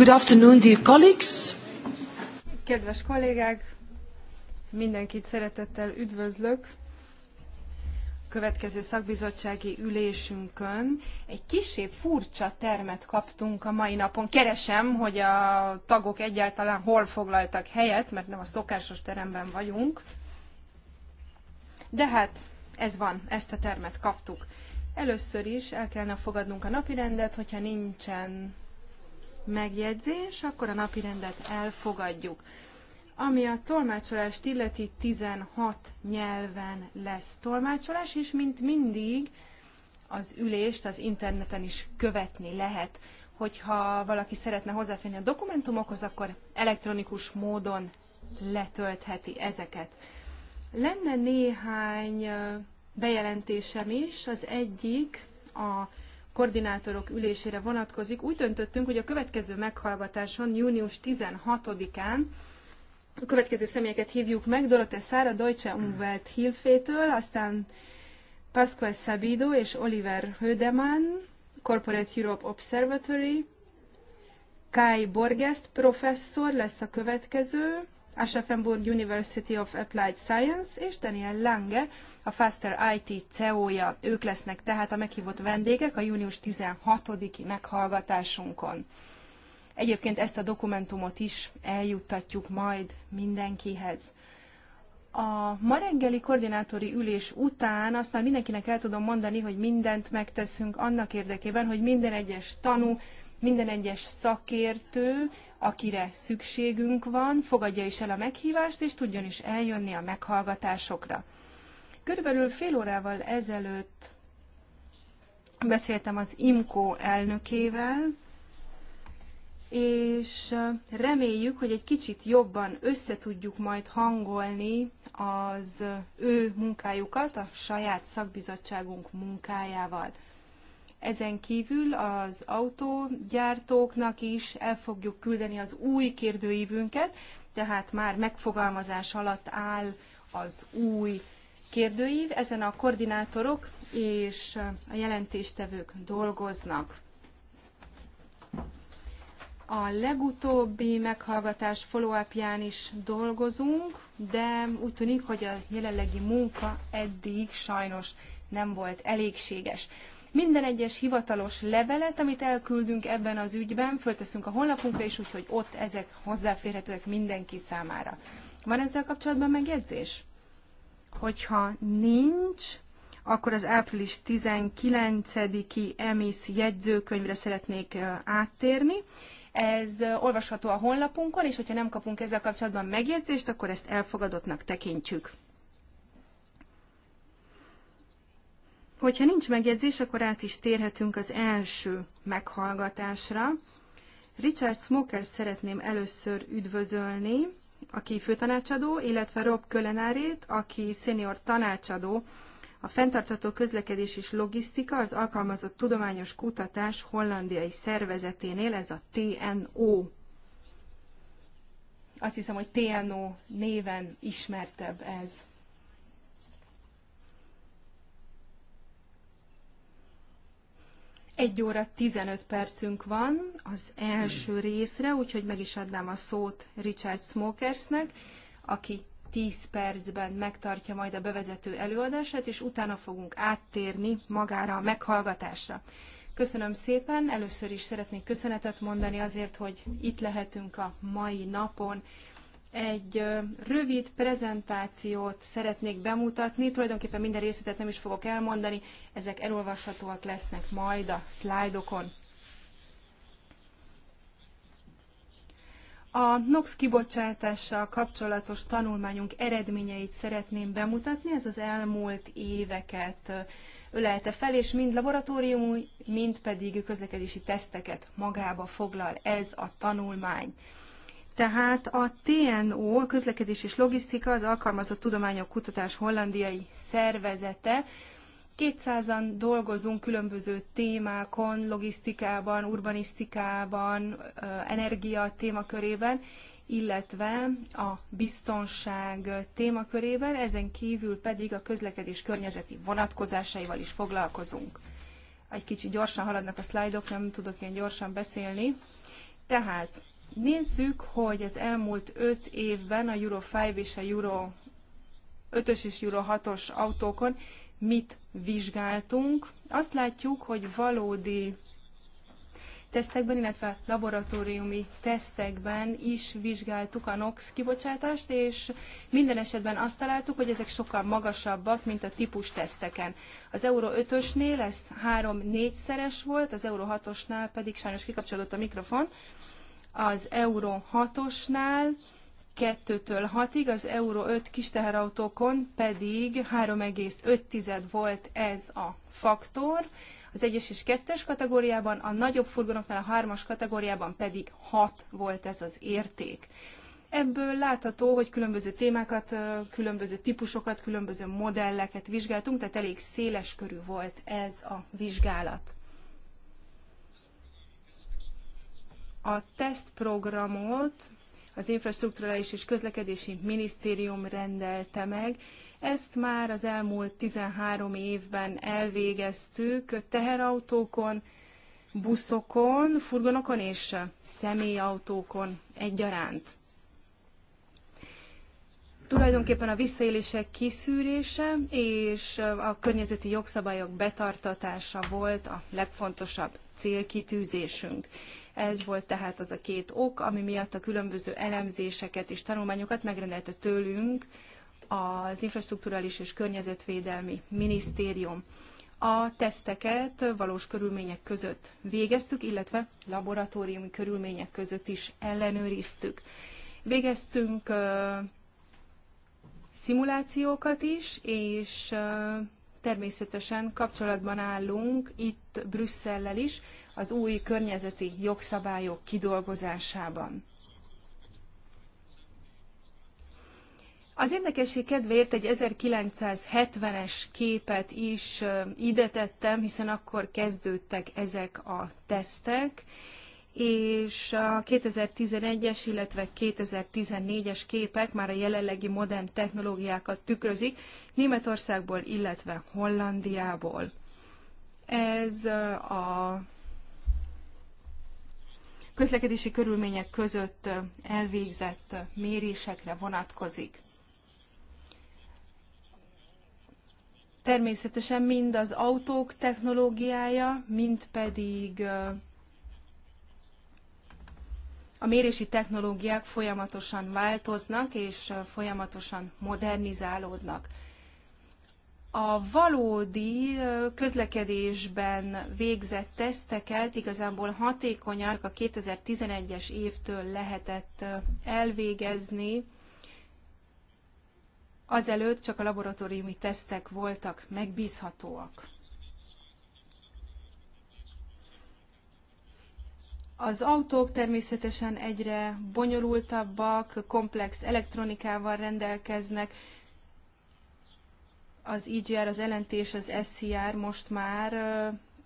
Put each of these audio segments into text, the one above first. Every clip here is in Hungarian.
Good afternoon, dear colleagues. Kedves kollégák, mindenkit szeretettel üdvözlök. A következő szakbizottsági ülésünkön egy kisé furcsa termet kaptunk a mai napon. Keresem, hogy a tagok egyáltalán hol foglaltak helyet, mert nem a szokásos teremben vagyunk. De hát ez van, ezt a termet kaptuk. Először is el kellene fogadnunk a napirendet, hogyha nincsen megjegyzés, akkor a napi rendet elfogadjuk. Ami a tolmácsolást illeti, 16 nyelven lesz tolmácsolás, és mint mindig az ülést az interneten is követni lehet. Hogyha valaki szeretne hozzáférni a dokumentumokhoz, akkor elektronikus módon letöltheti ezeket. Lenne néhány bejelentésem is, az egyik a koordinátorok ülésére vonatkozik. Úgy döntöttünk, hogy a következő meghallgatáson, június 16-án, a következő személyeket hívjuk meg, Dorote Szára, Deutsche Umwelt Hilfétől, aztán Pasquale Sabido és Oliver Hödemann, Corporate Europe Observatory, Kai Borgest professzor lesz a következő, Aschaffenburg University of Applied Science, és Daniel Lange, a Faster IT CEO-ja. Ők lesznek tehát a meghívott vendégek a június 16-i meghallgatásunkon. Egyébként ezt a dokumentumot is eljuttatjuk majd mindenkihez. A ma reggeli koordinátori ülés után azt már mindenkinek el tudom mondani, hogy mindent megteszünk annak érdekében, hogy minden egyes tanú minden egyes szakértő, akire szükségünk van, fogadja is el a meghívást, és tudjon is eljönni a meghallgatásokra. Körülbelül fél órával ezelőtt beszéltem az IMCO elnökével, és reméljük, hogy egy kicsit jobban összetudjuk majd hangolni az ő munkájukat a saját szakbizottságunk munkájával. Ezen kívül az autógyártóknak is el fogjuk küldeni az új kérdőívünket, tehát már megfogalmazás alatt áll az új kérdőív. Ezen a koordinátorok és a jelentéstevők dolgoznak. A legutóbbi meghallgatás follow is dolgozunk, de úgy tűnik, hogy a jelenlegi munka eddig sajnos nem volt elégséges. Minden egyes hivatalos levelet, amit elküldünk ebben az ügyben, fölteszünk a honlapunkra is, úgyhogy ott ezek hozzáférhetőek mindenki számára. Van ezzel kapcsolatban megjegyzés? Hogyha nincs, akkor az április 19-i EMIS jegyzőkönyvre szeretnék áttérni. Ez olvasható a honlapunkon, és hogyha nem kapunk ezzel kapcsolatban megjegyzést, akkor ezt elfogadottnak tekintjük. Hogyha nincs megjegyzés, akkor át is térhetünk az első meghallgatásra. Richard Smoker szeretném először üdvözölni, aki főtanácsadó, illetve Rob Kölenárét, aki szenior tanácsadó, a fenntartható közlekedés és logisztika az alkalmazott tudományos kutatás hollandiai szervezeténél, ez a TNO. Azt hiszem, hogy TNO néven ismertebb ez. 1 óra 15 percünk van az első részre, úgyhogy meg is adnám a szót Richard Smokersnek, aki 10 percben megtartja majd a bevezető előadását, és utána fogunk áttérni magára a meghallgatásra. Köszönöm szépen, először is szeretnék köszönetet mondani azért, hogy itt lehetünk a mai napon, egy rövid prezentációt szeretnék bemutatni, tulajdonképpen minden részletet nem is fogok elmondani, ezek elolvashatóak lesznek majd a szlájdokon. A NOx kibocsátással kapcsolatos tanulmányunk eredményeit szeretném bemutatni, ez az elmúlt éveket ölelte fel, és mind laboratóriumi, mind pedig közlekedési teszteket magába foglal ez a tanulmány. Tehát a TNO, a Közlekedés és Logisztika, az Alkalmazott Tudományok Kutatás Hollandiai Szervezete, 200-an dolgozunk különböző témákon, logisztikában, urbanisztikában, energia témakörében, illetve a biztonság témakörében, ezen kívül pedig a közlekedés környezeti vonatkozásaival is foglalkozunk. Egy kicsit gyorsan haladnak a szlájdok, nem tudok ilyen gyorsan beszélni. Tehát Nézzük, hogy az elmúlt öt évben a Euro 5 és a Euro 5-ös és Euro 6-os autókon mit vizsgáltunk. Azt látjuk, hogy valódi tesztekben, illetve laboratóriumi tesztekben is vizsgáltuk a NOx kibocsátást, és minden esetben azt találtuk, hogy ezek sokkal magasabbak, mint a típus teszteken. Az Euro 5-ösnél ez 3-4-szeres volt, az Euro 6-osnál pedig sajnos kikapcsolódott a mikrofon, az Euró 6-osnál 2-től 6-ig, az Euró 5 kisteherautókon pedig 3,5 volt ez a faktor, az 1-es és 2-es kategóriában, a nagyobb furgonoknál a 3-as kategóriában pedig 6 volt ez az érték. Ebből látható, hogy különböző témákat, különböző típusokat, különböző modelleket vizsgáltunk, tehát elég széles körű volt ez a vizsgálat. a tesztprogramot az Infrastruktúrális és Közlekedési Minisztérium rendelte meg. Ezt már az elmúlt 13 évben elvégeztük teherautókon, buszokon, furgonokon és személyautókon egyaránt. Tulajdonképpen a visszaélések kiszűrése és a környezeti jogszabályok betartatása volt a legfontosabb célkitűzésünk. Ez volt tehát az a két ok, ami miatt a különböző elemzéseket és tanulmányokat megrendelte tőlünk az Infrastruktúrális és Környezetvédelmi Minisztérium. A teszteket valós körülmények között végeztük, illetve laboratóriumi körülmények között is ellenőriztük. Végeztünk szimulációkat is, és Természetesen kapcsolatban állunk itt Brüsszellel is az új környezeti jogszabályok kidolgozásában. Az érdekesség kedvéért egy 1970-es képet is ide tettem, hiszen akkor kezdődtek ezek a tesztek, és a 2011-es, illetve 2014-es képek már a jelenlegi modern technológiákat tükrözik Németországból, illetve Hollandiából. Ez a közlekedési körülmények között elvégzett mérésekre vonatkozik. Természetesen mind az autók technológiája, mind pedig a mérési technológiák folyamatosan változnak és folyamatosan modernizálódnak. A valódi közlekedésben végzett teszteket igazából hatékonyak a 2011-es évtől lehetett elvégezni, azelőtt csak a laboratóriumi tesztek voltak megbízhatóak. Az autók természetesen egyre bonyolultabbak, komplex elektronikával rendelkeznek. Az IGR, e az LNT és az SCR most már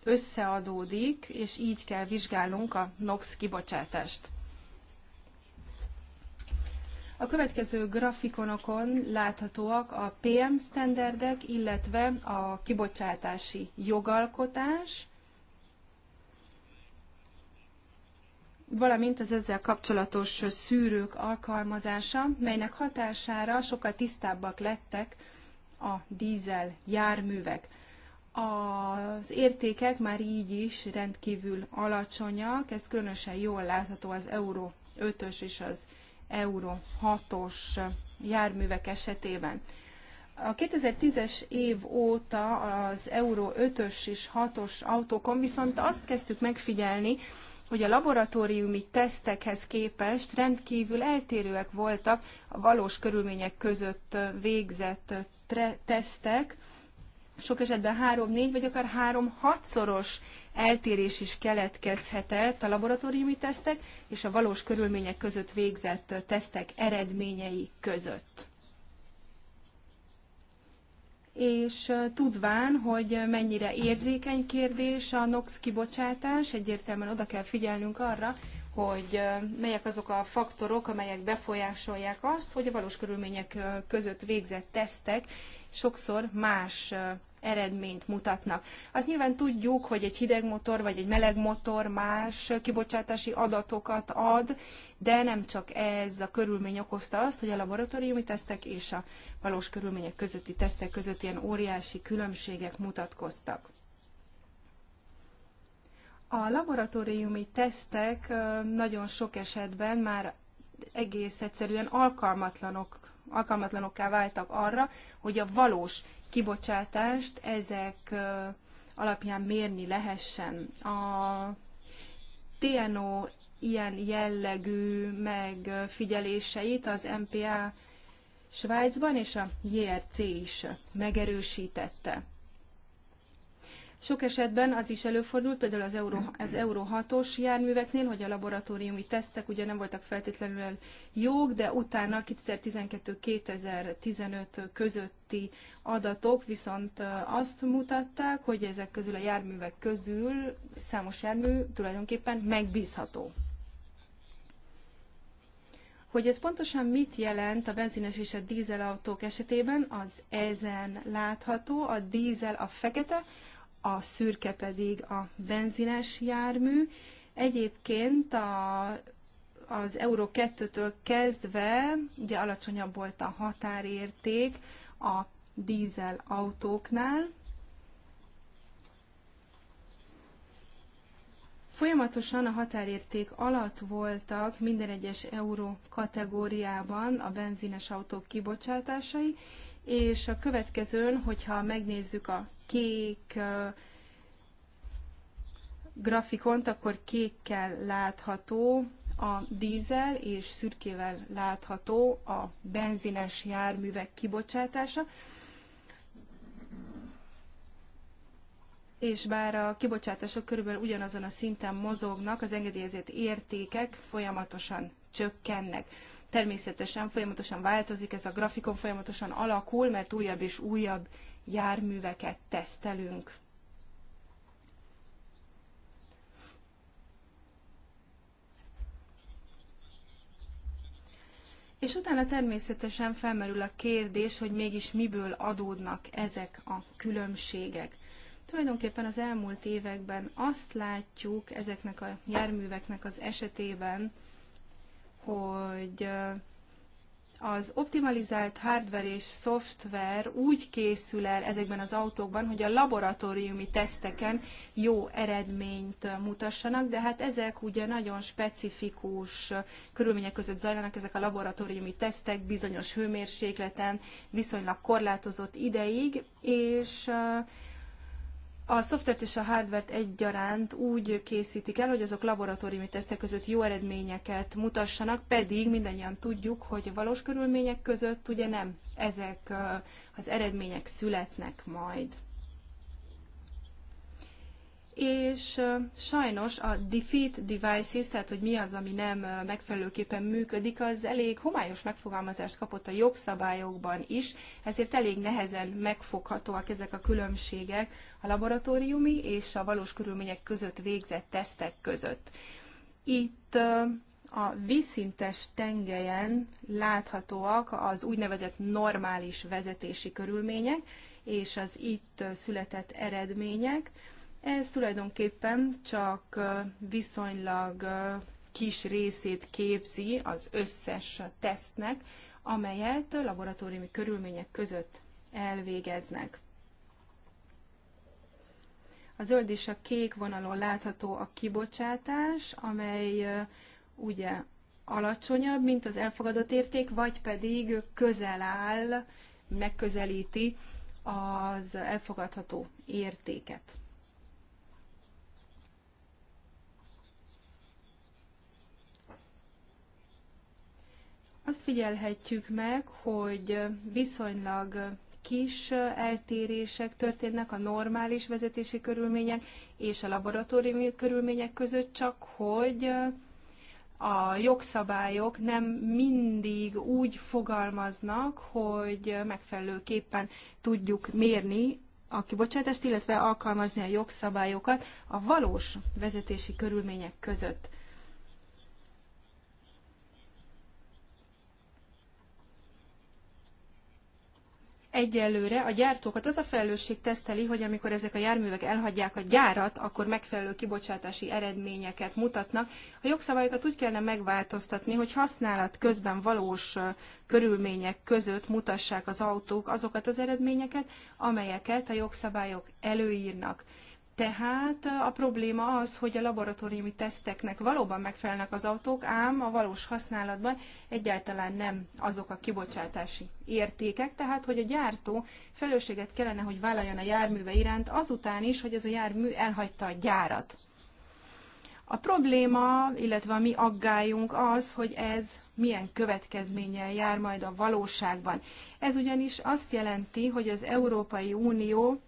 összeadódik, és így kell vizsgálnunk a NOx kibocsátást. A következő grafikonokon láthatóak a PM standardek, illetve a kibocsátási jogalkotás, valamint az ezzel kapcsolatos szűrők alkalmazása, melynek hatására sokkal tisztábbak lettek a dízel járművek. Az értékek már így is rendkívül alacsonyak, ez különösen jól látható az Euró 5-ös és az Euró 6-os járművek esetében. A 2010-es év óta az Euró 5-ös és 6-os autókon viszont azt kezdtük megfigyelni, hogy a laboratóriumi tesztekhez képest rendkívül eltérőek voltak a valós körülmények között végzett tesztek, sok esetben 3-4 vagy akár 3-6 szoros eltérés is keletkezhetett a laboratóriumi tesztek és a valós körülmények között végzett tesztek eredményei között és tudván, hogy mennyire érzékeny kérdés a NOx kibocsátás, egyértelműen oda kell figyelnünk arra, hogy melyek azok a faktorok, amelyek befolyásolják azt, hogy a valós körülmények között végzett tesztek sokszor más eredményt mutatnak. Azt nyilván tudjuk, hogy egy hideg motor vagy egy meleg motor más kibocsátási adatokat ad, de nem csak ez a körülmény okozta azt, hogy a laboratóriumi tesztek és a valós körülmények közötti tesztek között ilyen óriási különbségek mutatkoztak. A laboratóriumi tesztek nagyon sok esetben már egész egyszerűen alkalmatlanok alkalmatlanokká váltak arra, hogy a valós kibocsátást ezek alapján mérni lehessen. A TNO ilyen jellegű megfigyeléseit az MPA Svájcban és a JRC is megerősítette. Sok esetben az is előfordult, például az Euro, az Euro 6-os járműveknél, hogy a laboratóriumi tesztek ugye nem voltak feltétlenül jók, de utána 2012-2015 közötti adatok viszont azt mutatták, hogy ezek közül a járművek közül számos jármű tulajdonképpen megbízható. Hogy ez pontosan mit jelent a benzines és a dízelautók esetében, az ezen látható. A dízel a fekete, a szürke pedig a benzines jármű. Egyébként a, az Euró 2-től kezdve ugye alacsonyabb volt a határérték a dízel autóknál, Folyamatosan a határérték alatt voltak minden egyes euró kategóriában a benzines autók kibocsátásai, és a következőn, hogyha megnézzük a kék grafikont, akkor kékkel látható a dízel és szürkével látható a benzines járművek kibocsátása. és bár a kibocsátások körülbelül ugyanazon a szinten mozognak, az engedélyezett értékek folyamatosan csökkennek. Természetesen folyamatosan változik ez a grafikon, folyamatosan alakul, mert újabb és újabb járműveket tesztelünk. És utána természetesen felmerül a kérdés, hogy mégis miből adódnak ezek a különbségek. Tulajdonképpen az elmúlt években azt látjuk ezeknek a járműveknek az esetében, hogy az optimalizált hardware és szoftver úgy készül el ezekben az autókban, hogy a laboratóriumi teszteken jó eredményt mutassanak, de hát ezek ugye nagyon specifikus körülmények között zajlanak, ezek a laboratóriumi tesztek bizonyos hőmérsékleten, viszonylag korlátozott ideig, és a szoftvert és a hardvert egyaránt úgy készítik el, hogy azok laboratóriumi tesztek között jó eredményeket mutassanak, pedig mindannyian tudjuk, hogy a valós körülmények között ugye nem ezek az eredmények születnek majd és sajnos a defeat devices, tehát hogy mi az, ami nem megfelelőképpen működik, az elég homályos megfogalmazást kapott a jogszabályokban is, ezért elég nehezen megfoghatóak ezek a különbségek a laboratóriumi és a valós körülmények között végzett tesztek között. Itt a vízszintes tengelyen láthatóak az úgynevezett normális vezetési körülmények és az itt született eredmények, ez tulajdonképpen csak viszonylag kis részét képzi az összes tesztnek, amelyet laboratóriumi körülmények között elvégeznek. A zöld és a kék vonalon látható a kibocsátás, amely ugye alacsonyabb, mint az elfogadott érték, vagy pedig közel áll, megközelíti az elfogadható értéket. azt figyelhetjük meg, hogy viszonylag kis eltérések történnek a normális vezetési körülmények és a laboratóriumi körülmények között, csak hogy a jogszabályok nem mindig úgy fogalmaznak, hogy megfelelőképpen tudjuk mérni a kibocsátást, illetve alkalmazni a jogszabályokat a valós vezetési körülmények között. Egyelőre a gyártókat az a felelősség teszteli, hogy amikor ezek a járművek elhagyják a gyárat, akkor megfelelő kibocsátási eredményeket mutatnak. A jogszabályokat úgy kellene megváltoztatni, hogy használat közben valós körülmények között mutassák az autók azokat az eredményeket, amelyeket a jogszabályok előírnak. Tehát a probléma az, hogy a laboratóriumi teszteknek valóban megfelelnek az autók, ám a valós használatban egyáltalán nem azok a kibocsátási értékek, tehát hogy a gyártó felelősséget kellene, hogy vállaljon a járműve iránt azután is, hogy ez a jármű elhagyta a gyárat. A probléma, illetve a mi aggályunk az, hogy ez milyen következménnyel jár majd a valóságban. Ez ugyanis azt jelenti, hogy az Európai Unió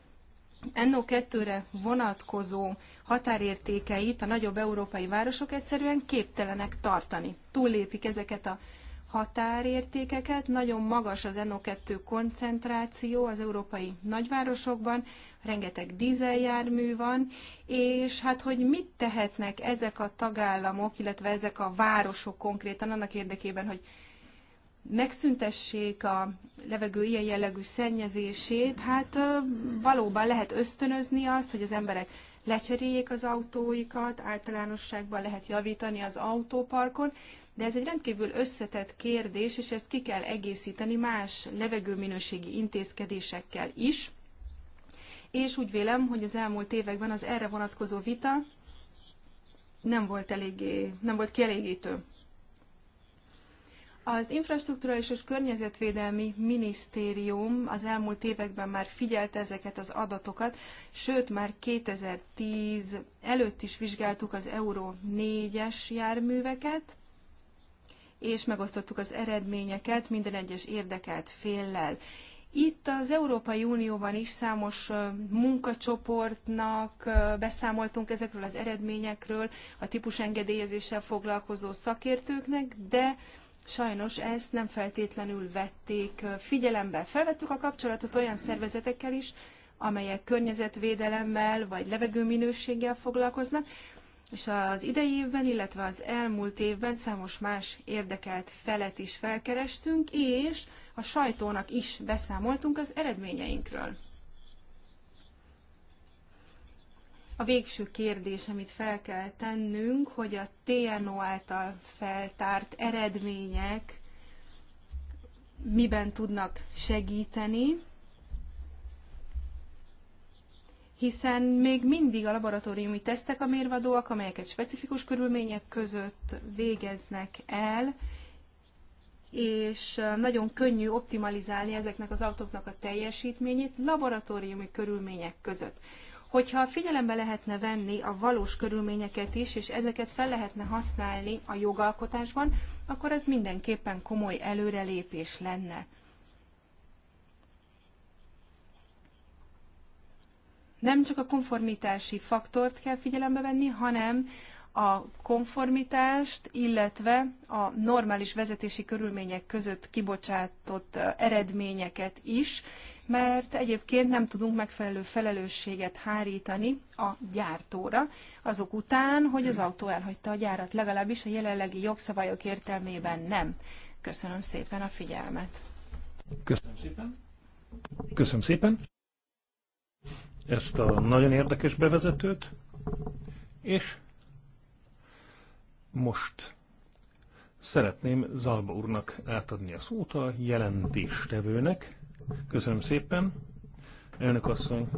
NO2-re vonatkozó határértékeit a nagyobb európai városok egyszerűen képtelenek tartani. Túllépik ezeket a határértékeket, nagyon magas az NO2 koncentráció az európai nagyvárosokban, rengeteg dízeljármű van, és hát hogy mit tehetnek ezek a tagállamok, illetve ezek a városok konkrétan annak érdekében, hogy megszüntessék a levegő ilyen jellegű szennyezését, hát valóban lehet ösztönözni azt, hogy az emberek lecseréljék az autóikat, általánosságban lehet javítani az autóparkon, de ez egy rendkívül összetett kérdés, és ezt ki kell egészíteni más levegőminőségi intézkedésekkel is. És úgy vélem, hogy az elmúlt években az erre vonatkozó vita nem volt, eléggé, nem volt kielégítő. Az infrastruktúrális és környezetvédelmi minisztérium az elmúlt években már figyelte ezeket az adatokat, sőt már 2010 előtt is vizsgáltuk az Euró 4-es járműveket, és megosztottuk az eredményeket minden egyes érdekelt féllel. Itt az Európai Unióban is számos munkacsoportnak beszámoltunk ezekről az eredményekről, a típusengedélyezéssel foglalkozó szakértőknek, de Sajnos ezt nem feltétlenül vették figyelembe. Felvettük a kapcsolatot olyan szervezetekkel is, amelyek környezetvédelemmel vagy levegőminőséggel foglalkoznak, és az idei évben, illetve az elmúlt évben számos más érdekelt felet is felkerestünk, és a sajtónak is beszámoltunk az eredményeinkről. A végső kérdés, amit fel kell tennünk, hogy a TNO által feltárt eredmények miben tudnak segíteni, hiszen még mindig a laboratóriumi tesztek a mérvadóak, amelyeket specifikus körülmények között végeznek el, és nagyon könnyű optimalizálni ezeknek az autóknak a teljesítményét laboratóriumi körülmények között. Hogyha figyelembe lehetne venni a valós körülményeket is, és ezeket fel lehetne használni a jogalkotásban, akkor ez mindenképpen komoly előrelépés lenne. nem csak a konformitási faktort kell figyelembe venni, hanem a konformitást, illetve a normális vezetési körülmények között kibocsátott eredményeket is, mert egyébként nem tudunk megfelelő felelősséget hárítani a gyártóra, azok után, hogy az autó elhagyta a gyárat, legalábbis a jelenlegi jogszabályok értelmében nem. Köszönöm szépen a figyelmet. Köszönöm szépen. Köszönöm szépen ezt a nagyon érdekes bevezetőt, és most szeretném Zalba úrnak átadni a szót a jelentéstevőnek, Köszönöm szépen. Elnök asszony.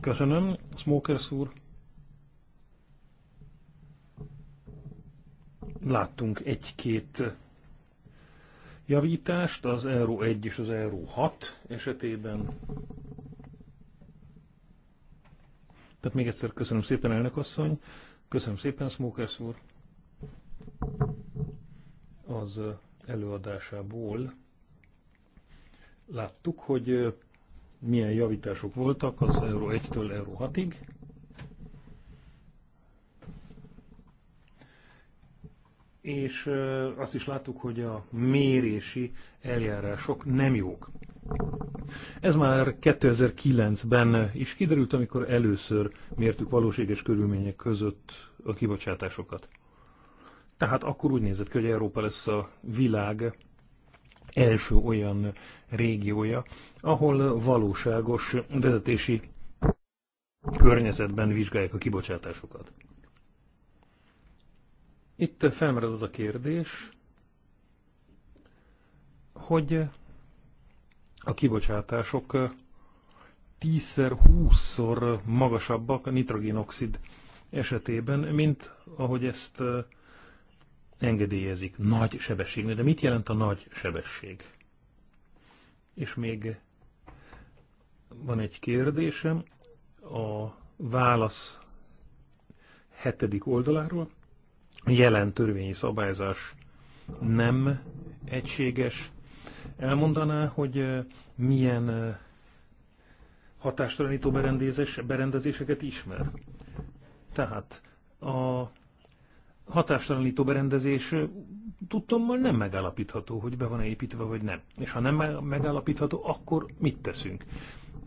Köszönöm, Smokers úr. Láttunk egy-két javítást az Euró 1 és az Euró 6 esetében. Tehát még egyszer köszönöm szépen, elnök asszony. Köszönöm szépen, Smokers úr. Az előadásából láttuk, hogy milyen javítások voltak az Euró 1-től Euró 6-ig. És azt is láttuk, hogy a mérési eljárások nem jók. Ez már 2009-ben is kiderült, amikor először mértük valóséges körülmények között a kibocsátásokat. Tehát akkor úgy nézett ki, hogy Európa lesz a világ első olyan régiója, ahol valóságos vezetési környezetben vizsgálják a kibocsátásokat. Itt felmerül az a kérdés, hogy a kibocsátások 10 20-szor magasabbak a nitrogénoxid esetében, mint ahogy ezt engedélyezik nagy sebességnél. De mit jelent a nagy sebesség? És még van egy kérdésem a válasz hetedik oldaláról. A jelen törvényi szabályzás nem egységes. Elmondaná, hogy milyen hatástalanító berendezéseket ismer. Tehát a hatástalanító berendezés tudtommal nem megállapítható, hogy be van-e építve vagy nem. És ha nem megállapítható, akkor mit teszünk?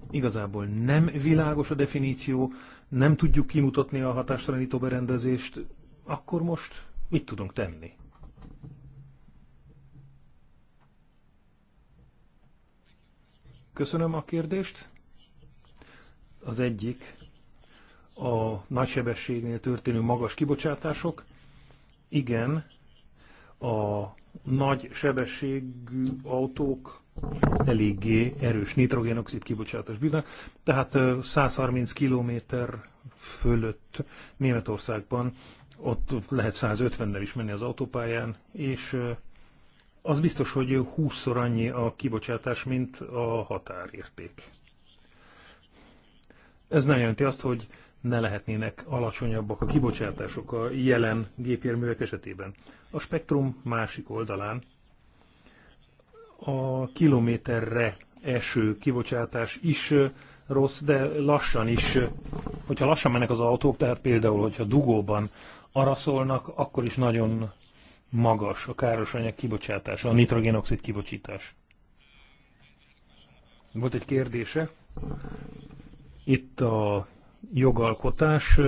Igazából nem világos a definíció, nem tudjuk kimutatni a hatástalanító berendezést, akkor most mit tudunk tenni? Köszönöm a kérdést. Az egyik a nagysebességnél történő magas kibocsátások, igen, a nagy sebességű autók eléggé erős nitrogénoxid kibocsátás bírnak, tehát 130 km fölött Németországban ott lehet 150-nel is menni az autópályán, és az biztos, hogy 20-szor annyi a kibocsátás, mint a határérték. Ez nem jelenti azt, hogy ne lehetnének alacsonyabbak a kibocsátások a jelen gépjárművek esetében. A spektrum másik oldalán a kilométerre eső kibocsátás is rossz, de lassan is, hogyha lassan mennek az autók, tehát például, hogyha dugóban araszolnak, akkor is nagyon magas a káros anyag kibocsátása, a nitrogénoxid kibocsítás. Volt egy kérdése. Itt a jogalkotás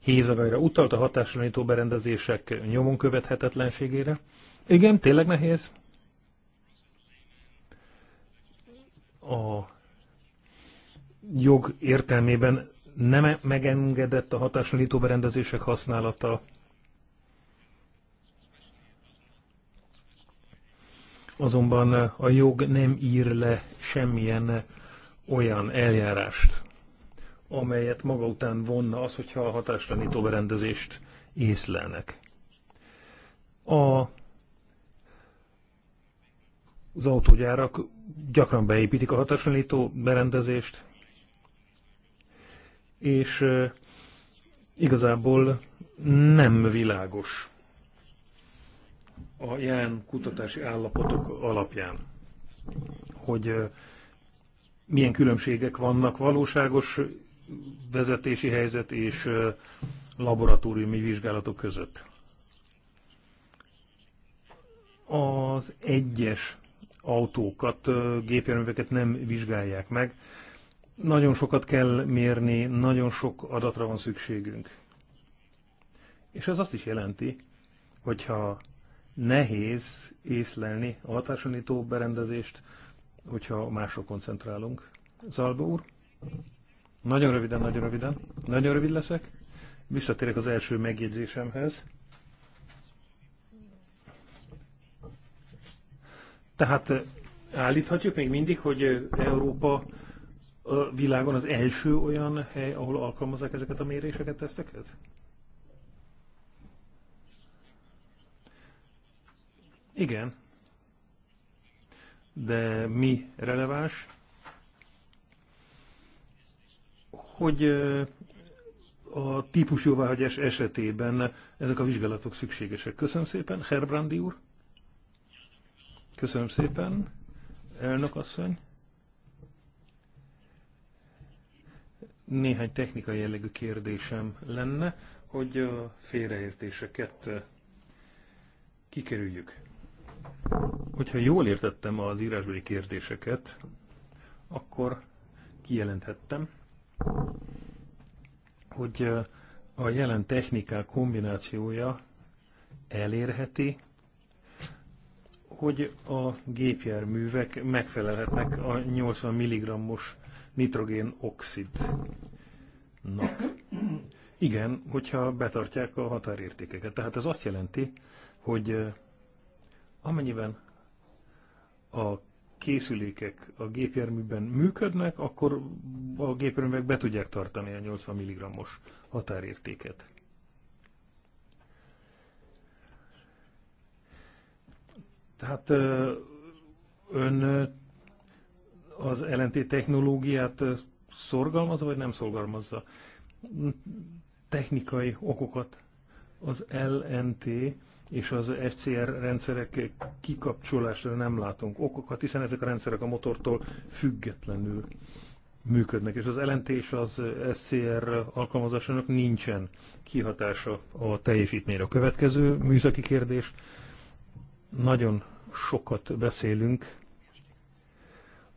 hézagajra utalt a hatástalanító berendezések nyomon követhetetlenségére. Igen, tényleg nehéz. A jog értelmében nem -e megengedett a hatástalanító berendezések használata. Azonban a jog nem ír le semmilyen olyan eljárást amelyet maga után vonna az, hogyha a hatástalanító berendezést észlelnek. A az autógyárak gyakran beépítik a hatásanító berendezést, és igazából nem világos a jelen kutatási állapotok alapján, hogy milyen különbségek vannak valóságos vezetési helyzet és laboratóriumi vizsgálatok között. Az egyes autókat, gépjárműveket nem vizsgálják meg. Nagyon sokat kell mérni, nagyon sok adatra van szükségünk. És ez azt is jelenti, hogyha nehéz észlelni a hatásonító berendezést, hogyha másra koncentrálunk. Zalba úr? Nagyon röviden, nagyon röviden. Nagyon rövid leszek. Visszatérek az első megjegyzésemhez. Tehát eh, állíthatjuk még mindig, hogy eh, Európa a világon az első olyan hely, ahol alkalmazzák ezeket a méréseket, teszteket? Igen. De mi releváns? hogy a jóváhagyás esetében ezek a vizsgálatok szükségesek. Köszönöm szépen, Herbrandi úr. Köszönöm szépen, elnök asszony. Néhány technikai jellegű kérdésem lenne, hogy a félreértéseket kikerüljük. Hogyha jól értettem az írásbeli kérdéseket, akkor kijelenthettem, hogy a jelen technikák kombinációja elérheti, hogy a gépjárművek megfelelhetnek a 80 mg-os nitrogénoxidnak. Igen, hogyha betartják a határértékeket. Tehát ez azt jelenti, hogy amennyiben a készülékek a gépjárműben működnek, akkor a gépjárművek be tudják tartani a 80 mg-os határértéket. Tehát ön az LNT technológiát szorgalmazza, vagy nem szorgalmazza? Technikai okokat az LNT és az FCR rendszerek kikapcsolásra nem látunk okokat, hiszen ezek a rendszerek a motortól függetlenül működnek, és az LNT és az SCR alkalmazásának nincsen kihatása a teljesítményre. A következő műszaki kérdés, nagyon sokat beszélünk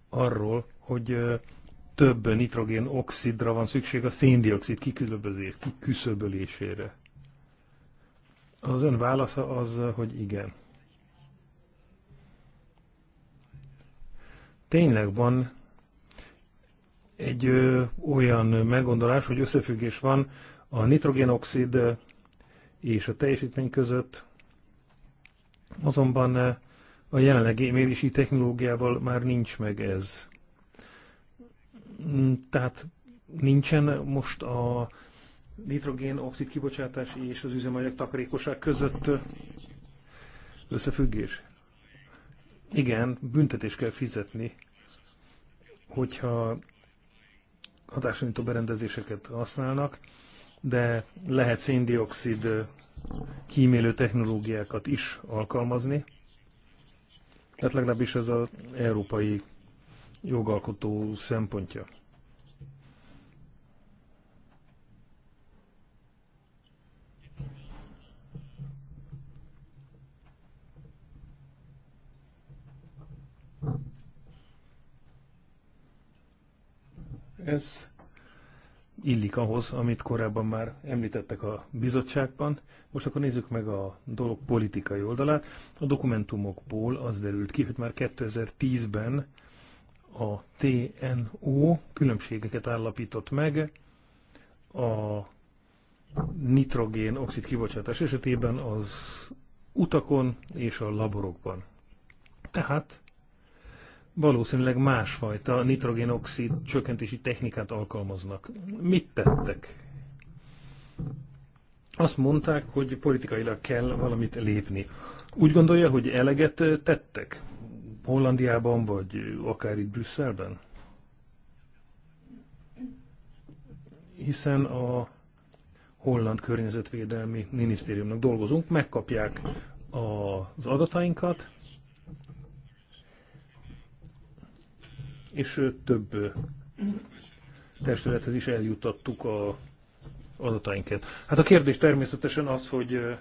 arról, hogy több nitrogén oxidra van szükség a széndiokszid kiküszöbölésére. Az ön válasza az, hogy igen. Tényleg van egy ö, olyan meggondolás, hogy összefüggés van a nitrogénoxid és a teljesítmény között, azonban a jelenlegi mérési technológiával már nincs meg ez. Hm, tehát nincsen most a nitrogén-oxid kibocsátás és az üzemanyag takarékosság között összefüggés? Igen, büntetés kell fizetni, hogyha hatásanyító berendezéseket használnak, de lehet széndiokszid kímélő technológiákat is alkalmazni. Tehát legalábbis ez az európai jogalkotó szempontja. Ez illik ahhoz, amit korábban már említettek a bizottságban. Most akkor nézzük meg a dolog politikai oldalát. A dokumentumokból az derült ki, hogy már 2010-ben a TNO különbségeket állapított meg a nitrogén oxid kibocsátás esetében az utakon és a laborokban. Tehát valószínűleg másfajta nitrogénoxid csökkentési technikát alkalmaznak. Mit tettek? Azt mondták, hogy politikailag kell valamit lépni. Úgy gondolja, hogy eleget tettek? Hollandiában, vagy akár itt Brüsszelben? Hiszen a holland környezetvédelmi minisztériumnak dolgozunk, megkapják az adatainkat, és több testülethez is eljutottuk a adatainket. Hát a kérdés természetesen az, hogy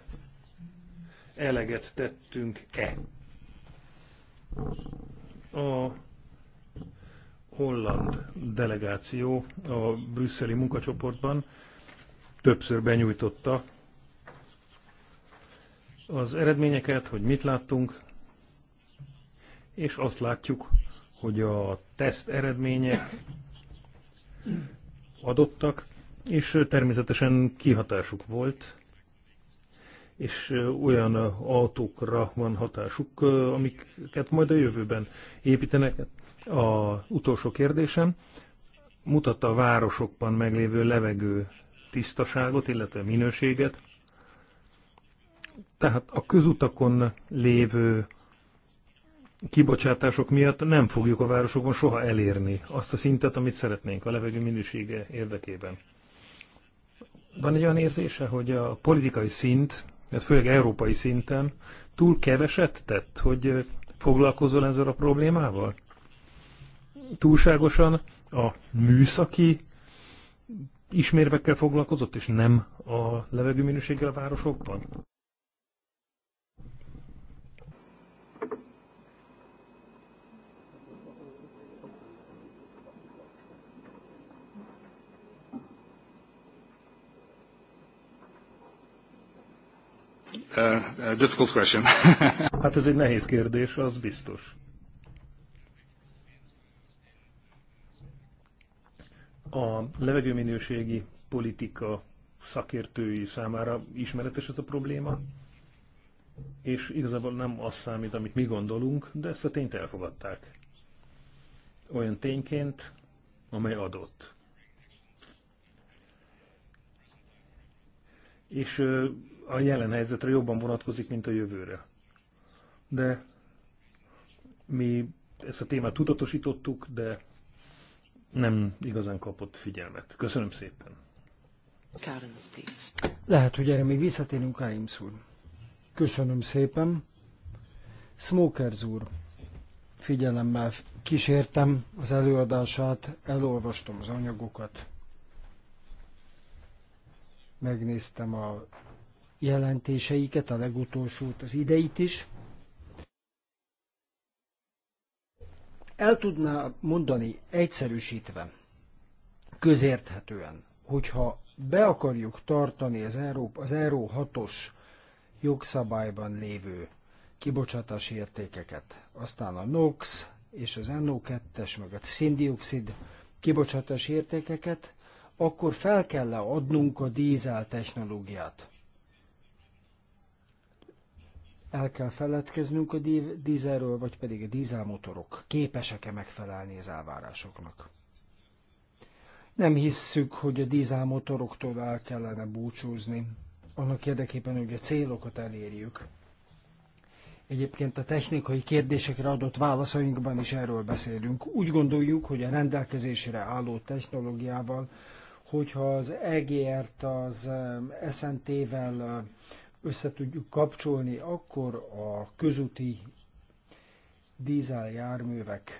eleget tettünk-e. A holland delegáció a brüsszeli munkacsoportban többször benyújtotta az eredményeket, hogy mit láttunk, és azt látjuk, hogy a teszt eredmények adottak, és természetesen kihatásuk volt, és olyan autókra van hatásuk, amiket majd a jövőben építenek. A utolsó kérdésem, mutatta a városokban meglévő levegő tisztaságot, illetve minőséget, tehát a közutakon lévő kibocsátások miatt nem fogjuk a városokban soha elérni azt a szintet, amit szeretnénk a levegő minősége érdekében. Van egy olyan érzése, hogy a politikai szint, ez főleg európai szinten, túl keveset tett, hogy foglalkozol ezzel a problémával? Túlságosan a műszaki ismérvekkel foglalkozott, és nem a levegőminőséggel a városokban? Uh, uh, difficult question. hát ez egy nehéz kérdés, az biztos. A levegőminőségi politika szakértői számára ismeretes ez a probléma, és igazából nem az számít, amit mi gondolunk, de ezt a tényt elfogadták. Olyan tényként, amely adott. És a jelen helyzetre jobban vonatkozik, mint a jövőre. De mi ezt a témát tudatosítottuk, de nem igazán kapott figyelmet. Köszönöm szépen. Kárens, please. Lehet, hogy erre még visszatérünk, Kárens úr. Köszönöm szépen. Smokers úr, figyelemmel kísértem az előadását, elolvastam az anyagokat, megnéztem a jelentéseiket, a legutolsót, az ideit is. El tudná mondani egyszerűsítve, közérthetően, hogyha be akarjuk tartani az Euró, az Euró 6-os jogszabályban lévő kibocsátási értékeket, aztán a NOx és az NO2-es, meg a szindioxid kibocsátási értékeket, akkor fel kell adnunk a dízel technológiát el kell feledkeznünk a dízelről, vagy pedig a dízelmotorok képesek-e megfelelni az elvárásoknak. Nem hisszük, hogy a dízelmotoroktól el kellene búcsúzni, annak érdekében, hogy a célokat elérjük. Egyébként a technikai kérdésekre adott válaszainkban is erről beszélünk. Úgy gondoljuk, hogy a rendelkezésre álló technológiával, hogyha az EGR-t az eh, SNT-vel eh, összetudjuk kapcsolni, akkor a közúti dízeljárművek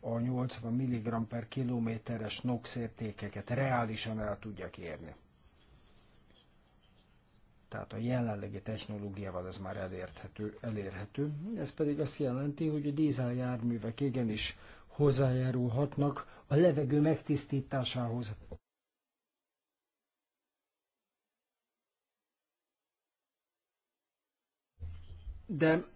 a 80 mg per kilométeres NOx értékeket reálisan el tudják érni. Tehát a jelenlegi technológiával ez már elérhető, elérhető. Ez pedig azt jelenti, hogy a dízeljárművek igenis hozzájárulhatnak a levegő megtisztításához de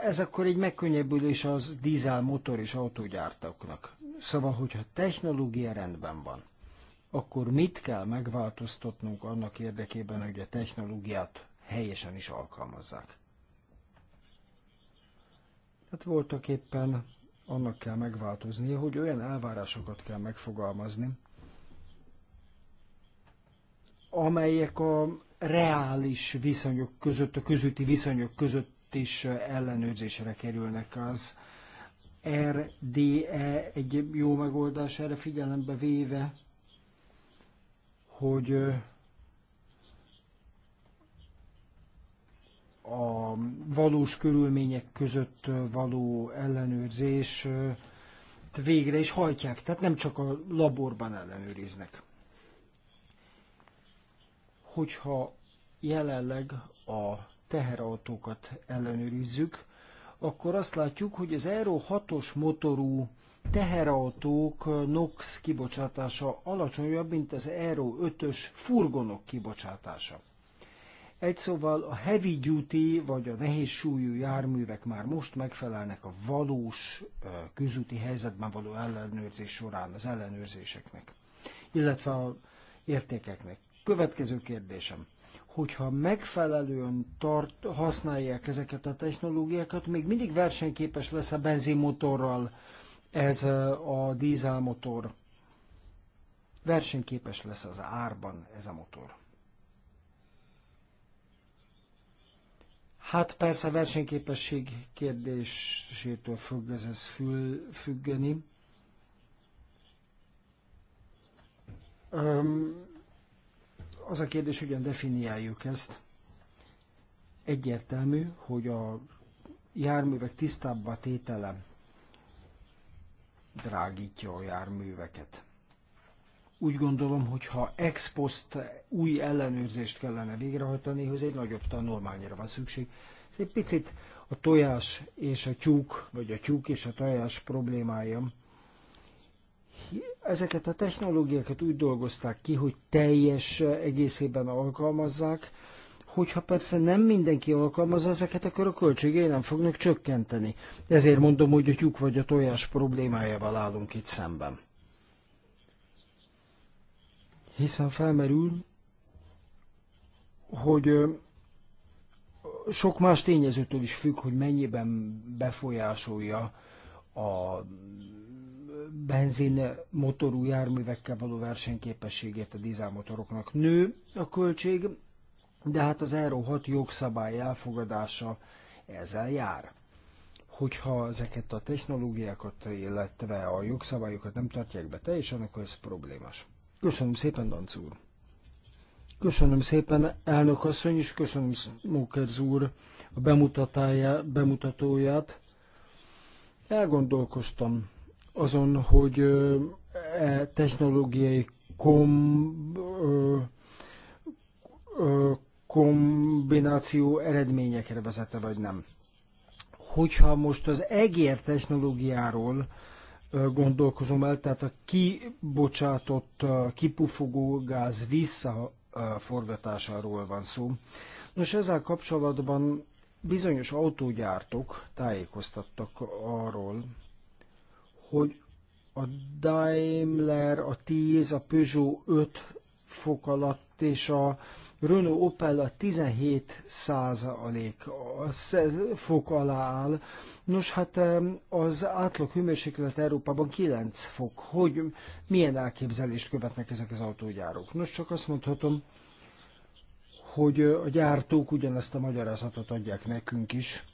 ez akkor egy megkönnyebbülés az dízel motor és autógyártóknak. Szóval, hogyha technológia rendben van, akkor mit kell megváltoztatnunk annak érdekében, hogy a technológiát helyesen is alkalmazzák? Hát voltak éppen annak kell megváltozni, hogy olyan elvárásokat kell megfogalmazni, amelyek a reális viszonyok között, a közötti viszonyok között is ellenőrzésre kerülnek az RDE egy jó megoldás erre figyelembe véve, hogy a valós körülmények között való ellenőrzés végre is hajtják, tehát nem csak a laborban ellenőriznek hogyha jelenleg a teherautókat ellenőrizzük, akkor azt látjuk, hogy az Euro 6-os motorú teherautók eh, NOx kibocsátása alacsonyabb, mint az Euro 5-ös furgonok kibocsátása. Egy szóval a heavy duty vagy a nehéz súlyú járművek már most megfelelnek a valós eh, közúti helyzetben való ellenőrzés során az ellenőrzéseknek, illetve a értékeknek. Következő kérdésem hogyha megfelelően tart, használják ezeket a technológiákat, még mindig versenyképes lesz a benzinmotorral ez a dízelmotor. Versenyképes lesz az árban ez a motor. Hát persze versenyképesség kérdésétől függ ez, ez fül, függeni. Um, az a kérdés, hogyan definiáljuk ezt. Egyértelmű, hogy a járművek tisztábbá tétele drágítja a járműveket. Úgy gondolom, hogy ha ex post új ellenőrzést kellene végrehajtani, hogy egy nagyobb tanulmányra van szükség. Ez egy picit a tojás és a tyúk, vagy a tyúk és a tojás problémája ezeket a technológiákat úgy dolgozták ki, hogy teljes egészében alkalmazzák, hogyha persze nem mindenki alkalmazza ezeket, akkor a költségei nem fognak csökkenteni. Ezért mondom, hogy a tyúk vagy a tojás problémájával állunk itt szemben. Hiszen felmerül, hogy sok más tényezőtől is függ, hogy mennyiben befolyásolja a benzin motorú járművekkel való versenyképességét a dízelmotoroknak nő a költség, de hát az Euro 6 jogszabály elfogadása ezzel jár. Hogyha ezeket a technológiákat, illetve a jogszabályokat nem tartják be teljesen, akkor ez problémás. Köszönöm szépen, Danc úr! Köszönöm szépen, elnök asszony, és köszönöm Smokers úr a bemutatóját. Elgondolkoztam azon, hogy e technológiai kom, ö, ö, kombináció eredményekre vezette, vagy nem. Hogyha most az egér technológiáról gondolkozom el, tehát a kibocsátott, kipufogó gáz visszaforgatásáról van szó. Nos, ezzel kapcsolatban bizonyos autógyártók tájékoztattak arról, hogy a Daimler, a 10, a Peugeot 5 fok alatt és a Renault Opel a 17 százalék fok alá áll. Nos, hát az átlag hőmérséklet Európában 9 fok. Hogy milyen elképzelést követnek ezek az autógyárok? Nos, csak azt mondhatom, hogy a gyártók ugyanezt a magyarázatot adják nekünk is.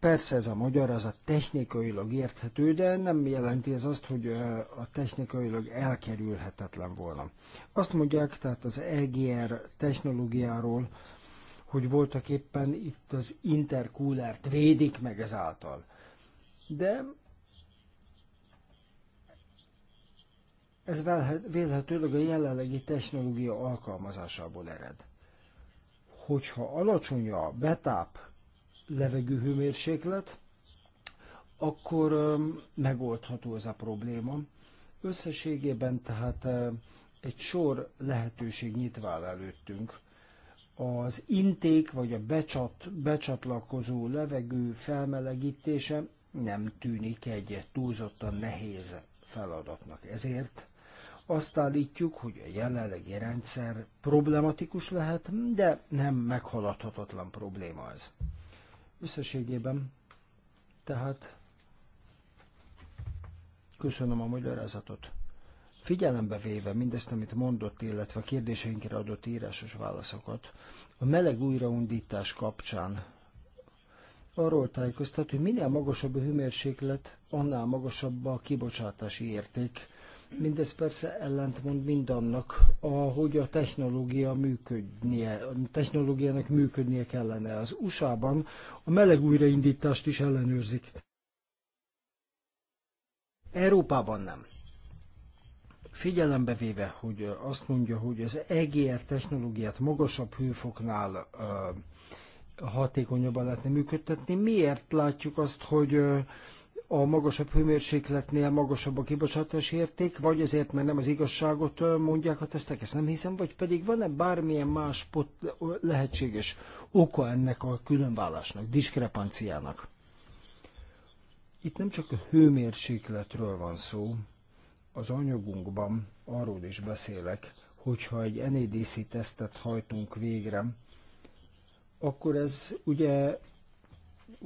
Persze ez a magyar, az a technikailag érthető, de nem jelenti ez azt, hogy eh, a technikailag elkerülhetetlen volna. Azt mondják tehát az EGR technológiáról, hogy voltak éppen itt az intercoolert védik meg ezáltal. De ez vélhetőleg a jelenlegi technológia alkalmazásából ered. Hogyha alacsony a betáp levegőhőmérséklet, akkor megoldható ez a probléma. Összességében tehát egy sor lehetőség nyitva előttünk. Az inték vagy a becsat, becsatlakozó levegő felmelegítése nem tűnik egy túlzottan nehéz feladatnak. Ezért azt állítjuk, hogy a jelenlegi rendszer problematikus lehet, de nem meghaladhatatlan probléma ez. Összességében tehát köszönöm a magyarázatot. Figyelembe véve mindezt, amit mondott, illetve a kérdéseinkre adott írásos válaszokat, a meleg újraundítás kapcsán arról tájékoztat, hogy minél magasabb a hőmérséklet, annál magasabb a kibocsátási érték, Mindez persze ellentmond mindannak, ahogy a technológia működnie, a technológiának működnie kellene. Az USA-ban a meleg újraindítást is ellenőrzik. Európában nem. Figyelembe véve, hogy azt mondja, hogy az EGR technológiát magasabb hőfoknál hatékonyabban lehetne működtetni, miért látjuk azt, hogy a magasabb hőmérsékletnél magasabb a kibocsátási érték, vagy azért, mert nem az igazságot mondják a tesztek, ezt nem hiszem, vagy pedig van-e bármilyen más pot, lehetséges oka ennek a különválásnak, diskrepanciának? Itt nem csak a hőmérsékletről van szó, az anyagunkban arról is beszélek, hogyha egy NADC e tesztet hajtunk végre, akkor ez ugye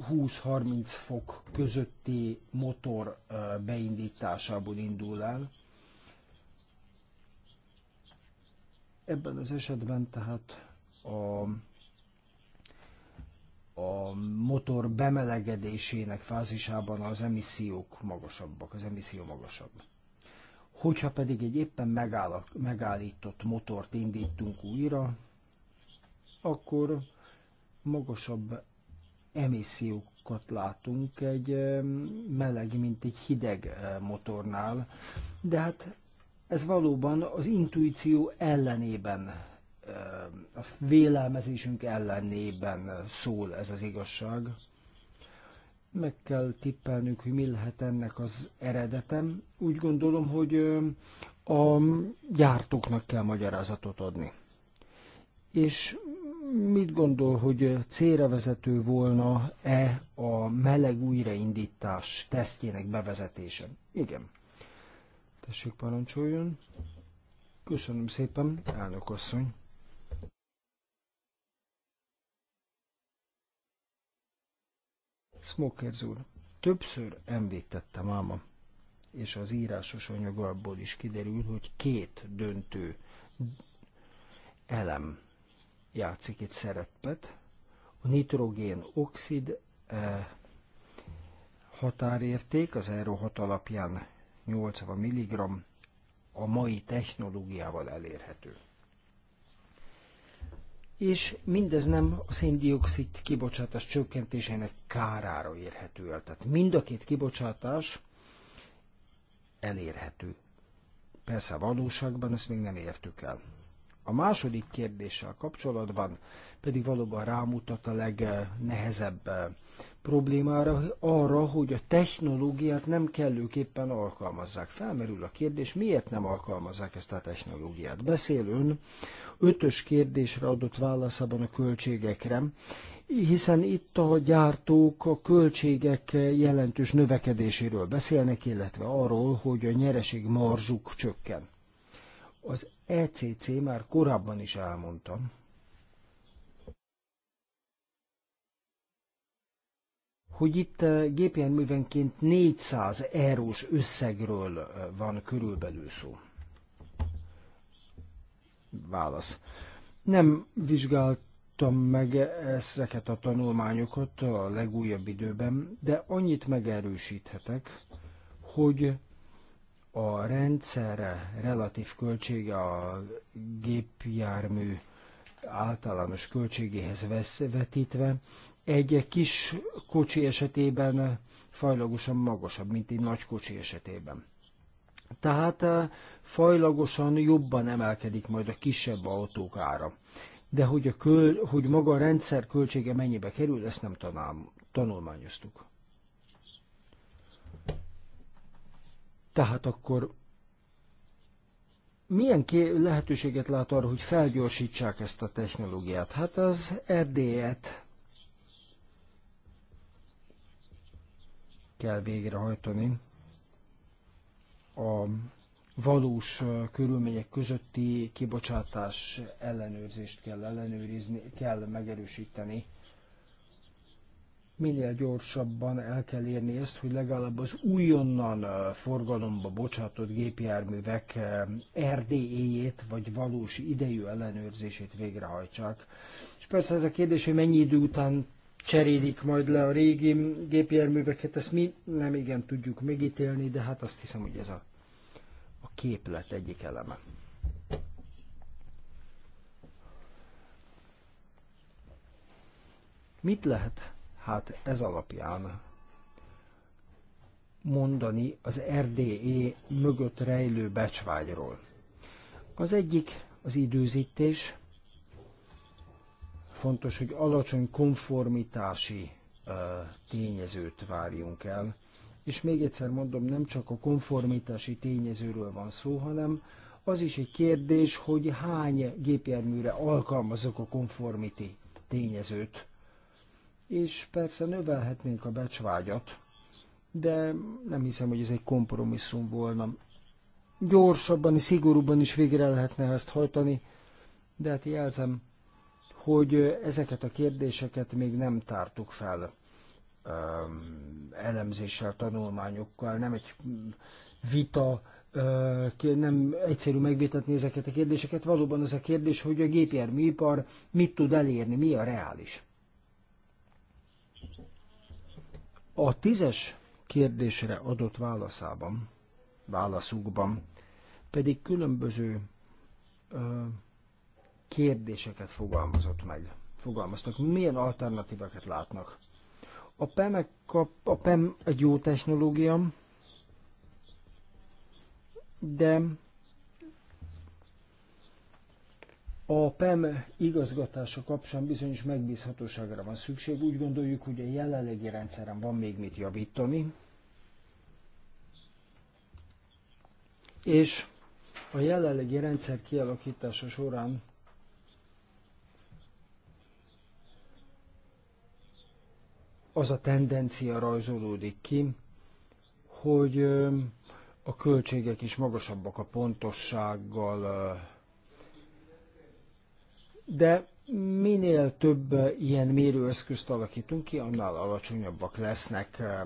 20-30 fok közötti motor beindításából indul el. Ebben az esetben tehát a, a motor bemelegedésének fázisában az emissziók magasabbak, az emisszió magasabb. Hogyha pedig egy éppen megáll, megállított motort indítunk újra, akkor magasabb emissziókat látunk egy meleg, mint egy hideg motornál, de hát ez valóban az intuíció ellenében, a vélelmezésünk ellenében szól ez az igazság. Meg kell tippelnünk, hogy mi lehet ennek az eredetem. Úgy gondolom, hogy a gyártóknak kell magyarázatot adni. És mit gondol, hogy célra vezető volna-e a meleg újraindítás tesztjének bevezetése? Igen. Tessék, parancsoljon. Köszönöm szépen, elnök asszony. Smokers úr, többször említettem ám, és az írásos anyag abból is kiderül, hogy két döntő elem játszik itt szerepet. A nitrogén oxid e, határérték az ero 6 alapján 80 mg a mai technológiával elérhető. És mindez nem a széndiokszid kibocsátás csökkentésének kárára érhető el. Tehát mind a két kibocsátás elérhető. Persze a valóságban ezt még nem értük el. A második kérdéssel kapcsolatban pedig valóban rámutat a legnehezebb eh, problémára, arra, hogy a technológiát nem kellőképpen alkalmazzák. Felmerül a kérdés, miért nem alkalmazzák ezt a technológiát. Beszél ön ötös kérdésre adott válaszában a költségekre, hiszen itt a gyártók a költségek jelentős növekedéséről beszélnek, illetve arról, hogy a nyereség marzsuk csökken. Az ECC már korábban is elmondtam, hogy itt e, gépjárművenként 400 eurós összegről e, van körülbelül szó. Válasz. Nem vizsgáltam meg ezeket a tanulmányokat a legújabb időben, de annyit megerősíthetek, hogy a rendszer relatív költsége a gépjármű általános költségéhez vetítve egy kis kocsi esetében fajlagosan magasabb, mint egy nagy kocsi esetében. Tehát eh, fajlagosan jobban emelkedik majd a kisebb autók ára. De hogy, a köl, hogy maga a rendszer költsége mennyibe kerül, ezt nem tanám, tanulmányoztuk. Tehát akkor milyen lehetőséget lát arra, hogy felgyorsítsák ezt a technológiát? Hát az Erdélyet kell végrehajtani a valós körülmények közötti kibocsátás ellenőrzést kell ellenőrizni, kell megerősíteni Minél gyorsabban el kell érni ezt, hogy legalább az újonnan forgalomba bocsátott gépjárművek RDE-jét, vagy valós idejű ellenőrzését végrehajtsák. És persze ez a kérdés, hogy mennyi idő után cserélik majd le a régi gépjárműveket, ezt mi nem igen tudjuk megítélni, de hát azt hiszem, hogy ez a, a képlet egyik eleme. Mit lehet hát ez alapján mondani az RDE mögött rejlő becsvágyról. Az egyik az időzítés, fontos, hogy alacsony konformitási tényezőt várjunk el. És még egyszer mondom, nem csak a konformitási tényezőről van szó, hanem az is egy kérdés, hogy hány gépjárműre alkalmazok a konformiti tényezőt és persze növelhetnénk a becsvágyat, de nem hiszem, hogy ez egy kompromisszum volna. Gyorsabban és szigorúban is végre lehetne ezt hajtani, de hát jelzem, hogy ezeket a kérdéseket még nem tártuk fel elemzéssel, tanulmányokkal, nem egy vita, nem egyszerű megvitatni ezeket a kérdéseket. Valóban az a kérdés, hogy a gépjárműipar mit tud elérni, mi a reális. A tízes kérdésre adott válaszában, válaszukban pedig különböző ö, kérdéseket fogalmazott meg. Fogalmaztak, milyen alternatívákat látnak. A PEM, e a PEM e egy jó technológia, de A PEM igazgatása kapcsán bizonyos megbízhatóságra van szükség. Úgy gondoljuk, hogy a jelenlegi rendszeren van még mit javítani. És a jelenlegi rendszer kialakítása során az a tendencia rajzolódik ki, hogy a költségek is magasabbak a pontossággal de minél több eh, ilyen mérőeszközt alakítunk ki, annál alacsonyabbak lesznek eh,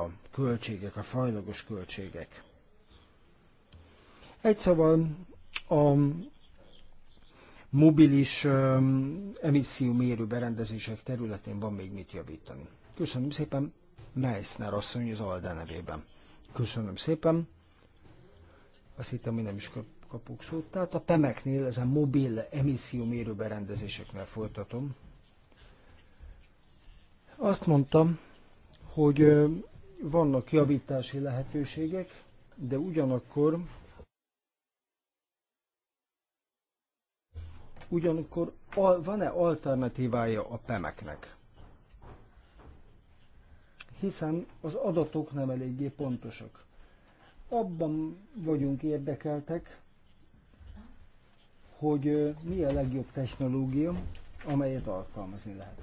a költségek, a fajlagos költségek. Egy szóval a mobilis eh, mérő berendezések területén van még mit javítani. Köszönöm szépen, Meissner asszony az Alda nevében. Köszönöm szépen. Azt hittem, hogy nem is kap kapok szót. Tehát a PEMEK-nél, ezen mobil emissziómérő berendezéseknél folytatom. Azt mondtam, hogy vannak javítási lehetőségek, de ugyanakkor ugyanakkor van-e alternatívája a PEMeknek? Hiszen az adatok nem eléggé pontosak. Abban vagyunk érdekeltek, hogy mi a legjobb technológia, amelyet alkalmazni lehet.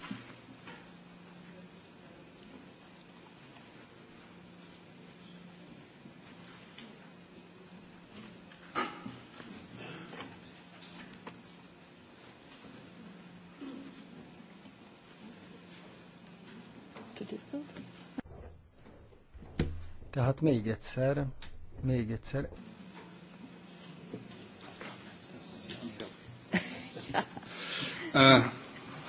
Tehát még egyszer, még egyszer. Uh,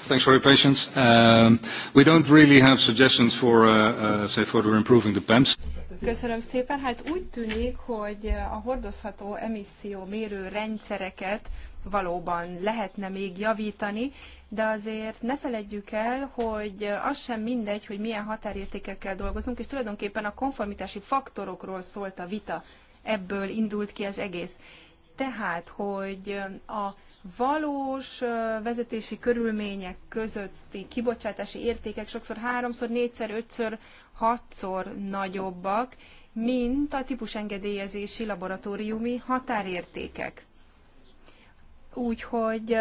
thanks for your patience. Um, we don't really have suggestions for, uh, uh, say, further improving the PEMS. Köszönöm szépen. Hát úgy tűnik, hogy a hordozható emisszió mérő rendszereket valóban lehetne még javítani, de azért ne feledjük el, hogy az sem mindegy, hogy milyen határértékekkel dolgozunk, és tulajdonképpen a konformitási faktorokról szólt a vita. Ebből indult ki az egész. Tehát, hogy a valós vezetési körülmények közötti kibocsátási értékek sokszor háromszor, négyszer, ötször, hatszor nagyobbak, mint a típusengedélyezési laboratóriumi határértékek. Úgyhogy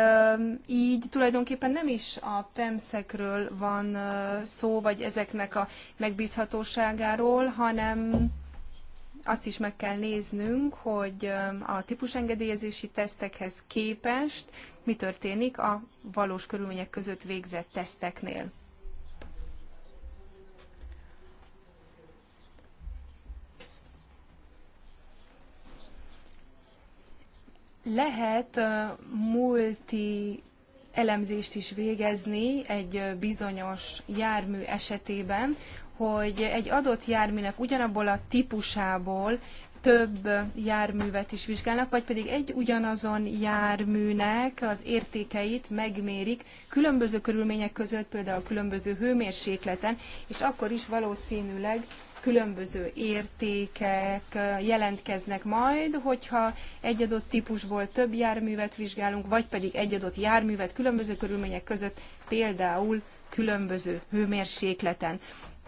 így tulajdonképpen nem is a PEMSZ-ekről van szó, vagy ezeknek a megbízhatóságáról, hanem azt is meg kell néznünk, hogy a típusengedélyezési tesztekhez képest mi történik a valós körülmények között végzett teszteknél. Lehet multi elemzést is végezni egy bizonyos jármű esetében, hogy egy adott járműnek ugyanabból a típusából több járművet is vizsgálnak, vagy pedig egy ugyanazon járműnek az értékeit megmérik különböző körülmények között, például különböző hőmérsékleten, és akkor is valószínűleg különböző értékek jelentkeznek majd, hogyha egy adott típusból több járművet vizsgálunk, vagy pedig egy adott járművet különböző körülmények között, például különböző hőmérsékleten.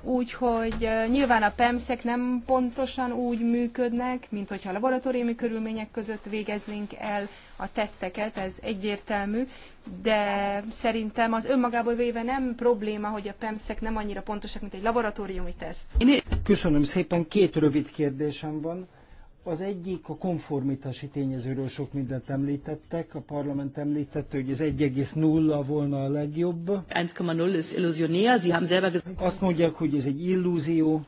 Úgyhogy nyilván a PEMSZek nem pontosan úgy működnek, mint hogyha a laboratóriumi körülmények között végeznénk el a teszteket, ez egyértelmű, de szerintem az önmagából véve nem probléma, hogy a PEMSZek nem annyira pontosak, mint egy laboratóriumi teszt. Köszönöm szépen, két rövid kérdésem van. Az egyik a konformitási tényezőről sok mindent említettek, a parlament említette, hogy ez 1,0 volna a legjobb. 1,0 ist illusionär, Sie haben selber gesagt. Azt mondják, hogy ez egy illúzió,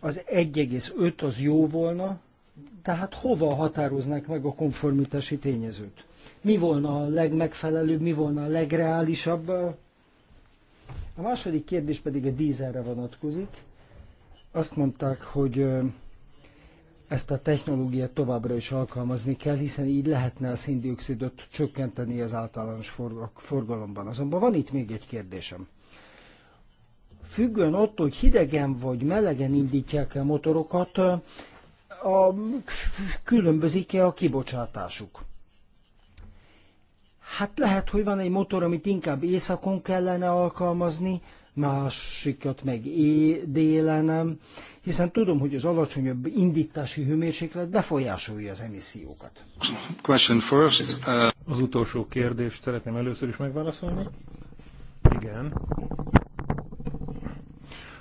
az 1,5 az jó volna, tehát hova határoznák meg a konformitási tényezőt? Mi volna a legmegfelelőbb, mi volna a legreálisabb? A második kérdés pedig a dízelre vonatkozik. Azt mondták, hogy ezt a technológiát továbbra is alkalmazni kell, hiszen így lehetne a széndiokszidot csökkenteni az általános forgalomban. Azonban van itt még egy kérdésem. Függően attól, hogy hidegen vagy melegen indítják el motorokat, a, különbözik-e a kibocsátásuk? Hát lehet, hogy van egy motor, amit inkább éjszakon kellene alkalmazni, másikat meg é- hiszen tudom, hogy az alacsonyabb indítási hőmérséklet befolyásolja az emissziókat. Question first. Uh... Az utolsó kérdést szeretném először is megválaszolni. Igen.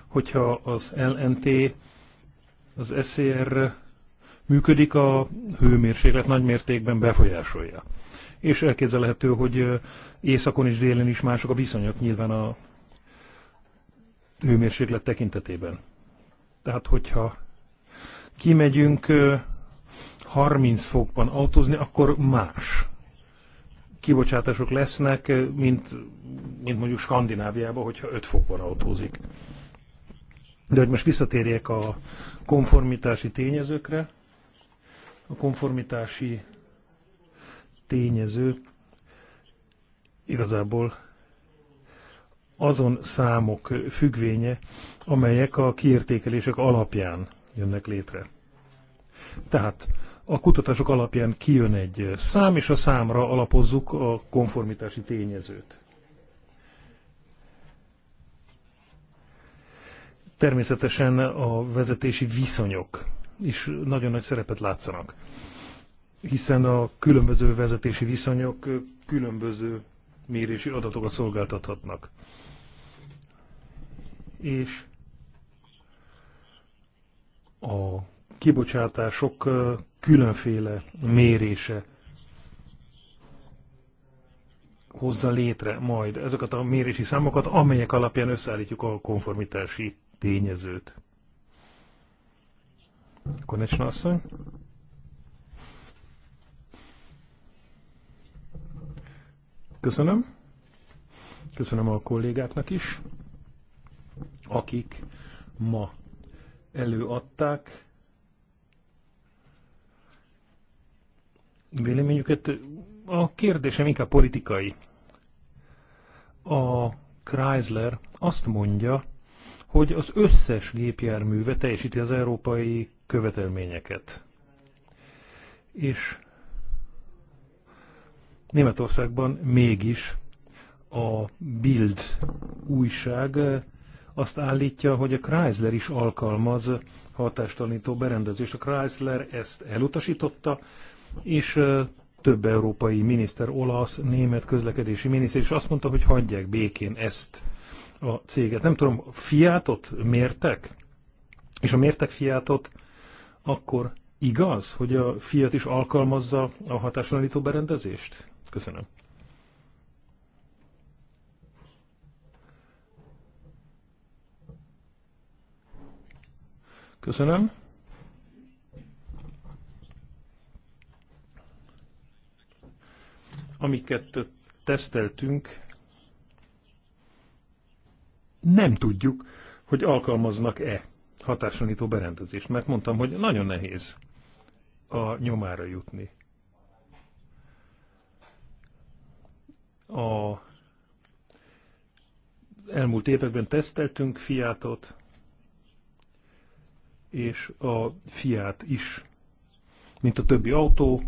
Hogyha az LNT, az SCR működik, a hőmérséklet nagy mértékben befolyásolja és elképzelhető, hogy északon és délen is mások a viszonyok nyilván a hőmérséklet tekintetében. Tehát, hogyha kimegyünk 30 fokban autózni, akkor más kibocsátások lesznek, mint, mint mondjuk Skandináviában, hogyha 5 fokban autózik. De hogy most visszatérjek a konformitási tényezőkre, a konformitási tényező igazából azon számok függvénye, amelyek a kiértékelések alapján jönnek létre. Tehát a kutatások alapján kijön egy szám, és a számra alapozzuk a konformitási tényezőt. Természetesen a vezetési viszonyok is nagyon nagy szerepet látszanak hiszen a különböző vezetési viszonyok különböző mérési adatokat szolgáltathatnak. És a kibocsátások különféle mérése hozza létre majd ezeket a mérési számokat, amelyek alapján összeállítjuk a konformitási tényezőt. Konecsna asszony? Köszönöm. Köszönöm a kollégáknak is, akik ma előadták véleményüket. A kérdésem inkább politikai. A Chrysler azt mondja, hogy az összes gépjárműve teljesíti az európai követelményeket. És Németországban mégis a Bild újság eh, azt állítja, hogy a Chrysler is alkalmaz hatástalanító berendezést. A Chrysler ezt elutasította, és eh, több európai miniszter, olasz, német közlekedési miniszter is azt mondta, hogy hagyják békén ezt a céget. Nem tudom, fiátot mértek? És a mértek fiátot, akkor igaz, hogy a fiat is alkalmazza a hatásonalító berendezést? Köszönöm. Köszönöm. Amiket teszteltünk, nem tudjuk, hogy alkalmaznak-e hatásonító berendezést, mert mondtam, hogy nagyon nehéz a nyomára jutni. a elmúlt években teszteltünk fiátot, és a fiát is, mint a többi autó,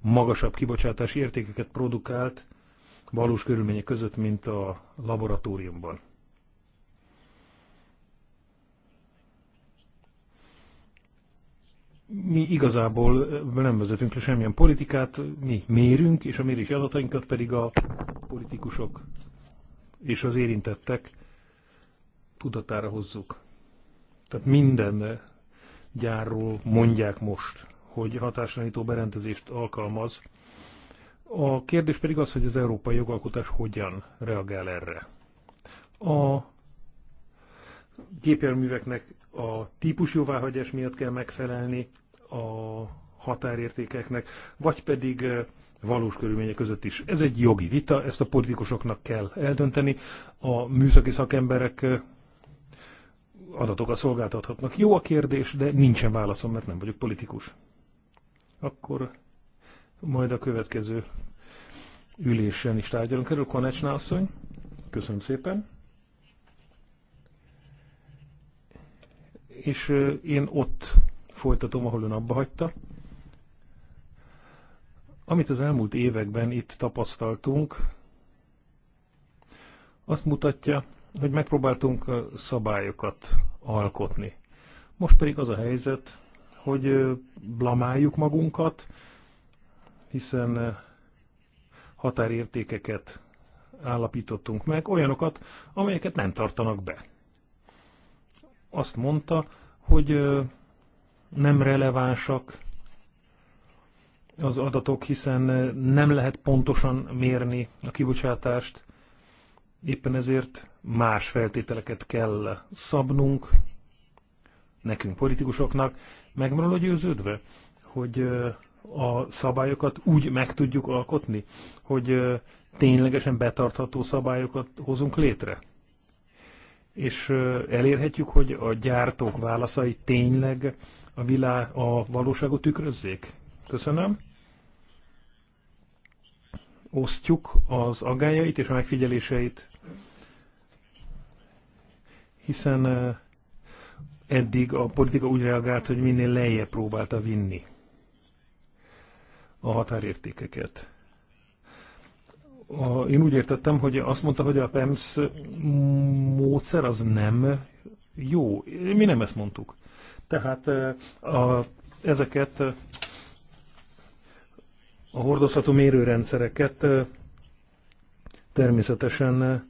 magasabb kibocsátási értékeket produkált valós körülmények között, mint a laboratóriumban. mi igazából nem vezetünk le semmilyen politikát, mi mérünk, és a mérési adatainkat pedig a politikusok és az érintettek tudatára hozzuk. Tehát minden gyárról mondják most, hogy hatásanító berendezést alkalmaz. A kérdés pedig az, hogy az európai jogalkotás hogyan reagál erre. A gépjárműveknek a típus jóváhagyás miatt kell megfelelni a határértékeknek, vagy pedig valós körülmények között is. Ez egy jogi vita, ezt a politikusoknak kell eldönteni. A műszaki szakemberek adatokat szolgáltathatnak. Jó a kérdés, de nincsen válaszom, mert nem vagyok politikus. Akkor majd a következő ülésen is tárgyalunk erről. Konecsná asszony, köszönöm szépen. és én ott folytatom, ahol ön abba hagyta. Amit az elmúlt években itt tapasztaltunk, azt mutatja, hogy megpróbáltunk szabályokat alkotni. Most pedig az a helyzet, hogy blamáljuk magunkat, hiszen határértékeket állapítottunk meg, olyanokat, amelyeket nem tartanak be azt mondta, hogy nem relevánsak az adatok, hiszen nem lehet pontosan mérni a kibocsátást, éppen ezért más feltételeket kell szabnunk nekünk politikusoknak. Meg a győződve, hogy a szabályokat úgy meg tudjuk alkotni, hogy ténylegesen betartható szabályokat hozunk létre és elérhetjük, hogy a gyártók válaszai tényleg a, világ, a valóságot tükrözzék? Köszönöm. Osztjuk az agájait és a megfigyeléseit, hiszen eddig a politika úgy reagált, hogy minél lejjebb próbálta vinni a határértékeket a, én úgy értettem, hogy azt mondta, hogy a PEMS módszer az nem jó. Mi nem ezt mondtuk. Tehát a, ezeket a hordozható mérőrendszereket természetesen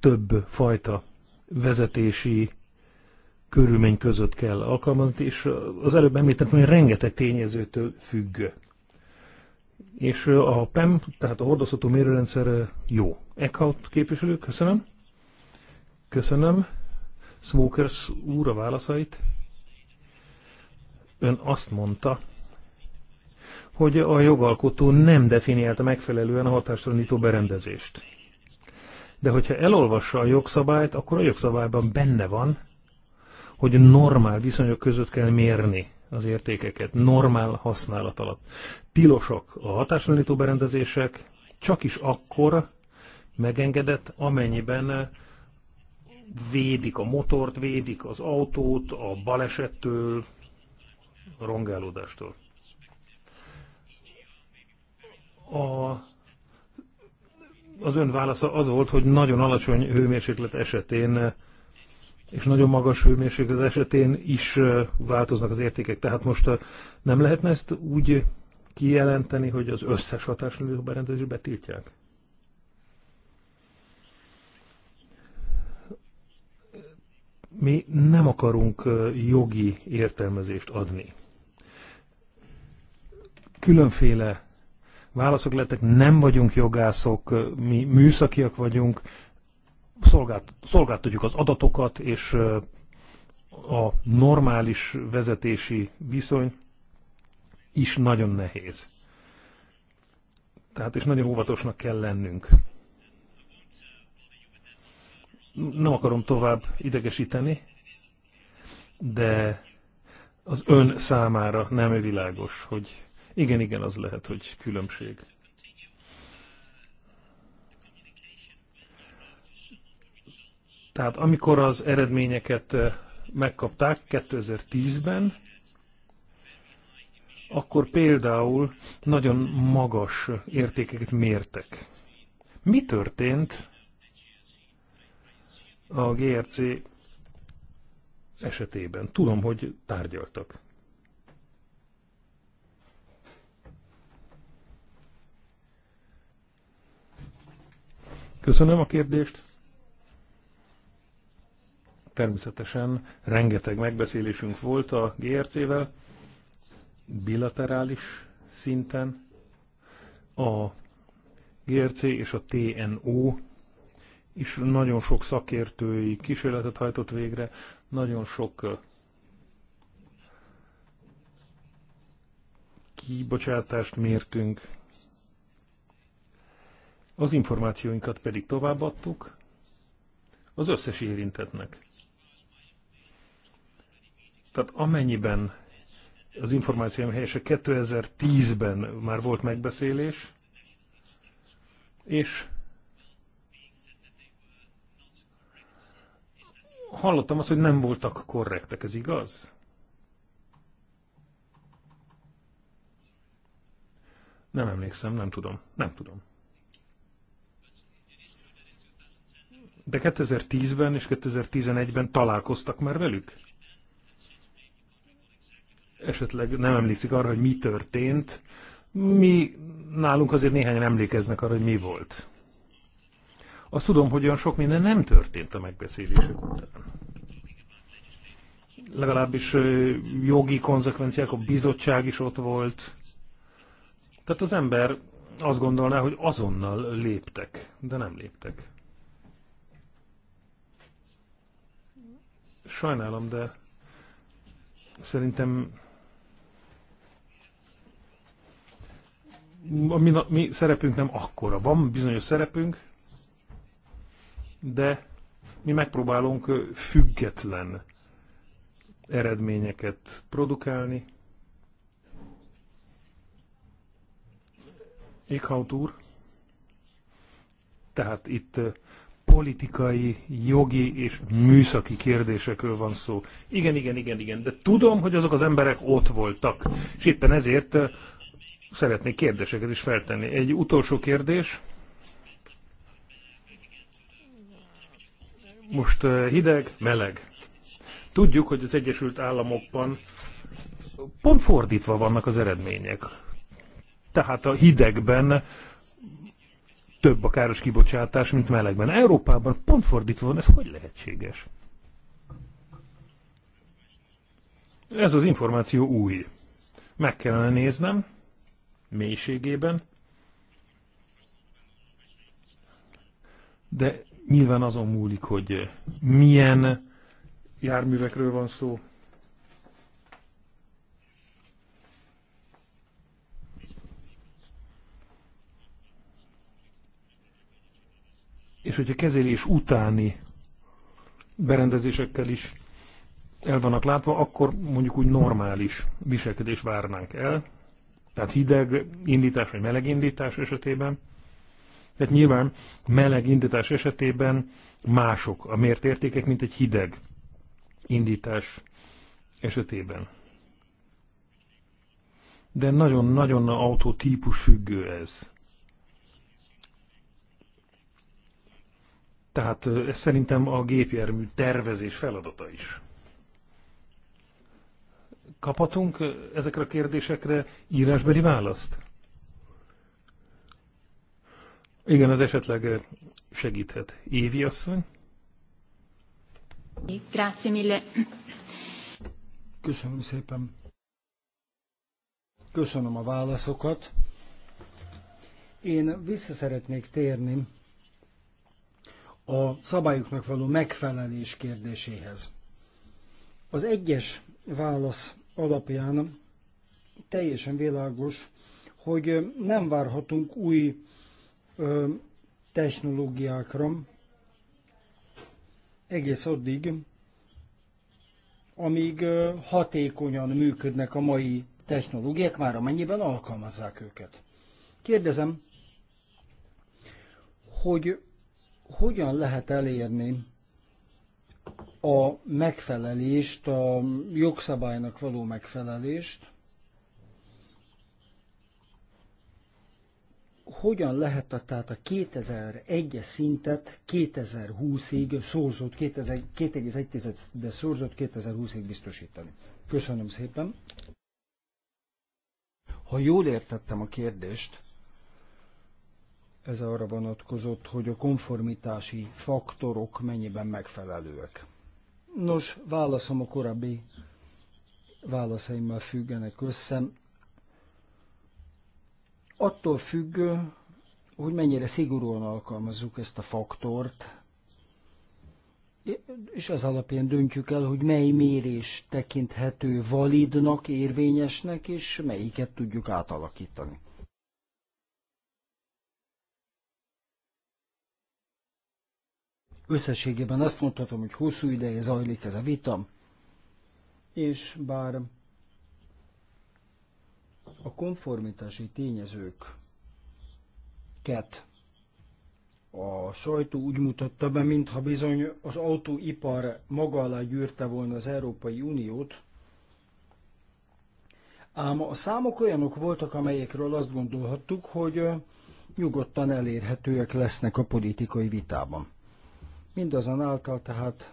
több fajta vezetési körülmény között kell alkalmazni, és az előbb említettem, hogy rengeteg tényezőtől függ és a PEM, tehát a hordozható mérőrendszer jó. Eckhout képviselő, köszönöm. Köszönöm. Smokers úr a válaszait. Ön azt mondta, hogy a jogalkotó nem definiálta megfelelően a hatástalanító berendezést. De hogyha elolvassa a jogszabályt, akkor a jogszabályban benne van, hogy normál viszonyok között kell mérni az értékeket normál használat alatt. Tilosak a hatástalanító berendezések, csak is akkor megengedett, amennyiben védik a motort, védik az autót, a balesettől, a rongálódástól. A, az ön válasza az volt, hogy nagyon alacsony hőmérséklet esetén és nagyon magas hőmérséklet esetén is változnak az értékek. Tehát most nem lehetne ezt úgy kijelenteni, hogy az összes hatásnövő berendezést betiltják? Mi nem akarunk jogi értelmezést adni. Különféle válaszok lettek, nem vagyunk jogászok, mi műszakiak vagyunk, szolgált, szolgáltatjuk az adatokat, és a normális vezetési viszony is nagyon nehéz. Tehát és nagyon óvatosnak kell lennünk. Nem akarom tovább idegesíteni, de az ön számára nem világos, hogy igen, igen, az lehet, hogy különbség. Tehát amikor az eredményeket eh, megkapták 2010-ben, akkor például nagyon magas értékeket mértek. Mi történt a GRC esetében? Tudom, hogy tárgyaltak. Köszönöm a kérdést természetesen rengeteg megbeszélésünk volt a GRC-vel, bilaterális szinten a GRC és a TNO is nagyon sok szakértői kísérletet hajtott végre, nagyon sok kibocsátást mértünk, az információinkat pedig továbbadtuk az összes érintetnek. Tehát amennyiben az információm helyes, 2010-ben már volt megbeszélés, és hallottam azt, hogy nem voltak korrektek, ez igaz? Nem emlékszem, nem tudom, nem tudom. De 2010-ben és 2011-ben találkoztak már velük? esetleg nem emlékszik arra, hogy mi történt. Mi nálunk azért néhányan emlékeznek arra, hogy mi volt. Azt tudom, hogy olyan sok minden nem történt a megbeszélések után. Legalábbis jogi konzekvenciák, a bizottság is ott volt. Tehát az ember azt gondolná, hogy azonnal léptek, de nem léptek. Sajnálom, de szerintem a mi, mi szerepünk nem akkora. Van bizonyos szerepünk, de mi megpróbálunk független eredményeket produkálni. Ékhaut úr, tehát itt politikai, jogi és műszaki kérdésekről van szó. Igen, igen, igen, igen, de tudom, hogy azok az emberek ott voltak, és éppen ezért szeretnék kérdéseket is feltenni. Egy utolsó kérdés. Most eh, hideg, meleg. Tudjuk, hogy az Egyesült Államokban pont fordítva vannak az eredmények. Tehát a hidegben több a káros kibocsátás, mint melegben. Európában pont fordítva van, ez hogy lehetséges? Ez az információ új. Meg kellene néznem mélységében, de nyilván azon múlik, hogy milyen járművekről van szó. És hogyha kezelés utáni berendezésekkel is el vannak látva, akkor mondjuk úgy normális viselkedés várnánk el. Tehát hideg indítás vagy meleg indítás esetében. Tehát nyilván meleg indítás esetében mások a mért értékek, mint egy hideg indítás esetében. De nagyon-nagyon autótípus függő ez. Tehát ez szerintem a gépjármű tervezés feladata is kaphatunk ezekre a kérdésekre írásbeli választ? Igen, az esetleg segíthet. Évi asszony. Grazie mille. Köszönöm szépen. Köszönöm a válaszokat. Én vissza szeretnék térni a szabályoknak való megfelelés kérdéséhez. Az egyes válasz alapján teljesen világos, hogy nem várhatunk új ö, technológiákra egész addig, amíg ö, hatékonyan működnek a mai technológiák, már amennyiben alkalmazzák őket. Kérdezem, hogy hogyan lehet elérni a megfelelést, a jogszabálynak való megfelelést, hogyan lehet a, tehát a 2001-es szintet 2020-ig szorzott, 2001 de szorzott 2020-ig biztosítani. Köszönöm szépen. Ha jól értettem a kérdést, ez arra vonatkozott, hogy a konformitási faktorok mennyiben megfelelőek. Nos, válaszom a korábbi válaszaimmal függenek össze. Attól függ, hogy mennyire szigorúan alkalmazzuk ezt a faktort, és az alapján döntjük el, hogy mely mérés tekinthető validnak, érvényesnek, és melyiket tudjuk átalakítani. Összességében azt mondhatom, hogy hosszú ideje zajlik ez a vita, és bár a konformitási tényezőket a sajtó úgy mutatta be, mintha bizony az autóipar maga alá gyűrte volna az Európai Uniót, ám a számok olyanok voltak, amelyekről azt gondolhattuk, hogy nyugodtan elérhetőek lesznek a politikai vitában. Mindazonáltal tehát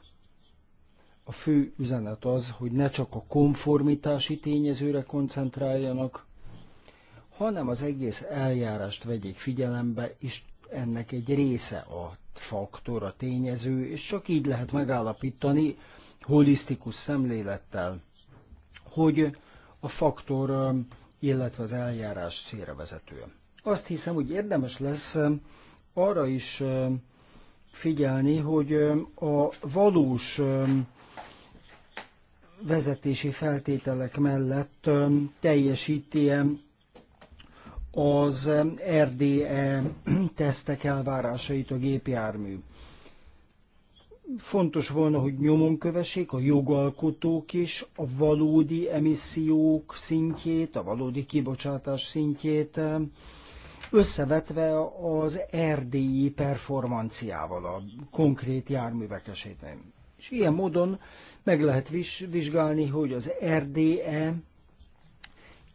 a fő üzenet az, hogy ne csak a konformitási tényezőre koncentráljanak, hanem az egész eljárást vegyék figyelembe, és ennek egy része a faktor, a tényező, és csak így lehet megállapítani holisztikus szemlélettel, hogy a faktor, um, illetve az eljárás célra vezető. Azt hiszem, hogy érdemes lesz um, arra is um, figyelni, hogy a valós vezetési feltételek mellett teljesíti -e az RDE tesztek elvárásait a gépjármű. Fontos volna, hogy nyomon kövessék a jogalkotók is a valódi emissziók szintjét, a valódi kibocsátás szintjét, összevetve az erdélyi performanciával, a konkrét járművek esetén. És ilyen módon meg lehet vizsgálni, hogy az RDE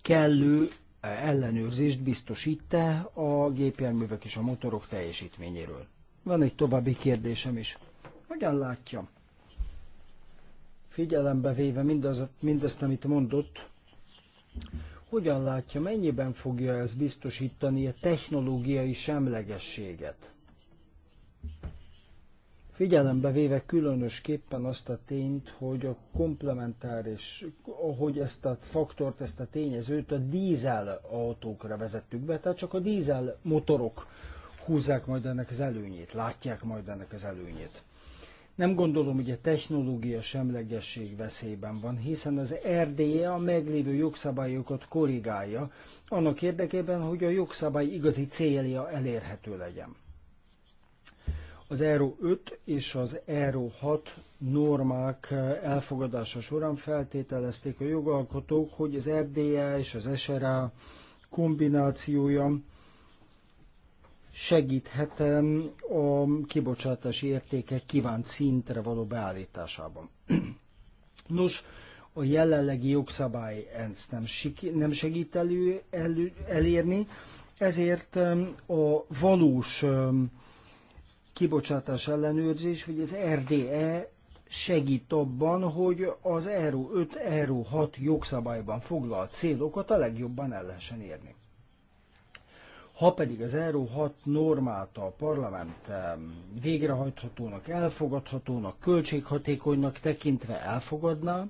kellő ellenőrzést biztosít-e a gépjárművek és a motorok teljesítményéről. Van egy további kérdésem is. Hogyan látja? Figyelembe véve mindaz, mindazt, amit mondott, hogyan látja, mennyiben fogja ez biztosítani a technológiai semlegességet? Figyelembe véve különösképpen azt a tényt, hogy a komplementáris, hogy ezt a faktort, ezt a tényezőt a dízel autókra vezettük be, tehát csak a dízel motorok húzzák majd ennek az előnyét, látják majd ennek az előnyét. Nem gondolom, hogy a technológia semlegesség veszélyben van, hiszen az Erdélye a meglévő jogszabályokat korrigálja, annak érdekében, hogy a jogszabály igazi célja elérhető legyen. Az Euro 5 és az Euro 6 normák elfogadása során feltételezték a jogalkotók, hogy az RDA e és az SRA kombinációja segíthetem a kibocsátási értékek kívánt szintre való beállításában. Nos, a jelenlegi jogszabály ezt nem, nem segít elő, elő, elérni, ezért um, a valós um, kibocsátás ellenőrzés, vagy az RDE segít abban, hogy az Euro 5, Euro 6 jogszabályban foglalt célokat a legjobban el lehessen érni. Ha pedig az Euró 6 normát a parlament végrehajthatónak, elfogadhatónak, költséghatékonynak tekintve elfogadná,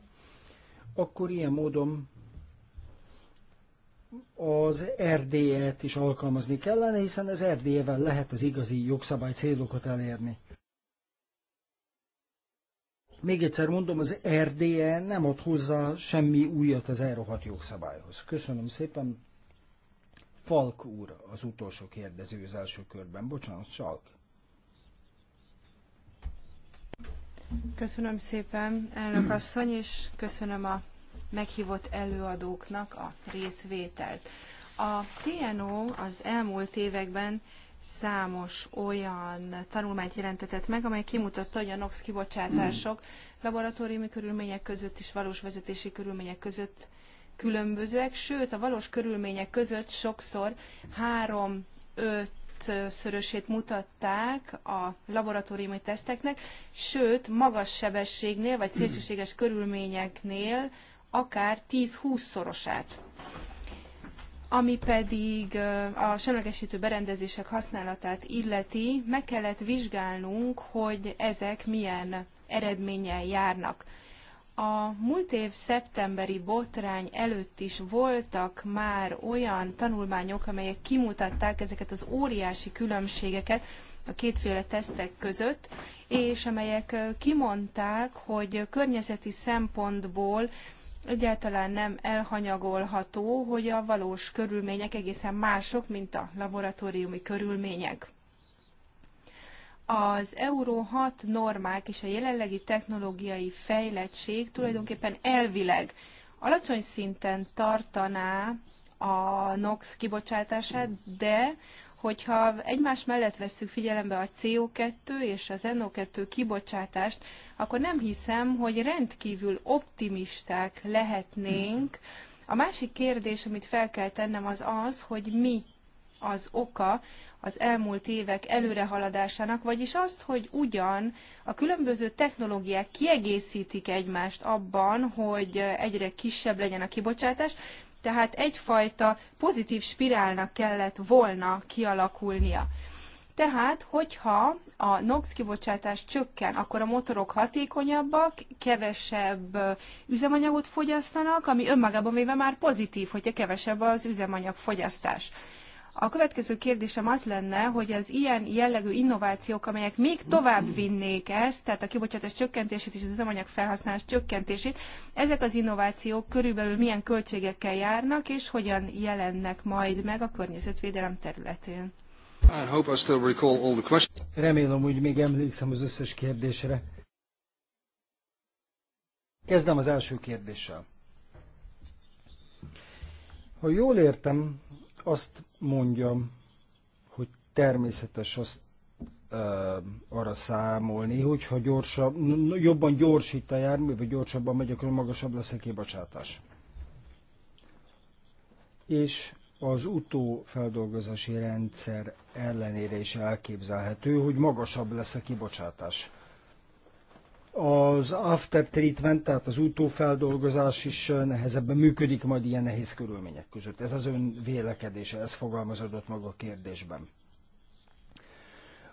akkor ilyen módon az RDE-t is alkalmazni kellene, hiszen az RDE-vel lehet az igazi jogszabály célokat elérni. Még egyszer mondom, az RDE nem ad hozzá semmi újat az Euró 6 jogszabályhoz. Köszönöm szépen, Falk úr az utolsó kérdező az első körben. Bocsánat, Salk. Köszönöm szépen, elnök asszony, és köszönöm a meghívott előadóknak a részvételt. A TNO az elmúlt években számos olyan tanulmányt jelentetett meg, amely kimutatta, hogy a NOx kibocsátások laboratóriumi körülmények között és valós vezetési körülmények között különbözőek, sőt a valós körülmények között sokszor három, öt szörösét mutatták a laboratóriumi teszteknek, sőt, magas sebességnél vagy szélsőséges körülményeknél akár 10-20 szorosát. Ami pedig a semlegesítő berendezések használatát illeti, meg kellett vizsgálnunk, hogy ezek milyen eredménnyel járnak a múlt év szeptemberi botrány előtt is voltak már olyan tanulmányok, amelyek kimutatták ezeket az óriási különbségeket a kétféle tesztek között, és amelyek kimondták, hogy környezeti szempontból egyáltalán nem elhanyagolható, hogy a valós körülmények egészen mások, mint a laboratóriumi körülmények az Euró 6 normák és a jelenlegi technológiai fejlettség tulajdonképpen elvileg alacsony szinten tartaná a NOx kibocsátását, de hogyha egymás mellett vesszük figyelembe a CO2 és az NO2 kibocsátást, akkor nem hiszem, hogy rendkívül optimisták lehetnénk. A másik kérdés, amit fel kell tennem, az az, hogy mi az oka az elmúlt évek előrehaladásának, vagyis azt, hogy ugyan a különböző technológiák kiegészítik egymást abban, hogy egyre kisebb legyen a kibocsátás, tehát egyfajta pozitív spirálnak kellett volna kialakulnia. Tehát, hogyha a NOx kibocsátás csökken, akkor a motorok hatékonyabbak, kevesebb üzemanyagot fogyasztanak, ami önmagában véve már pozitív, hogyha kevesebb az üzemanyag fogyasztás. A következő kérdésem az lenne, hogy az ilyen jellegű innovációk, amelyek még tovább vinnék ezt, tehát a kibocsátás csökkentését és az üzemanyag felhasználás csökkentését, ezek az innovációk körülbelül milyen költségekkel járnak, és hogyan jelennek majd meg a környezetvédelem területén? Remélem, hogy még emlékszem az összes kérdésre. Kezdem az első kérdéssel. Ha jól értem, azt mondjam, hogy természetes azt arra számolni, hogyha gyorsabb, jobban gyorsít a jármű, vagy gyorsabban megy, akkor magasabb lesz a kibocsátás. És az utófeldolgozási rendszer ellenére is elképzelhető, hogy magasabb lesz a kibocsátás az after treatment, tehát az utófeldolgozás is nehezebben működik majd ilyen nehéz körülmények között. Ez az ön vélekedése, ez fogalmazódott maga a kérdésben.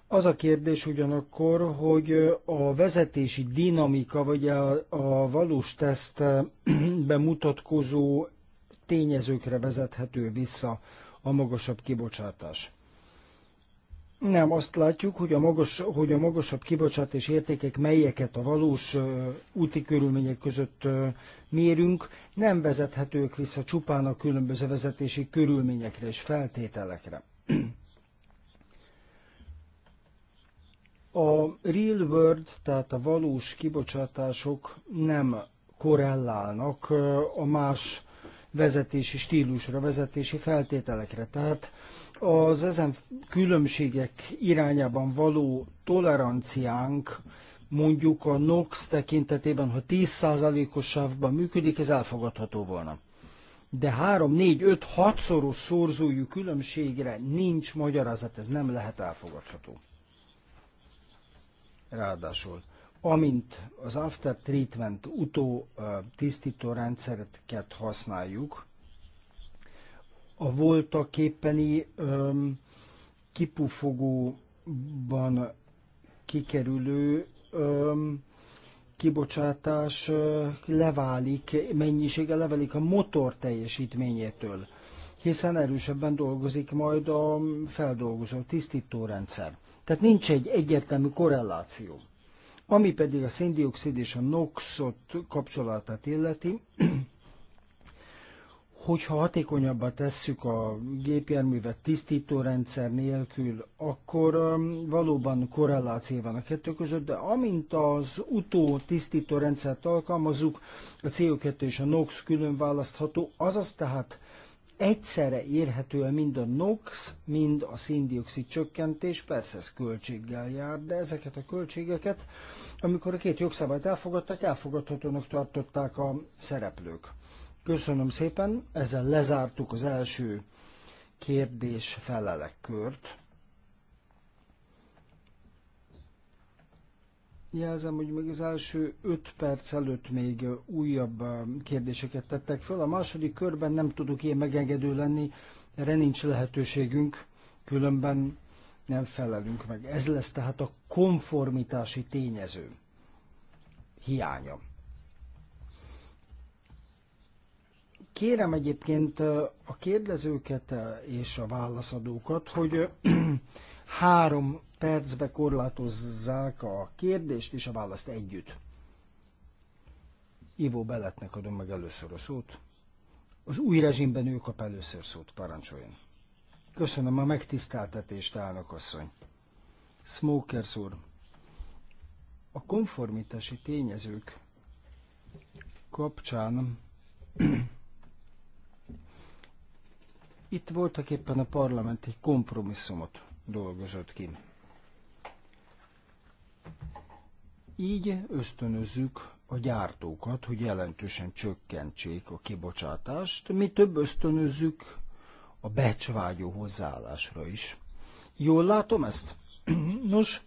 Az a kérdés ugyanakkor, hogy a vezetési dinamika, vagy a, a valós teszt bemutatkozó tényezőkre vezethető vissza a magasabb kibocsátás. Nem, azt látjuk, hogy a, magas, hogy a magasabb kibocsátás értékek, melyeket a valós ö, úti körülmények között ö, mérünk, nem vezethetők vissza csupán a különböző vezetési körülményekre és feltételekre. A real world, tehát a valós kibocsátások nem korrelálnak a más vezetési stílusra, vezetési feltételekre. Tehát az ezen különbségek irányában való toleranciánk mondjuk a NOx tekintetében, ha 10%-os sávban működik, ez elfogadható volna. De 3, 4, 5, 6 szoros szorzójú különbségre nincs magyarázat, ez nem lehet elfogadható. Ráadásul amint az after treatment utó tisztító rendszereket használjuk, a voltaképpeni kipufogóban kikerülő öm, kibocsátás ö, leválik, mennyisége leválik a motor teljesítményétől, hiszen erősebben dolgozik majd a feldolgozó tisztító rendszer. Tehát nincs egy egyértelmű korreláció. Ami pedig a széndiokszid és a NOx-ot kapcsolatát illeti, hogyha hatékonyabbá tesszük a gépjárművet tisztítórendszer nélkül, akkor um, valóban korreláció van a kettő között, de amint az utó tisztítórendszert alkalmazzuk, a CO2 és a NOx külön választható, azaz tehát egyszerre érhető el mind a NOx, mind a széndiokszid csökkentés, persze ez költséggel jár, de ezeket a költségeket, amikor a két jogszabályt elfogadtak, elfogadhatónak tartották a szereplők. Köszönöm szépen, ezzel lezártuk az első kérdés-felelek kört. Jelzem, hogy még az első öt perc előtt még újabb kérdéseket tettek föl. A második körben nem tudok én megengedő lenni, erre nincs lehetőségünk, különben nem felelünk meg. Ez lesz tehát a konformitási tényező hiánya. Kérem egyébként a kérdezőket és a válaszadókat, hogy három percbe korlátozzák a kérdést és a választ együtt. Ivo Beletnek adom meg először a szót. Az új rezsimben ő kap először szót, parancsoljon. Köszönöm a megtiszteltetést, elnök asszony. Smokers úr, a konformitási tényezők kapcsán itt voltak éppen a parlament egy kompromisszumot dolgozott ki. Így ösztönözzük a gyártókat, hogy jelentősen csökkentsék a kibocsátást, mi több ösztönözzük a becsvágyó hozzáállásra is. Jól látom ezt? Nos,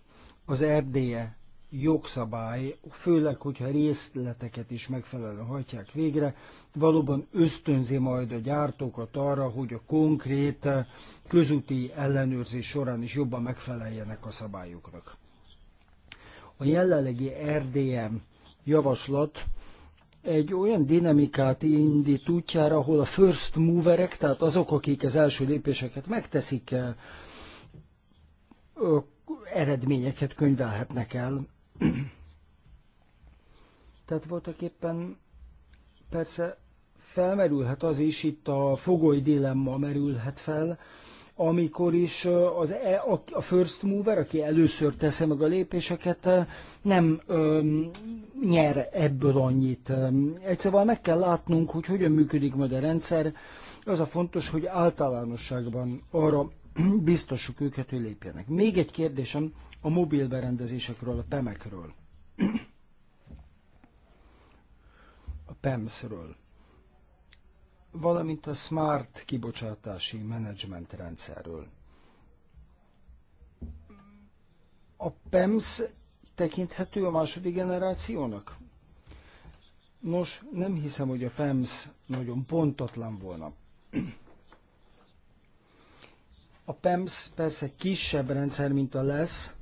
az erdélye jogszabály, főleg, hogyha részleteket is megfelelően hajtják végre, valóban ösztönzi majd a gyártókat arra, hogy a konkrét közúti ellenőrzés során is jobban megfeleljenek a szabályoknak. A jelenlegi RDM javaslat egy olyan dinamikát indít útjára, ahol a first moverek, tehát azok, akik az első lépéseket megteszik, eh, eredményeket könyvelhetnek el. Tehát voltak éppen persze felmerülhet az is, itt a fogoly dilemma merülhet fel, amikor is az, e, a first mover, aki először teszi meg a lépéseket, nem öm, nyer ebből annyit. Egyszerűen szóval meg kell látnunk, hogy hogyan működik majd a rendszer. Az a fontos, hogy általánosságban arra biztosuk őket, hogy lépjenek. Még egy kérdésem a mobil berendezésekről, a PEM-ekről. A PEMS-ről valamint a smart kibocsátási menedzsment rendszerről. A PEMS tekinthető a második generációnak? Nos, nem hiszem, hogy a PEMS nagyon pontatlan volna. A PEMS persze kisebb rendszer, mint a lesz,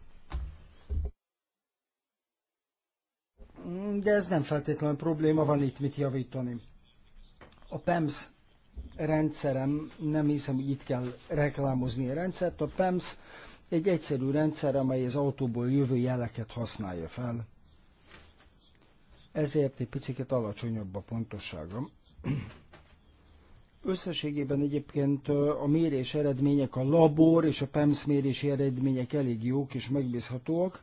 de ez nem feltétlenül probléma, van itt mit javítani a PEMS rendszerem, nem hiszem, hogy itt kell reklámozni a rendszert, a PEMS egy egyszerű rendszer, amely az autóból jövő jeleket használja fel. Ezért egy picit alacsonyabb a pontossága. Összességében egyébként a mérés eredmények, a labor és a PEMS mérés eredmények elég jók és megbízhatóak,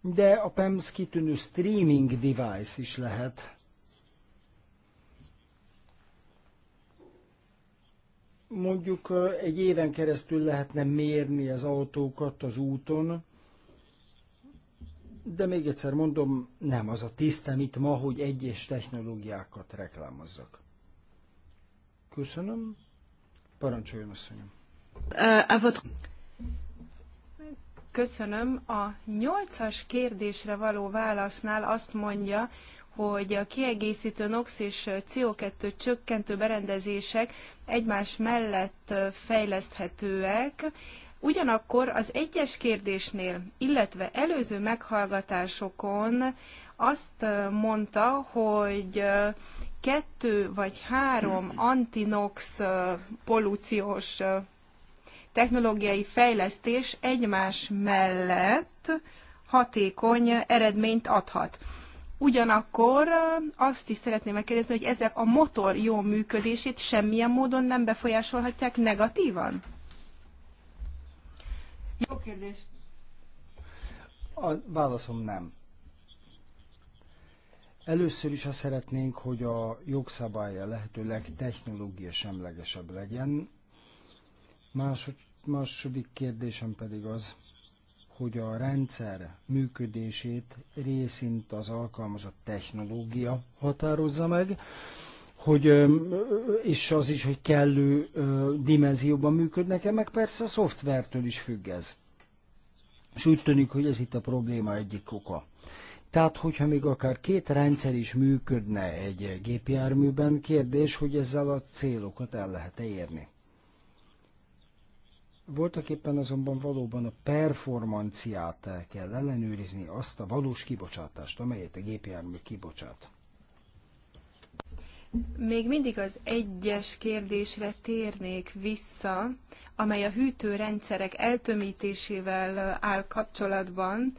de a PEMS kitűnő streaming device is lehet, mondjuk egy éven keresztül lehetne mérni az autókat az úton, de még egyszer mondom, nem az a tisztem itt ma, hogy egyes technológiákat reklámozzak. Köszönöm. Parancsoljon, asszonyom. Köszönöm. A nyolcas kérdésre való válasznál azt mondja, hogy a kiegészítő NOx és CO2 csökkentő berendezések egymás mellett fejleszthetőek, Ugyanakkor az egyes kérdésnél, illetve előző meghallgatásokon azt mondta, hogy kettő vagy három antinox polúciós technológiai fejlesztés egymás mellett hatékony eredményt adhat. Ugyanakkor eh, azt is szeretném megkérdezni, hogy ezek a motor jó működését semmilyen módon nem befolyásolhatják negatívan? Jó kérdés. A válaszom nem. Először is azt szeretnénk, hogy a jogszabálya lehetőleg technológia semlegesebb legyen. Másod, második kérdésem pedig az, hogy a rendszer működését részint az alkalmazott technológia határozza meg, hogy, és az is, hogy kellő dimenzióban működnek-e, meg persze a szoftvertől is függ ez. És úgy tűnik, hogy ez itt a probléma egyik oka. Tehát, hogyha még akár két rendszer is működne egy gépjárműben, kérdés, hogy ezzel a célokat el lehet -e érni. Voltak éppen azonban valóban a performanciát kell ellenőrizni, azt a valós kibocsátást, amelyet a gépjármű kibocsát. Még mindig az egyes kérdésre térnék vissza, amely a hűtőrendszerek eltömítésével áll kapcsolatban,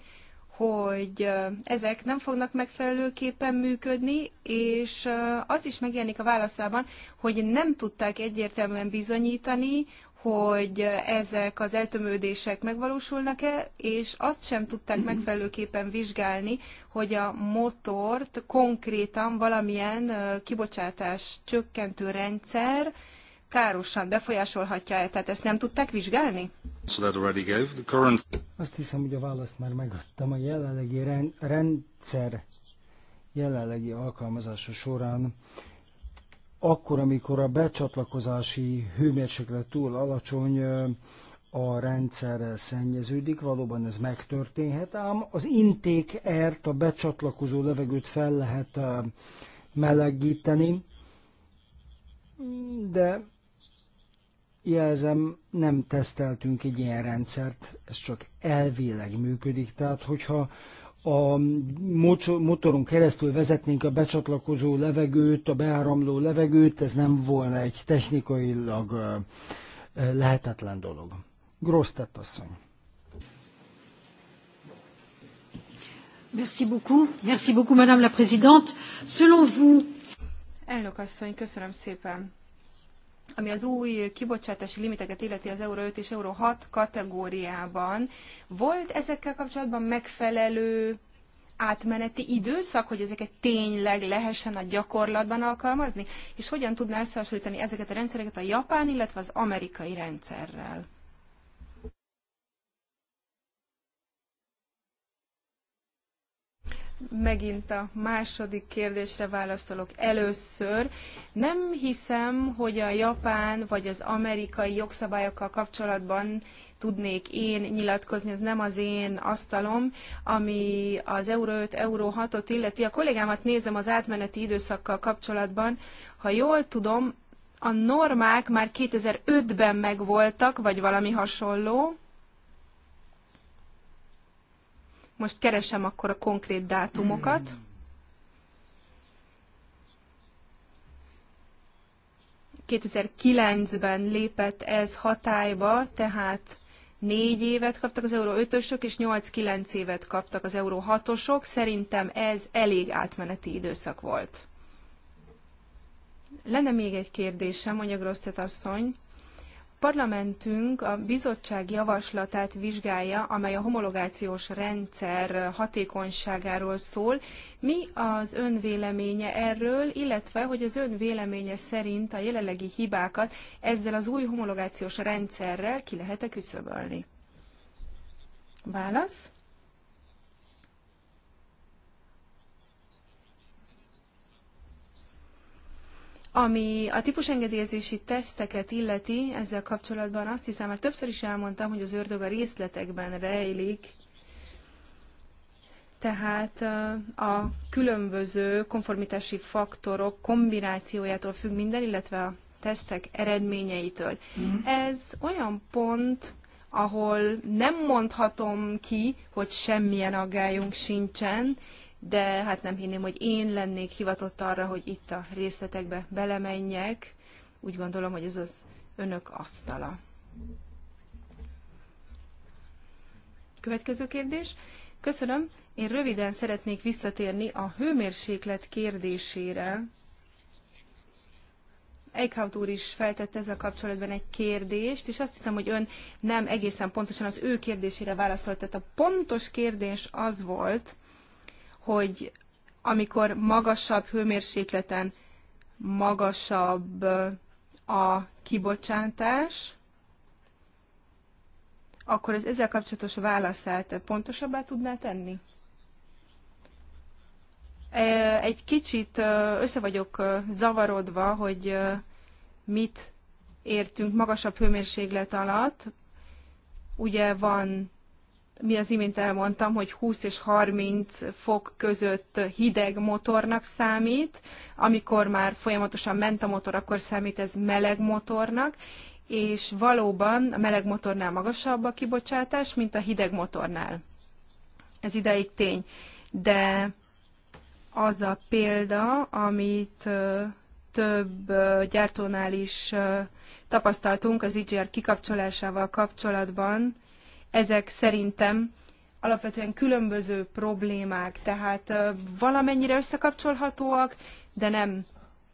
hogy ezek nem fognak megfelelőképpen működni, és az is megjelenik a válaszában, hogy nem tudták egyértelműen bizonyítani, hogy ezek az eltömődések megvalósulnak-e, és azt sem tudták megfelelőképpen vizsgálni, hogy a motort konkrétan valamilyen kibocsátás csökkentő rendszer károsan befolyásolhatja-e, tehát ezt nem tudták vizsgálni? Azt hiszem, hogy a választ már megadtam. A jelenlegi rendszer jelenlegi alkalmazása során akkor, amikor a becsatlakozási hőmérséklet túl alacsony, a rendszer szennyeződik, valóban ez megtörténhet, ám az inték ert, a becsatlakozó levegőt fel lehet melegíteni, de jelzem, nem teszteltünk egy ilyen rendszert, ez csak elvileg működik, tehát hogyha a motoron keresztül vezetnénk a becsatlakozó levegőt, a beáramló levegőt, ez nem volna egy technikailag lehetetlen dolog. Grossz tett asszony. Merci beaucoup. Merci beaucoup, Madame la Présidente. Selon vous... Elnök asszony, köszönöm szépen ami az új kibocsátási limiteket illeti az Euro 5 és Euro 6 kategóriában. Volt ezekkel kapcsolatban megfelelő átmeneti időszak, hogy ezeket tényleg lehessen a gyakorlatban alkalmazni? És hogyan tudná összehasonlítani ezeket a rendszereket a japán, illetve az amerikai rendszerrel? megint a második kérdésre válaszolok először. Nem hiszem, hogy a japán vagy az amerikai jogszabályokkal kapcsolatban tudnék én nyilatkozni, ez nem az én asztalom, ami az Euró 5, Euró 6-ot illeti. A kollégámat nézem az átmeneti időszakkal kapcsolatban. Ha jól tudom, a normák már 2005-ben megvoltak, vagy valami hasonló, Most keresem akkor a konkrét dátumokat. Mm. 2009-ben lépett ez hatályba, tehát 4 évet kaptak az euró 5-ösök, és 8-9 évet kaptak az euró 6-osok. Szerintem ez elég átmeneti időszak volt. Lenne még egy kérdésem, mondja Grosztet asszony. Parlamentünk a bizottság javaslatát vizsgálja, amely a homologációs rendszer hatékonyságáról szól. Mi az ön véleménye erről, illetve hogy az ön véleménye szerint a jelenlegi hibákat ezzel az új homologációs rendszerrel ki lehet-e küszöbölni? Válasz? Ami a típusengedélyezési teszteket illeti, ezzel kapcsolatban azt hiszem, már többször is elmondtam, hogy az ördög a részletekben rejlik, tehát a különböző konformitási faktorok kombinációjától függ minden, illetve a tesztek eredményeitől. Mm. Ez olyan pont, ahol nem mondhatom ki, hogy semmilyen aggályunk sincsen, de hát nem hinném, hogy én lennék hivatott arra, hogy itt a részletekbe belemenjek. Úgy gondolom, hogy ez az önök asztala. Következő kérdés. Köszönöm. Én röviden szeretnék visszatérni a hőmérséklet kérdésére. Eichhout úr is feltette ezzel kapcsolatban egy kérdést, és azt hiszem, hogy ön nem egészen pontosan az ő kérdésére válaszolt. Tehát a pontos kérdés az volt, hogy amikor magasabb hőmérsékleten magasabb a kibocsátás, akkor az ezzel kapcsolatos válaszát pontosabbá tudná tenni? Egy kicsit össze vagyok zavarodva, hogy mit értünk magasabb hőmérséklet alatt. Ugye van mi az imént elmondtam, hogy 20 és 30 fok között hideg motornak számít, amikor már folyamatosan ment a motor, akkor számít ez meleg motornak, és valóban a meleg motornál magasabb a kibocsátás, mint a hideg motornál. Ez ideig tény. De az a példa, amit több gyártónál is tapasztaltunk az IGR kikapcsolásával kapcsolatban, ezek szerintem alapvetően különböző problémák, tehát valamennyire összekapcsolhatóak, de nem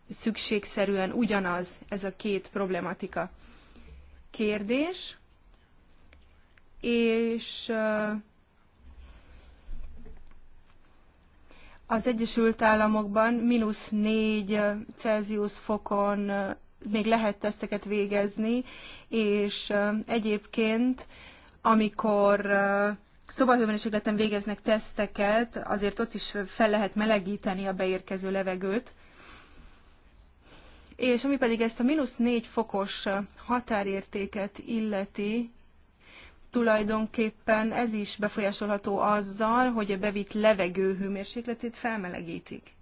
szükségszerűen ugyanaz ez a két problematika. Kérdés, és az Egyesült Államokban mínusz négy Celsius fokon még lehet teszteket végezni, és egyébként amikor szobahőmérsékleten végeznek teszteket, azért ott is fel lehet melegíteni a beérkező levegőt. És ami pedig ezt a mínusz négy fokos határértéket illeti, tulajdonképpen ez is befolyásolható azzal, hogy a bevitt levegő hőmérsékletét felmelegítik.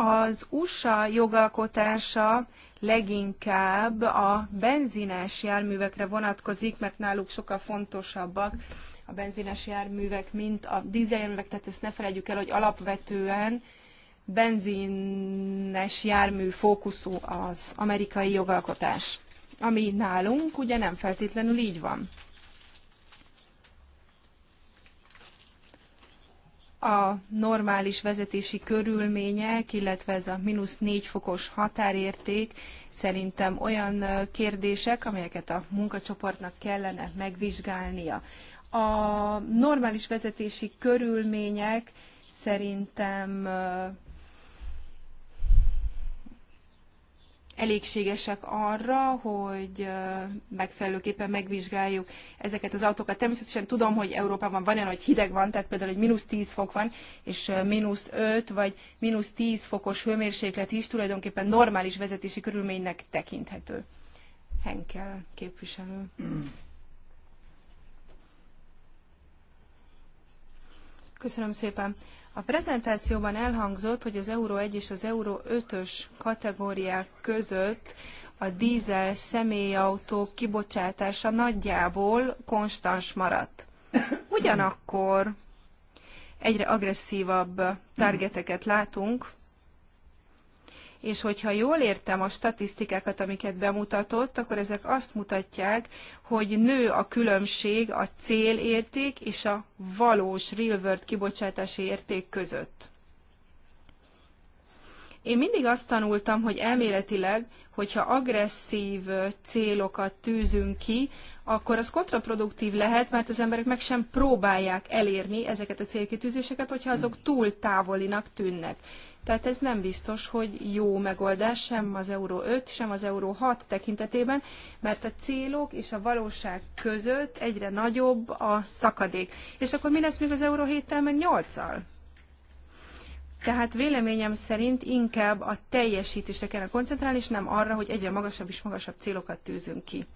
Az USA jogalkotása leginkább a benzines járművekre vonatkozik, mert náluk sokkal fontosabbak a benzines járművek, mint a dízeljárművek, tehát ezt ne felejtjük el, hogy alapvetően benzines jármű fókuszú az amerikai jogalkotás, ami nálunk ugye nem feltétlenül így van. a normális vezetési körülmények, illetve ez a mínusz négy fokos határérték szerintem olyan kérdések, amelyeket a munkacsoportnak kellene megvizsgálnia. A normális vezetési körülmények szerintem elégségesek arra, hogy megfelelőképpen megvizsgáljuk ezeket az autókat. Természetesen tudom, hogy Európában van olyan, hogy hideg van, tehát például, hogy mínusz 10 fok van, és mínusz 5 vagy mínusz 10 fokos hőmérséklet is tulajdonképpen normális vezetési körülménynek tekinthető. Henkel képviselő. Köszönöm szépen. A prezentációban elhangzott, hogy az Euró 1 és az Euró 5-ös kategóriák között a dízel személyautók kibocsátása nagyjából konstans maradt. Ugyanakkor egyre agresszívabb targeteket látunk, és hogyha jól értem a statisztikákat, amiket bemutatott, akkor ezek azt mutatják, hogy nő a különbség a célérték és a valós real world kibocsátási érték között. Én mindig azt tanultam, hogy elméletileg, hogyha agresszív célokat tűzünk ki, akkor az kontraproduktív lehet, mert az emberek meg sem próbálják elérni ezeket a célkitűzéseket, hogyha azok túl távolinak tűnnek. Tehát ez nem biztos, hogy jó megoldás sem az euró 5, sem az euró 6 tekintetében, mert a célok és a valóság között egyre nagyobb a szakadék. És akkor mi lesz még az euró 7-tel, meg 8-al? Tehát véleményem szerint inkább a teljesítésre kellene koncentrálni, és nem arra, hogy egyre magasabb és magasabb célokat tűzünk ki.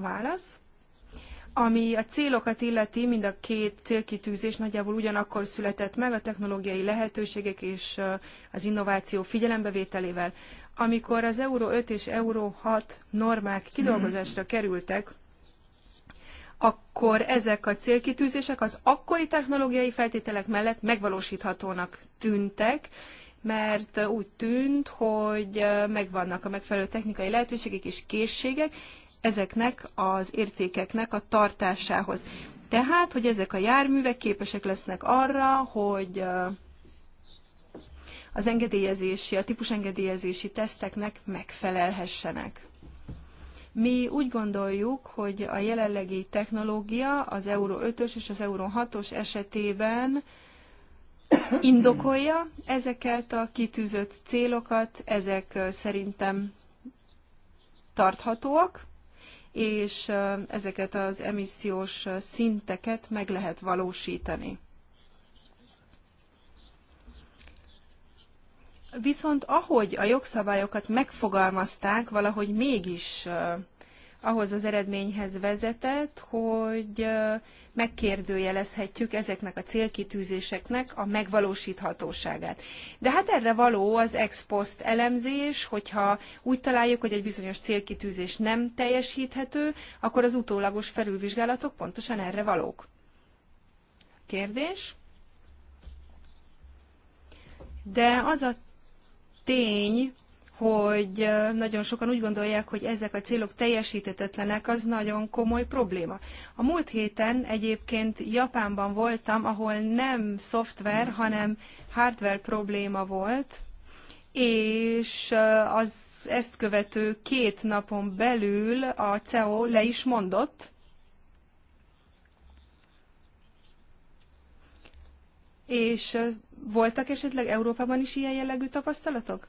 Válasz. Ami a célokat illeti, mind a két célkitűzés nagyjából ugyanakkor született meg, a technológiai lehetőségek és az innováció figyelembevételével. Amikor az Euró 5 és Euró 6 normák kidolgozásra kerültek, akkor ezek a célkitűzések az akkori technológiai feltételek mellett megvalósíthatónak tűntek, mert úgy tűnt, hogy megvannak a megfelelő technikai lehetőségek és készségek, ezeknek az értékeknek a tartásához. Tehát, hogy ezek a járművek képesek lesznek arra, hogy az engedélyezési, a típusengedélyezési teszteknek megfelelhessenek. Mi úgy gondoljuk, hogy a jelenlegi technológia az Euro 5-ös és az Euro 6-os esetében indokolja ezeket a kitűzött célokat, ezek szerintem tarthatóak, és ezeket az emissziós szinteket meg lehet valósítani. Viszont ahogy a jogszabályokat megfogalmazták, valahogy mégis ahhoz az eredményhez vezetett, hogy megkérdőjelezhetjük ezeknek a célkitűzéseknek a megvalósíthatóságát. De hát erre való az ex post elemzés, hogyha úgy találjuk, hogy egy bizonyos célkitűzés nem teljesíthető, akkor az utólagos felülvizsgálatok pontosan erre valók. Kérdés? De az a tény, hogy nagyon sokan úgy gondolják, hogy ezek a célok teljesítetetlenek, az nagyon komoly probléma. A múlt héten egyébként Japánban voltam, ahol nem szoftver, hanem hardware probléma volt, és az ezt követő két napon belül a CEO le is mondott, és voltak esetleg Európában is ilyen jellegű tapasztalatok?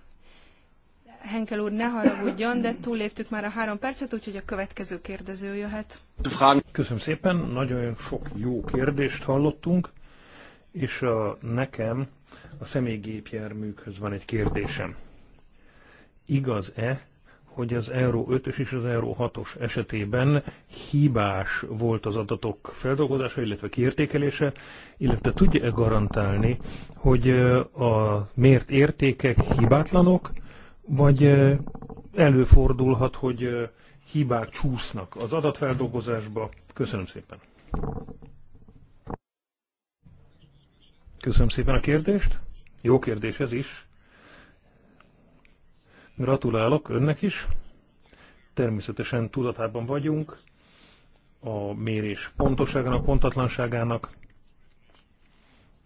Henkel úr, ne haragudjon, de túlléptük már a három percet, úgyhogy a következő kérdező jöhet. Köszönöm szépen, nagyon sok jó kérdést hallottunk, és a, nekem a személygépjárműkhöz van egy kérdésem. Igaz-e, hogy az Euró 5-ös és az Euró 6-os esetében hibás volt az adatok feldolgozása, illetve kiértékelése, illetve tudja-e garantálni, hogy a mért értékek hibátlanok, vagy előfordulhat, hogy hibák csúsznak az adatfeldolgozásba. Köszönöm szépen. Köszönöm szépen a kérdést. Jó kérdés ez is. Gratulálok önnek is. Természetesen tudatában vagyunk a mérés pontosságának, pontatlanságának,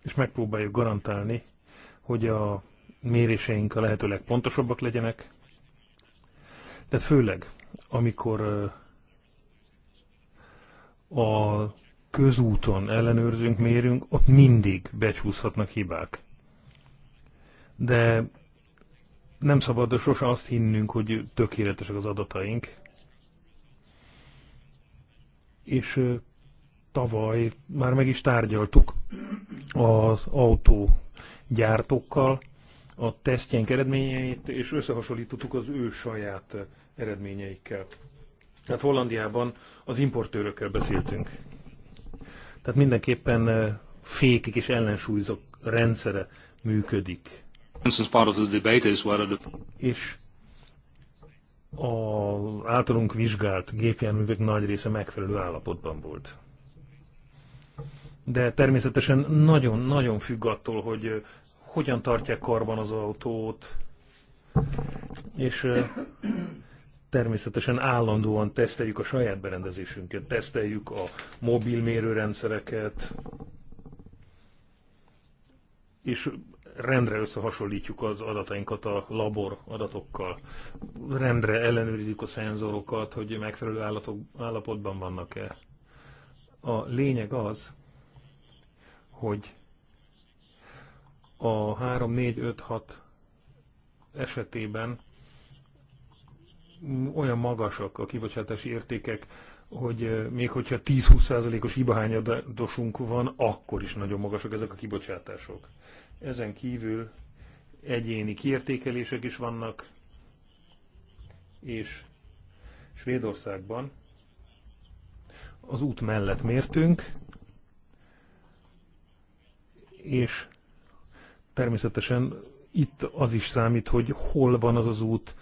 és megpróbáljuk garantálni, hogy a méréseink a lehető legpontosabbak legyenek. De főleg, amikor a közúton ellenőrzünk, mérünk, ott mindig becsúszhatnak hibák. De nem szabad de sose azt hinnünk, hogy tökéletesek az adataink. És tavaly már meg is tárgyaltuk az autógyártókkal, a tesztjeink eredményeit, és összehasonlítottuk az ő saját eredményeikkel. Tehát Hollandiában az importőrökkel beszéltünk. Tehát mindenképpen eh, fékik és ellensúlyzók rendszere működik. És az általunk vizsgált gépjárművek nagy része megfelelő állapotban volt. De természetesen nagyon-nagyon függ attól, hogy eh, hogyan tartják karban az autót, és természetesen állandóan teszteljük a saját berendezésünket, teszteljük a mobil mérőrendszereket, és rendre összehasonlítjuk az adatainkat a labor adatokkal. Rendre ellenőrizzük a szenzorokat, hogy megfelelő állatok, állapotban vannak-e. A lényeg az, hogy a 3-4-5-6 esetében olyan magasak a kibocsátási értékek, hogy eh, még hogyha 10-20%-os hibahányadosunk van, akkor is nagyon magasak ezek a kibocsátások. Ezen kívül egyéni kiértékelések is vannak, és Svédországban az út mellett mértünk, és természetesen itt az is számít, hogy hol van az az út,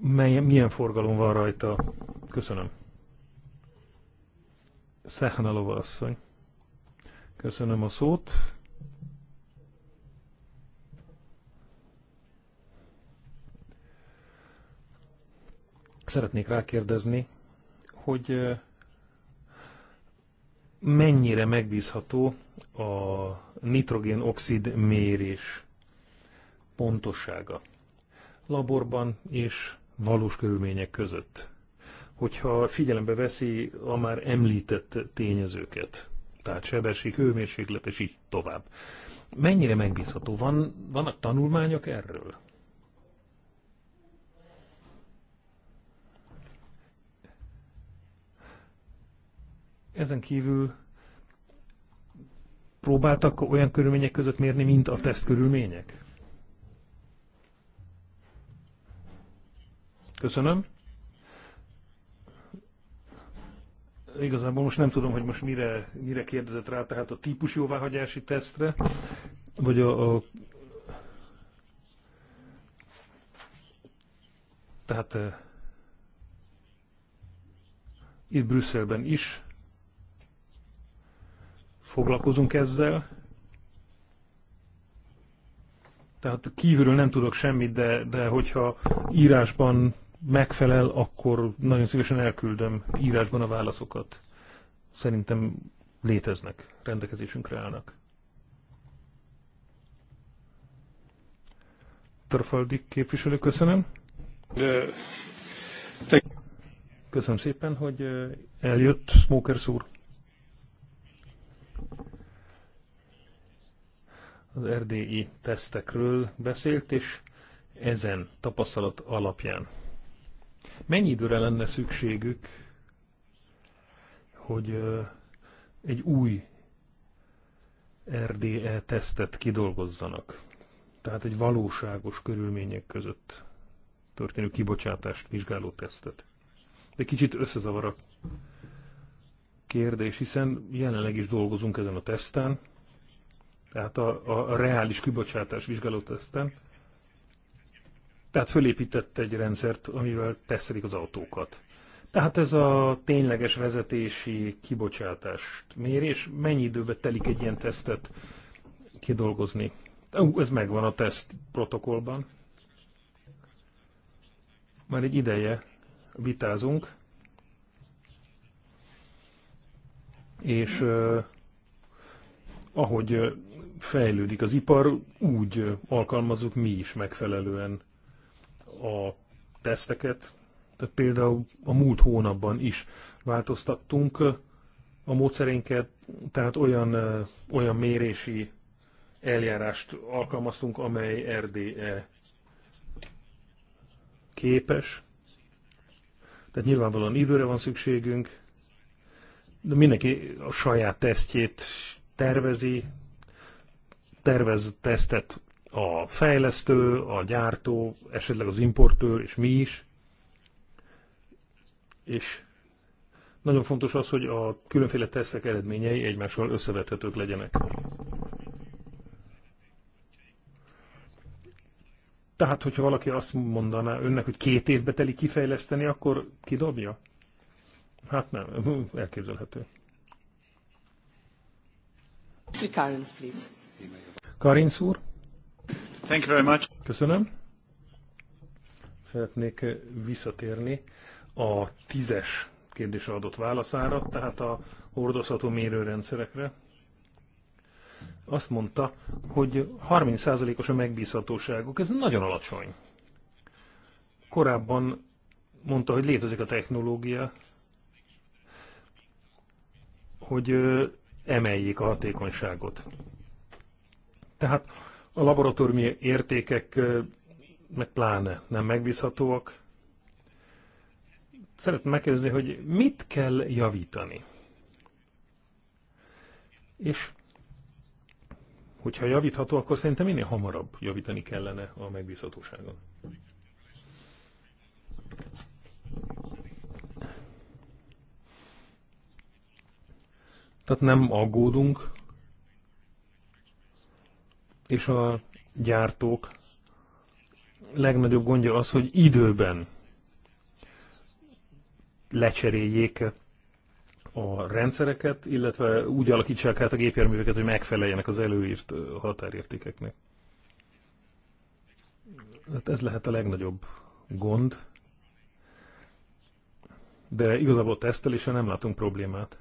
mely, milyen forgalom van rajta. Köszönöm. Szehnalova asszony. Köszönöm a szót. Szeretnék rákérdezni, hogy mennyire megbízható a nitrogén-oxid mérés pontossága laborban és valós körülmények között, hogyha figyelembe veszi a már említett tényezőket, tehát sebesség, hőmérséklet és így tovább. Mennyire megbízható? Van, vannak tanulmányok erről? Ezen kívül próbáltak olyan körülmények között mérni, mint a teszt körülmények? Köszönöm. Igazából most nem tudom, hogy most mire, mire kérdezett rá, tehát a típus jóváhagyási tesztre, vagy a, a tehát eh, itt Brüsszelben is foglalkozunk ezzel. Tehát kívülről nem tudok semmit, de, de hogyha írásban megfelel, akkor nagyon szívesen elküldöm írásban a válaszokat. Szerintem léteznek, rendelkezésünkre állnak. Törföldi képviselő, köszönöm. Köszönöm szépen, hogy eh, eljött Smokers úr. az erdélyi tesztekről beszélt, és ezen tapasztalat alapján. Mennyi időre lenne szükségük, hogy egy új RDE tesztet kidolgozzanak? Tehát egy valóságos körülmények között történő kibocsátást vizsgáló tesztet. De kicsit összezavar a kérdés, hiszen jelenleg is dolgozunk ezen a teszten, tehát a, a reális kibocsátás tesztem. Tehát fölépített egy rendszert, amivel tesztelik az autókat. Tehát ez a tényleges vezetési kibocsátást mér, és mennyi időbe telik egy ilyen tesztet kidolgozni? Ez megvan a teszt protokollban. Már egy ideje vitázunk, és ahogy fejlődik az ipar, úgy alkalmazunk mi is megfelelően a teszteket. Tehát például a múlt hónapban is változtattunk a módszerénket, tehát olyan, olyan mérési eljárást alkalmaztunk, amely RDE képes. Tehát nyilvánvalóan időre van szükségünk, de mindenki a saját tesztjét tervezi, tervez tesztet a fejlesztő, a gyártó, esetleg az importőr, és mi is. És nagyon fontos az, hogy a különféle tesztek eredményei egymással összevethetők legyenek. Tehát, hogyha valaki azt mondaná önnek, hogy két évbe telik kifejleszteni, akkor kidobja? Hát nem, elképzelhető. Mr. Karens, please. Karinc úr. Thank you very much. Köszönöm. Szeretnék eh, visszatérni a tízes kérdésre adott válaszára, tehát a hordozható mérőrendszerekre. Azt mondta, hogy 30%-os a megbízhatóságuk, ez nagyon alacsony. Korábban mondta, hogy létezik a technológia, hogy eh, emeljék a hatékonyságot. Tehát a laboratóriumi értékek meg pláne nem megbízhatóak. Szeretném megkérdezni, hogy mit kell javítani? És hogyha javítható, akkor szerintem minél hamarabb javítani kellene a megbízhatóságon. Tehát nem aggódunk és a gyártók legnagyobb gondja az, hogy időben lecseréljék a rendszereket, illetve úgy alakítsák át a gépjárműveket, hogy megfeleljenek az előírt határértékeknek. Hát ez lehet a legnagyobb gond, de igazából tesztelésen nem látunk problémát.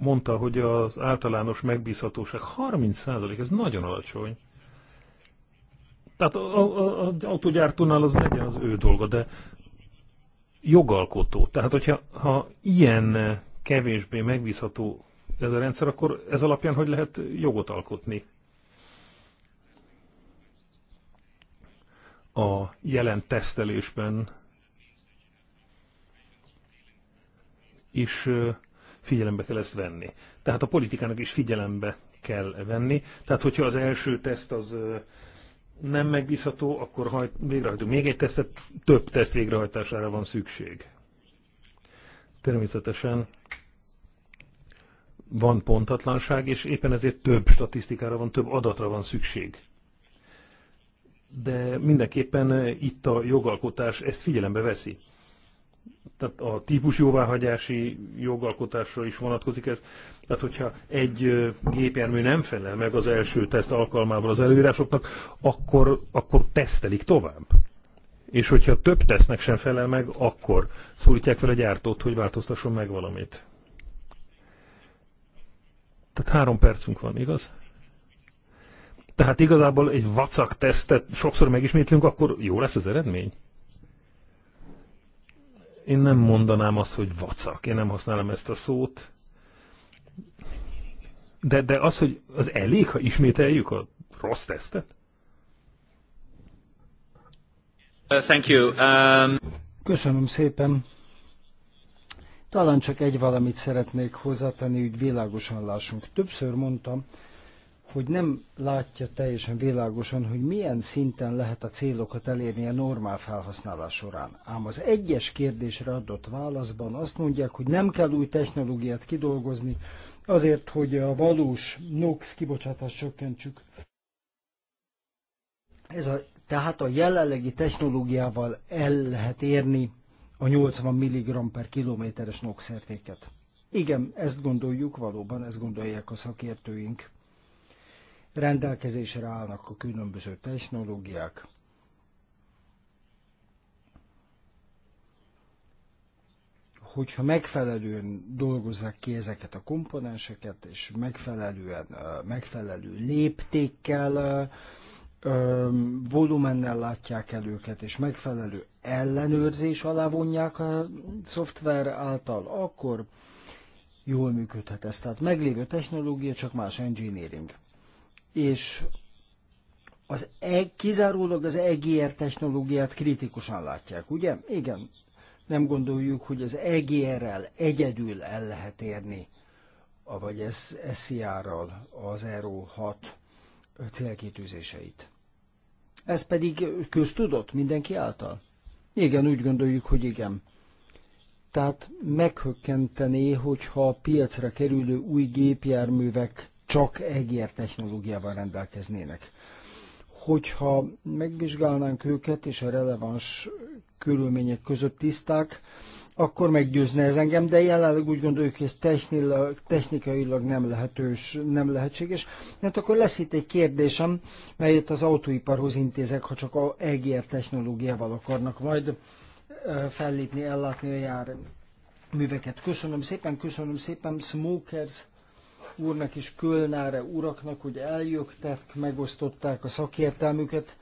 mondta, hogy az általános megbízhatóság 30%, ez nagyon alacsony. Tehát az autogyártónál az legyen az ő dolga, de jogalkotó. Tehát, hogyha ha ilyen kevésbé megbízható ez a rendszer, akkor ez alapján hogy lehet jogot alkotni? A jelen tesztelésben is figyelembe kell ezt venni. Tehát a politikának is figyelembe kell venni. Tehát, hogyha az első teszt az nem megbízható, akkor hajt, végrehajtunk még egy tesztet, több teszt végrehajtására van szükség. Természetesen van pontatlanság, és éppen ezért több statisztikára van, több adatra van szükség. De mindenképpen itt a jogalkotás ezt figyelembe veszi tehát a típus jóváhagyási jogalkotásra is vonatkozik ez. Tehát, hogyha egy gépjármű nem felel meg az első teszt alkalmával az előírásoknak, akkor, akkor tesztelik tovább. És hogyha több tesznek sem felel meg, akkor szólítják fel a gyártót, hogy változtasson meg valamit. Tehát három percünk van, igaz? Tehát igazából egy vacak tesztet sokszor megismétlünk, akkor jó lesz az eredmény? Én nem mondanám azt, hogy vacak, én nem használom ezt a szót. De, de az, hogy az elég, ha ismételjük a rossz tesztet? Uh, thank you. Um... Köszönöm szépen. Talán csak egy valamit szeretnék hozzátenni, hogy világosan lássunk. Többször mondtam, hogy nem látja teljesen világosan, hogy milyen szinten lehet a célokat elérni a normál felhasználás során. Ám az egyes kérdésre adott válaszban azt mondják, hogy nem kell új technológiát kidolgozni, azért, hogy a valós NOx kibocsátást csökkentsük. Ez a, tehát a jelenlegi technológiával el lehet érni a 80 mg per kilométeres NOx értéket. Igen, ezt gondoljuk, valóban ezt gondolják a szakértőink rendelkezésre állnak a különböző technológiák. Hogyha megfelelően dolgozzák ki ezeket a komponenseket, és megfelelően, megfelelő léptékkel, volumennel látják el őket, és megfelelő ellenőrzés alá vonják a szoftver által, akkor jól működhet ez. Tehát meglévő technológia, csak más engineering és az e, kizárólag az EGR technológiát kritikusan látják, ugye? Igen, nem gondoljuk, hogy az EGR-rel egyedül el lehet érni, vagy scr ral az Euro 6 célkitűzéseit. Ez pedig köztudott mindenki által? Igen, úgy gondoljuk, hogy igen. Tehát meghökkentené, hogyha a piacra kerülő új gépjárművek csak egér technológiával rendelkeznének. Hogyha megvizsgálnánk őket, és a releváns körülmények között tiszták, akkor meggyőzne ez engem, de jelenleg úgy gondoljuk, hogy ez technikailag nem, lehetős, nem lehetséges. Mert hát akkor lesz itt egy kérdésem, melyet az autóiparhoz intézek, ha csak a EGR technológiával akarnak majd fellépni, ellátni a műveket. Köszönöm szépen, köszönöm szépen, Smokers úrnak és Kölnáre uraknak, hogy eljöktek, megosztották a szakértelmüket.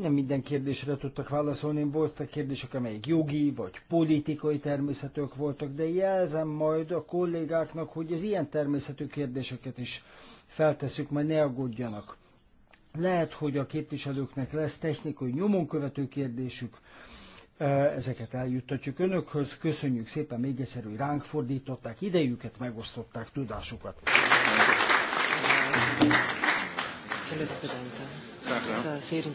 Nem minden kérdésre tudtak válaszolni, voltak kérdések, amelyek jogi vagy politikai természetűek voltak, de jelzem majd a kollégáknak, hogy az ilyen természetű kérdéseket is feltesszük, majd ne aggódjanak. Lehet, hogy a képviselőknek lesz technikai nyomonkövető kérdésük, ezeket eljuttatjuk önökhöz. Köszönjük szépen még egyszer, hogy ránk fordították idejüket, megosztották tudásukat. Köszönöm.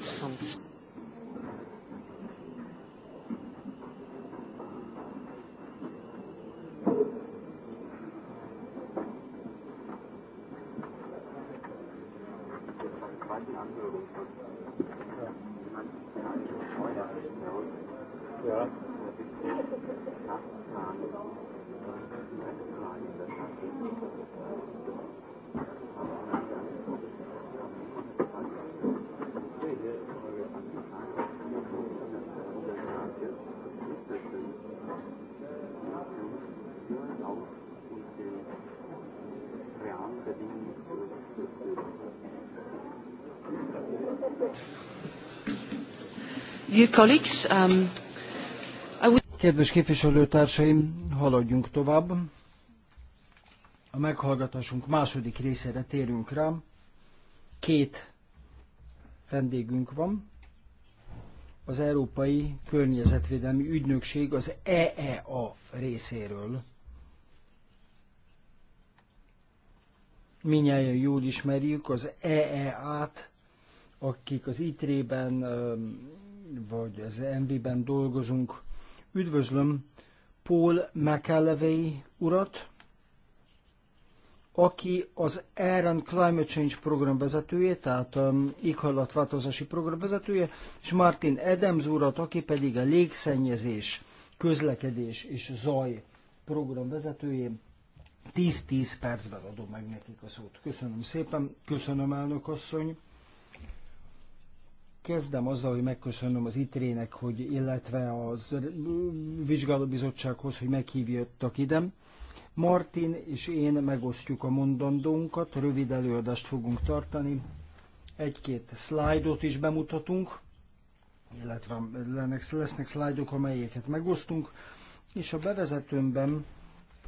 Um, Kedves képviselőtársaim, haladjunk tovább. A meghallgatásunk második részére térünk rá. Két vendégünk van. Az Európai Környezetvédelmi Ügynökség az EEA részéről. Minnyáján jól ismerjük az EEA-t, akik az ITRE-ben um, vagy az MV-ben dolgozunk. Üdvözlöm Paul McAlevey urat, aki az Aaron Climate Change program vezetője, tehát um, éghajlatváltozási program vezetője, és Martin Adams urat, aki pedig a légszennyezés, közlekedés és zaj program vezetője. 10-10 percben adom meg nekik a szót. Köszönöm szépen, köszönöm elnök asszony. Kezdem azzal, hogy megköszönöm az ITRÉ-nek, hogy, illetve az vizsgálóbizottsághoz, hogy meghívjattak ide. Martin és én megosztjuk a mondandónkat, rövid előadást fogunk tartani, egy-két szlájdot is bemutatunk, illetve lesznek szlájdok, amelyeket megosztunk, és a bevezetőmben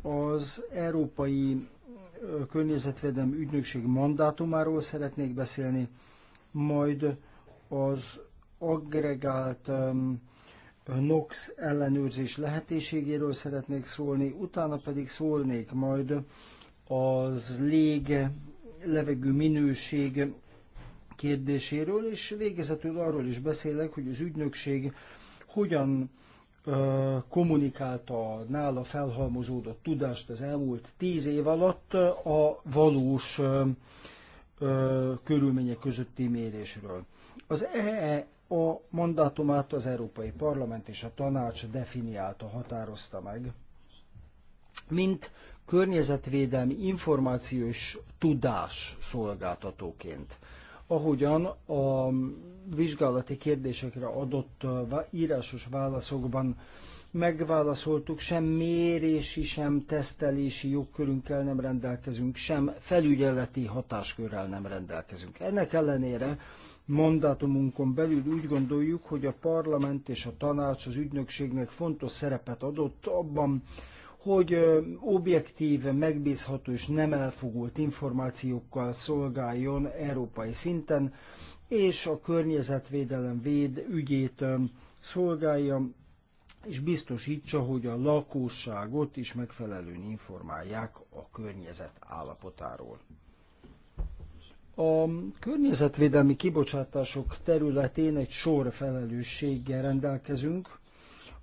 az Európai Környezetvédelmi Ügynökség mandátumáról szeretnék beszélni, majd az aggregált um, NOx ellenőrzés lehetőségéről szeretnék szólni, utána pedig szólnék majd az lég, levegő minőség kérdéséről, és végezetül arról is beszélek, hogy az ügynökség hogyan ö, kommunikálta a nála felhalmozódott tudást az elmúlt tíz év alatt a valós ö, ö, körülmények közötti mérésről. Az EEA mandátumát az Európai Parlament és a Tanács definiálta, határozta meg, mint környezetvédelmi információs tudás szolgáltatóként. Ahogyan a vizsgálati kérdésekre adott írásos válaszokban megválaszoltuk, sem mérési, sem tesztelési jogkörünkkel nem rendelkezünk, sem felügyeleti hatáskörrel nem rendelkezünk. Ennek ellenére mandátumunkon belül úgy gondoljuk, hogy a parlament és a tanács az ügynökségnek fontos szerepet adott abban, hogy objektív, megbízható és nem elfogult információkkal szolgáljon európai szinten, és a környezetvédelem véd ügyét szolgálja, és biztosítsa, hogy a lakosságot is megfelelően informálják a környezet állapotáról. A környezetvédelmi kibocsátások területén egy sor felelősséggel rendelkezünk.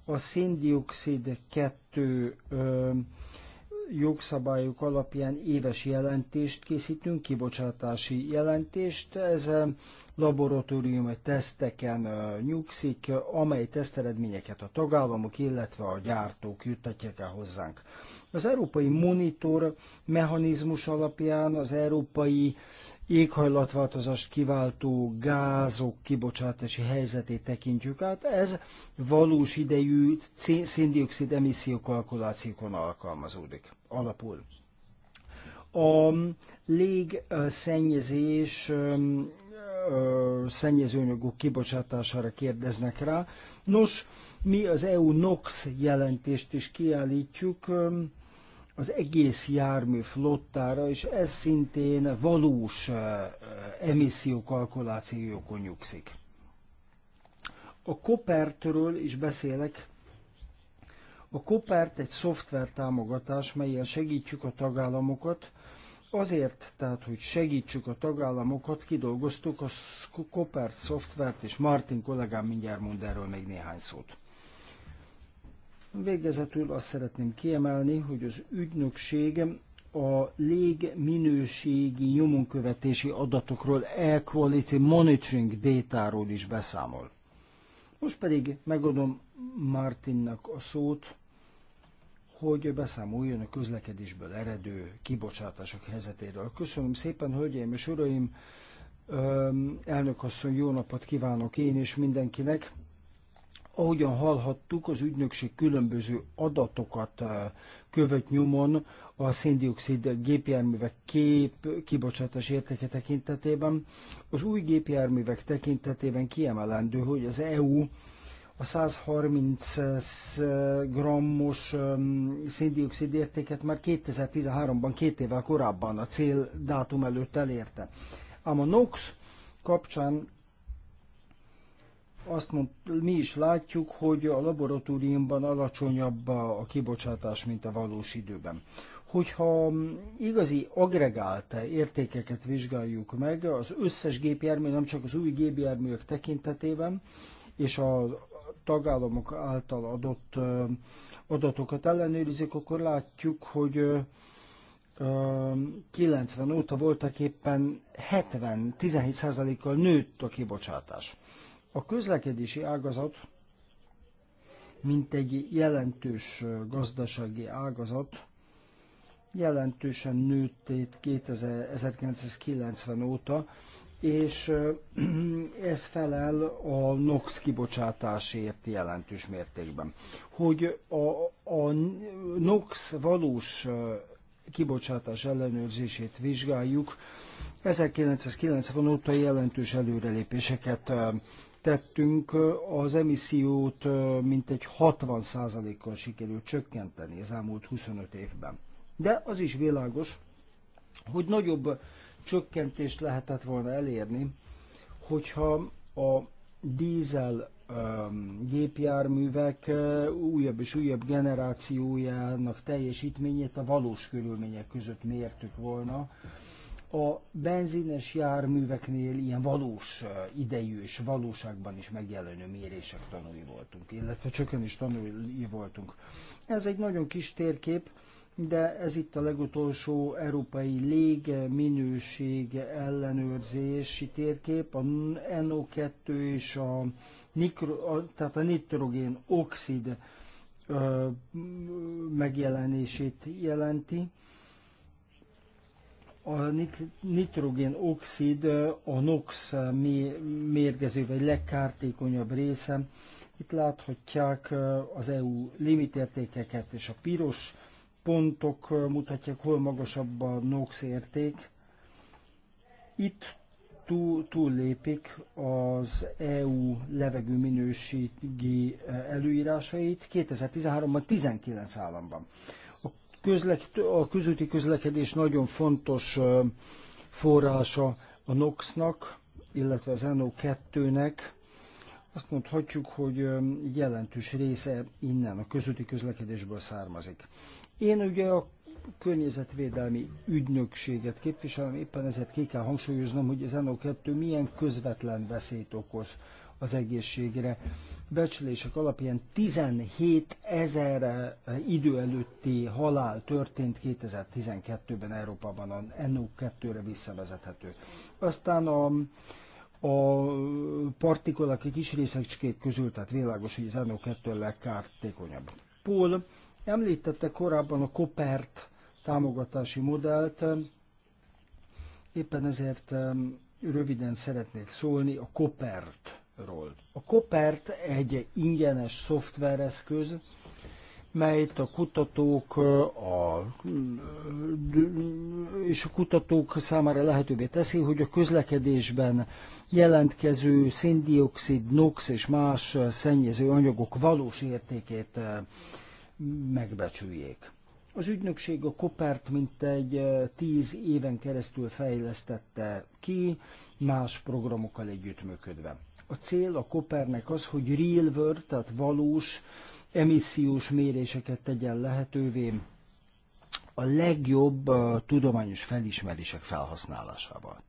A széndiokszid 2 jogszabályok alapján éves jelentést készítünk, kibocsátási jelentést. Ez laboratóriumi teszteken nyugszik, amely teszteredményeket a tagállamok, illetve a gyártók juttatják el hozzánk. Az európai monitor mechanizmus alapján az európai éghajlatváltozást kiváltó gázok kibocsátási helyzetét tekintjük át, ez valós idejű széndiokszid emisszió kalkulációkon alkalmazódik, alapul. A légszennyezés szennyezőanyagok kibocsátására kérdeznek rá. Nos, mi az EU NOx jelentést is kiállítjuk, az egész jármű flottára, és ez szintén valós emissziókalkulációkon nyugszik. A Kopertről is beszélek. A Kopert egy szoftver támogatás, melyel segítjük a tagállamokat, Azért, tehát, hogy segítsük a tagállamokat, kidolgoztuk a Kopert szoftvert, és Martin kollégám mindjárt mond erről még néhány szót. Végezetül azt szeretném kiemelni, hogy az ügynökség a légminőségi nyomonkövetési adatokról, air quality monitoring détáról is beszámol. Most pedig megadom Martinnak a szót, hogy beszámoljon a közlekedésből eredő kibocsátások helyzetéről. Köszönöm szépen, hölgyeim és uraim! Elnök asszony, jó napot kívánok én és mindenkinek! ahogyan hallhattuk, az ügynökség különböző adatokat eh, követ nyomon a széndiokszid gépjárművek kép kibocsátás értéke tekintetében. Az új gépjárművek tekintetében kiemelendő, hogy az EU a 130 grammos széndiokszid értéket már 2013-ban, két évvel korábban a cél dátum előtt elérte. Ám a NOx kapcsán azt mond, mi is látjuk, hogy a laboratóriumban alacsonyabb a kibocsátás, mint a valós időben. Hogyha igazi agregált értékeket vizsgáljuk meg, az összes gépjármű, nem csak az új gépjárműek tekintetében, és a tagállamok által adott adatokat ellenőrizik, akkor látjuk, hogy 90 óta voltak éppen 70, 17%-kal nőtt a kibocsátás. A közlekedési ágazat, mint egy jelentős gazdasági ágazat, jelentősen nőtt 2000, 1990 óta, és ez felel a NOx kibocsátásért jelentős mértékben. Hogy a, a NOx valós kibocsátás ellenőrzését vizsgáljuk, 1990 óta jelentős előrelépéseket tettünk, az emissziót mintegy 60%-kal sikerült csökkenteni az elmúlt 25 évben. De az is világos, hogy nagyobb csökkentést lehetett volna elérni, hogyha a dízel gépjárművek újabb és újabb generációjának teljesítményét a valós körülmények között mértük volna, a benzines járműveknél ilyen valós idejű és valóságban is megjelenő mérések tanúi voltunk, illetve csökken is tanúi voltunk. Ez egy nagyon kis térkép, de ez itt a legutolsó európai légminőség ellenőrzési térkép, a NO2 és a, nikro, tehát a nitrogén oxid megjelenését jelenti a nitrogén oxid a NOx mérgező vagy legkártékonyabb része. Itt láthatják az EU limitértékeket, és a piros pontok mutatják, hol magasabb a NOx érték. Itt túl, túllépik az EU levegő minőségi előírásait 2013-ban 19 államban közlek- a közúti közlekedés nagyon fontos forrása a NOx-nak, illetve az NO2-nek. Azt mondhatjuk, hogy jelentős része innen a közúti közlekedésből származik. Én ugye a környezetvédelmi ügynökséget képviselem, éppen ezért ki kell hangsúlyoznom, hogy az NO2 milyen közvetlen veszélyt okoz az egészségre. Becslések alapján 17 ezer eh, idő előtti halál történt 2012-ben Európában, a NO2-re visszavezethető. Aztán a, a partikulák a kis részecskék közül, tehát világos, hogy az NO2 legkártékonyabb. Paul említette korábban a Kopert támogatási modellt, éppen ezért röviden szeretnék szólni a Kopert ról. A Kopert egy ingyenes szoftvereszköz, melyet a kutatók a, és a kutatók számára lehetővé teszi, hogy a közlekedésben jelentkező széndiokszid, NOx és más szennyező anyagok valós értékét megbecsüljék. Az ügynökség a Kopert mintegy tíz éven keresztül fejlesztette ki, más programokkal együttműködve. A cél a Kopernek az, hogy real world, tehát valós emissziós méréseket tegyen lehetővé a legjobb uh, tudományos felismerések felhasználásával.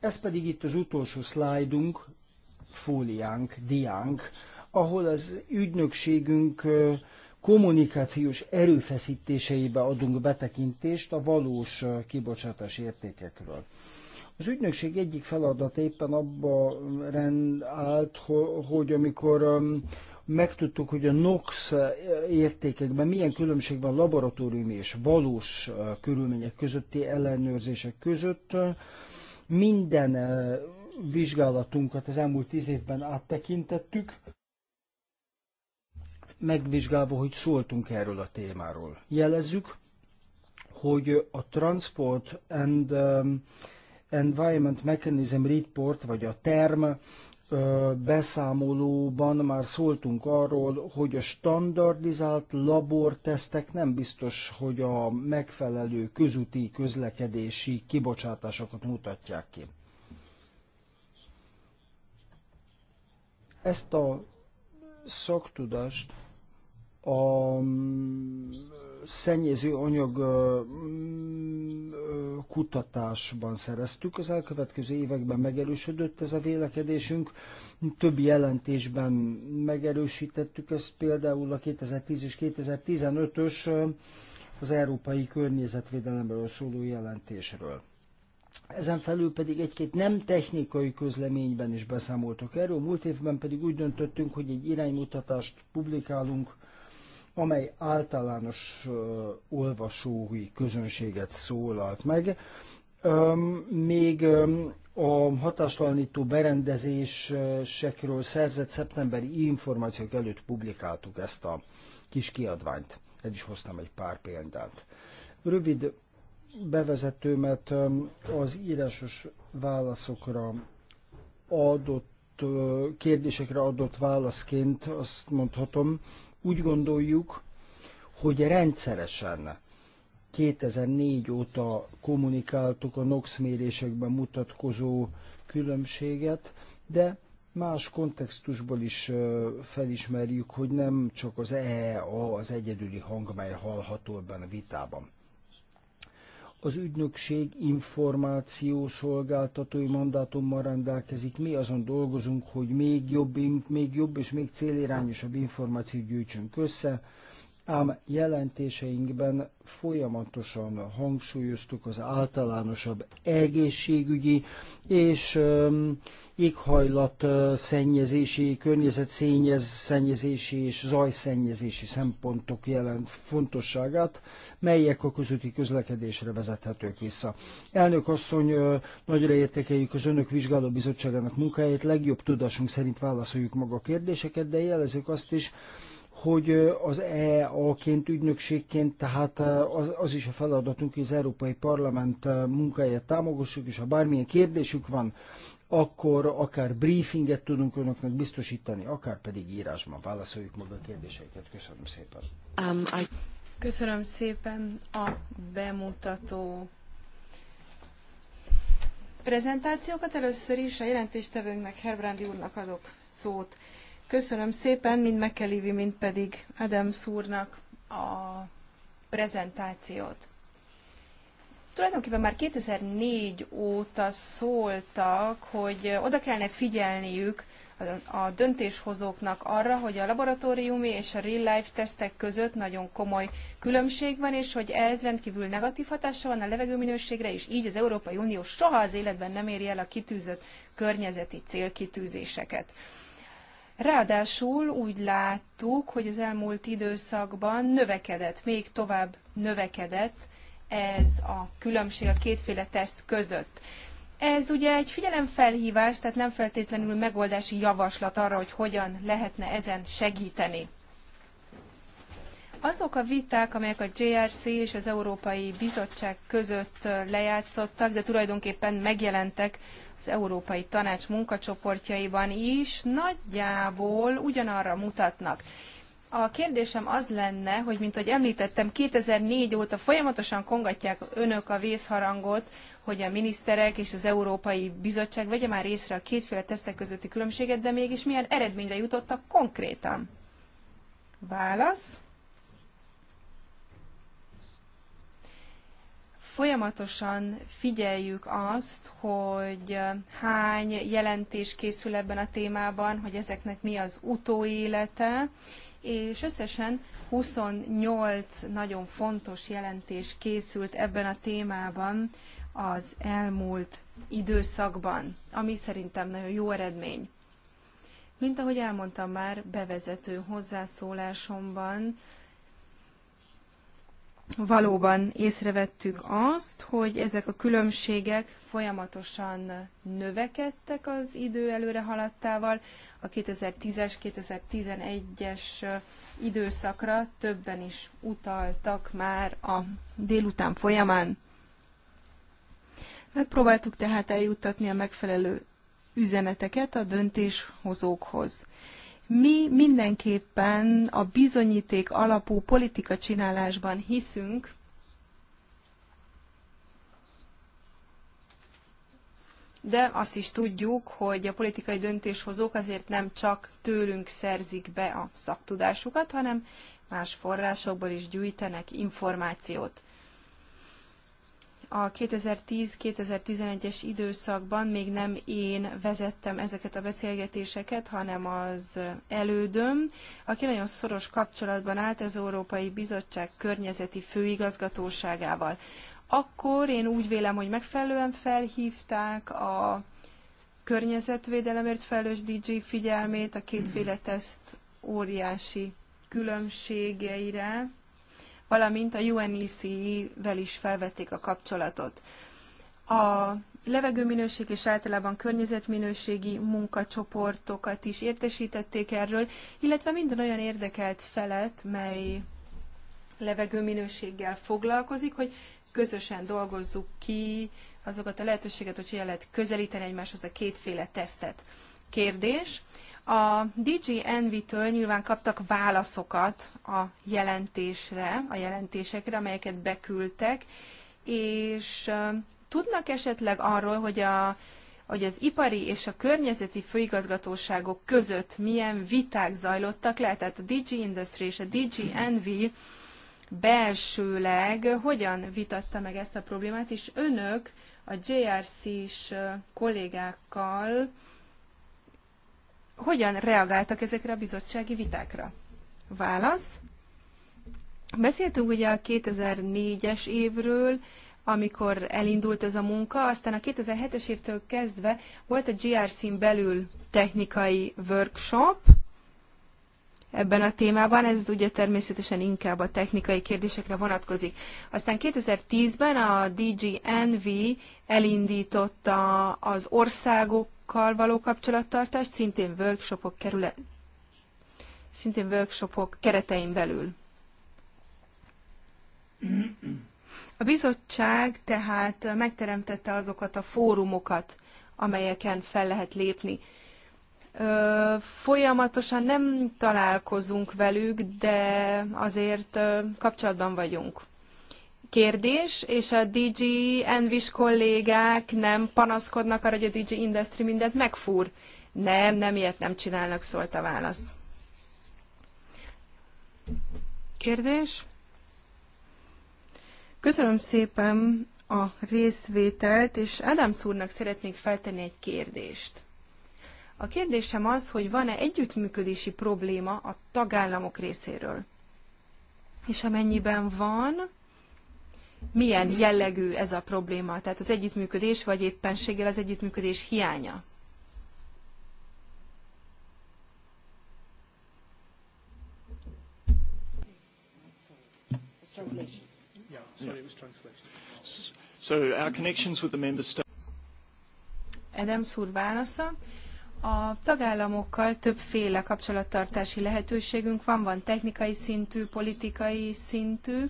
Ez pedig itt az utolsó szlájdunk, fóliánk, diánk, ahol az ügynökségünk uh, kommunikációs erőfeszítéseibe adunk betekintést a valós kibocsátás értékekről. Az ügynökség egyik feladata éppen abba rend állt, hogy amikor megtudtuk, hogy a NOx értékekben milyen különbség van laboratóriumi és valós körülmények közötti ellenőrzések között, minden vizsgálatunkat az elmúlt tíz évben áttekintettük, megvizsgálva, hogy szóltunk erről a témáról. Jelezzük, hogy a Transport and um, Environment Mechanism Report, vagy a TERM uh, beszámolóban már szóltunk arról, hogy a standardizált labortesztek nem biztos, hogy a megfelelő közúti közlekedési kibocsátásokat mutatják ki. Ezt a szaktudást a mm, szennyező anyag mm, kutatásban szereztük. Az elkövetkező években megerősödött ez a vélekedésünk. Több jelentésben megerősítettük ezt, például a 2010 és 2015-ös az Európai Környezetvédelemről szóló jelentésről. Ezen felül pedig egy-két nem technikai közleményben is beszámoltak erről. Múlt évben pedig úgy döntöttünk, hogy egy iránymutatást publikálunk amely általános olvasói közönséget szólalt meg. Még a hatástalanító berendezésekről szerzett szeptemberi információk előtt publikáltuk ezt a kis kiadványt. Egy is hoztam egy pár példát. Rövid bevezetőmet az írásos válaszokra adott kérdésekre adott válaszként azt mondhatom, úgy gondoljuk, hogy rendszeresen 2004 óta kommunikáltuk a NOx mérésekben mutatkozó különbséget, de más kontextusból is felismerjük, hogy nem csak az EEA az egyedüli hangmely hallható ebben a vitában az ügynökség szolgáltatói mandátummal rendelkezik. Mi azon dolgozunk, hogy még jobb, még jobb és még célirányosabb információt gyűjtsünk össze, ám jelentéseinkben folyamatosan hangsúlyoztuk az általánosabb egészségügyi és éghajlat szennyezési, szennyezési és zajszennyezési szempontok jelent fontosságát, melyek a közúti közlekedésre vezethetők vissza. Elnök asszony, nagyra értékeljük az Önök bizottságának munkáját, legjobb tudásunk szerint válaszoljuk maga a kérdéseket, de jelezzük azt is, hogy az EA-ként, ügynökségként, tehát az, az is a feladatunk, hogy az Európai Parlament munkáját támogassuk, és ha bármilyen kérdésük van, akkor akár briefinget tudunk önöknek biztosítani, akár pedig írásban válaszoljuk maga a kérdéseiket. Köszönöm szépen. Um, I... Köszönöm szépen a bemutató prezentációkat. Először is a jelentéstevőnknek, Herbrandi úrnak adok szót. Köszönöm szépen mind McKellivi, mind pedig Adam úrnak a prezentációt. Tulajdonképpen már 2004 óta szóltak, hogy oda kellene figyelniük a döntéshozóknak arra, hogy a laboratóriumi és a real-life tesztek között nagyon komoly különbség van, és hogy ez rendkívül negatív hatása van a levegőminőségre, és így az Európai Unió soha az életben nem éri el a kitűzött környezeti célkitűzéseket. Ráadásul úgy láttuk, hogy az elmúlt időszakban növekedett, még tovább növekedett ez a különbség a kétféle teszt között. Ez ugye egy figyelemfelhívás, tehát nem feltétlenül megoldási javaslat arra, hogy hogyan lehetne ezen segíteni. Azok a viták, amelyek a JRC és az Európai Bizottság között lejátszottak, de tulajdonképpen megjelentek az Európai Tanács munkacsoportjaiban is nagyjából ugyanarra mutatnak. A kérdésem az lenne, hogy mint ahogy említettem, 2004 óta folyamatosan kongatják önök a vészharangot, hogy a miniszterek és az Európai Bizottság vegye már észre a kétféle tesztek közötti különbséget, de mégis milyen eredményre jutottak konkrétan? Válasz? folyamatosan figyeljük azt, hogy hány jelentés készül ebben a témában, hogy ezeknek mi az utóélete, és összesen 28 nagyon fontos jelentés készült ebben a témában az elmúlt időszakban, ami szerintem nagyon jó eredmény. Mint ahogy elmondtam már bevezető hozzászólásomban, valóban észrevettük azt, hogy ezek a különbségek folyamatosan növekedtek az idő előre haladtával. A 2010-es, 2011-es időszakra többen is utaltak már a délután folyamán. Megpróbáltuk tehát eljuttatni a megfelelő üzeneteket a döntéshozókhoz. Mi mindenképpen a bizonyíték alapú politika csinálásban hiszünk, de azt is tudjuk, hogy a politikai döntéshozók azért nem csak tőlünk szerzik be a szaktudásukat, hanem más forrásokból is gyűjtenek információt a 2010-2011-es időszakban még nem én vezettem ezeket a beszélgetéseket, hanem az elődöm, aki nagyon szoros kapcsolatban állt az Európai Bizottság környezeti főigazgatóságával. Akkor én úgy vélem, hogy megfelelően felhívták a környezetvédelemért felelős DG figyelmét a kétféle teszt óriási különbségeire valamint a UNECE-vel is felvették a kapcsolatot. A levegőminőség és általában környezetminőségi munkacsoportokat is értesítették erről, illetve minden olyan érdekelt felet, mely levegőminőséggel foglalkozik, hogy közösen dolgozzuk ki azokat a lehetőséget, hogy el lehet közelíteni egymáshoz a kétféle tesztet. Kérdés, a DG Envy-től nyilván kaptak válaszokat a jelentésre, a jelentésekre, amelyeket beküldtek, és tudnak esetleg arról, hogy a hogy az ipari és a környezeti főigazgatóságok között milyen viták zajlottak le, tehát a DG Industry és a DG Envy belsőleg hogyan vitatta meg ezt a problémát, és önök a JRC-s kollégákkal hogyan reagáltak ezekre a bizottsági vitákra? Válasz. Beszéltünk ugye a 2004-es évről, amikor elindult ez a munka, aztán a 2007-es évtől kezdve volt a GRC-n belül technikai workshop, ebben a témában, ez ugye természetesen inkább a technikai kérdésekre vonatkozik. Aztán 2010-ben a DG elindította az országok fiatalokkal való kapcsolattartás szintén workshopok, kerüle, szintén workshopok keretein belül. A bizottság tehát megteremtette azokat a fórumokat, amelyeken fel lehet lépni. folyamatosan nem találkozunk velük, de azért kapcsolatban vagyunk kérdés, és a DG Envis kollégák nem panaszkodnak arra, hogy a DG Industry mindent megfúr. Nem, nem ilyet nem csinálnak, szólt a válasz. Kérdés? Köszönöm szépen a részvételt, és Adam szúrnak szeretnék feltenni egy kérdést. A kérdésem az, hogy van-e együttműködési probléma a tagállamok részéről? És amennyiben van, milyen jellegű ez a probléma, tehát az együttműködés, vagy éppenséggel az együttműködés hiánya. Edem szúr válasza. A tagállamokkal többféle kapcsolattartási lehetőségünk van, van technikai szintű, politikai szintű,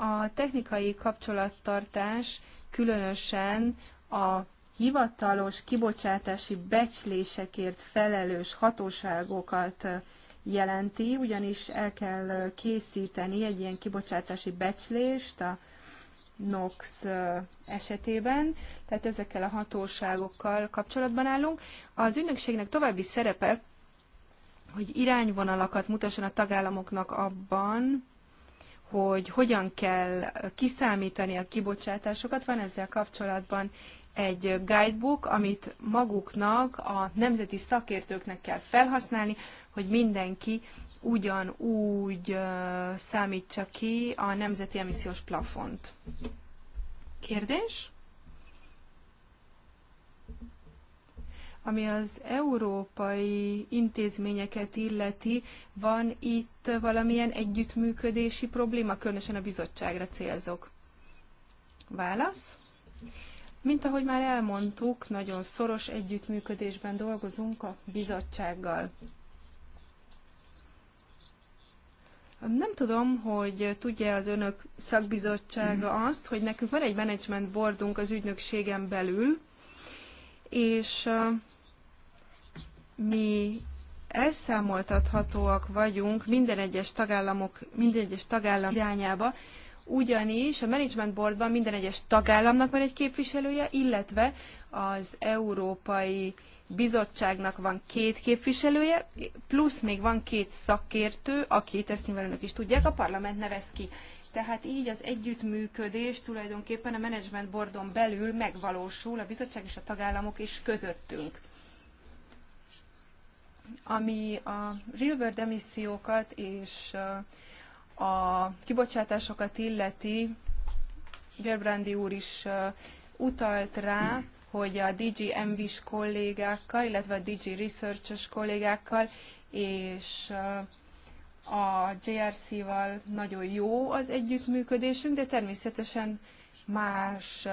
a technikai kapcsolattartás különösen a hivatalos kibocsátási becslésekért felelős hatóságokat jelenti, ugyanis el kell készíteni egy ilyen kibocsátási becslést a NOx esetében, tehát ezekkel a hatóságokkal kapcsolatban állunk. Az ügynökségnek további szerepe, hogy irányvonalakat mutasson a tagállamoknak abban, hogy hogyan kell kiszámítani a kibocsátásokat, van ezzel kapcsolatban egy guidebook, amit maguknak, a nemzeti szakértőknek kell felhasználni, hogy mindenki ugyanúgy számítsa ki a nemzeti emissziós plafont. Kérdés? Ami az európai intézményeket illeti, van itt valamilyen együttműködési probléma, különösen a bizottságra célzok. Válasz? Mint ahogy már elmondtuk, nagyon szoros együttműködésben dolgozunk a bizottsággal. Nem tudom, hogy tudja az önök szakbizottsága azt, hogy nekünk van egy management boardunk az ügynökségen belül, és mi elszámoltathatóak vagyunk minden egyes tagállamok, minden egyes tagállam irányába, ugyanis a Management Boardban minden egyes tagállamnak van egy képviselője, illetve az Európai Bizottságnak van két képviselője, plusz még van két szakértő, akit, ezt nyilván önök is tudják, a parlament nevez ki. Tehát így az együttműködés tulajdonképpen a Management Boardon belül megvalósul a bizottság és a tagállamok és közöttünk. Ami a real world emissziókat és uh, a kibocsátásokat illeti, Gerbrandi úr is uh, utalt rá, hogy a DG MV-s kollégákkal, illetve a DG Research-os kollégákkal és uh, a JRC-val nagyon jó az együttműködésünk, de természetesen más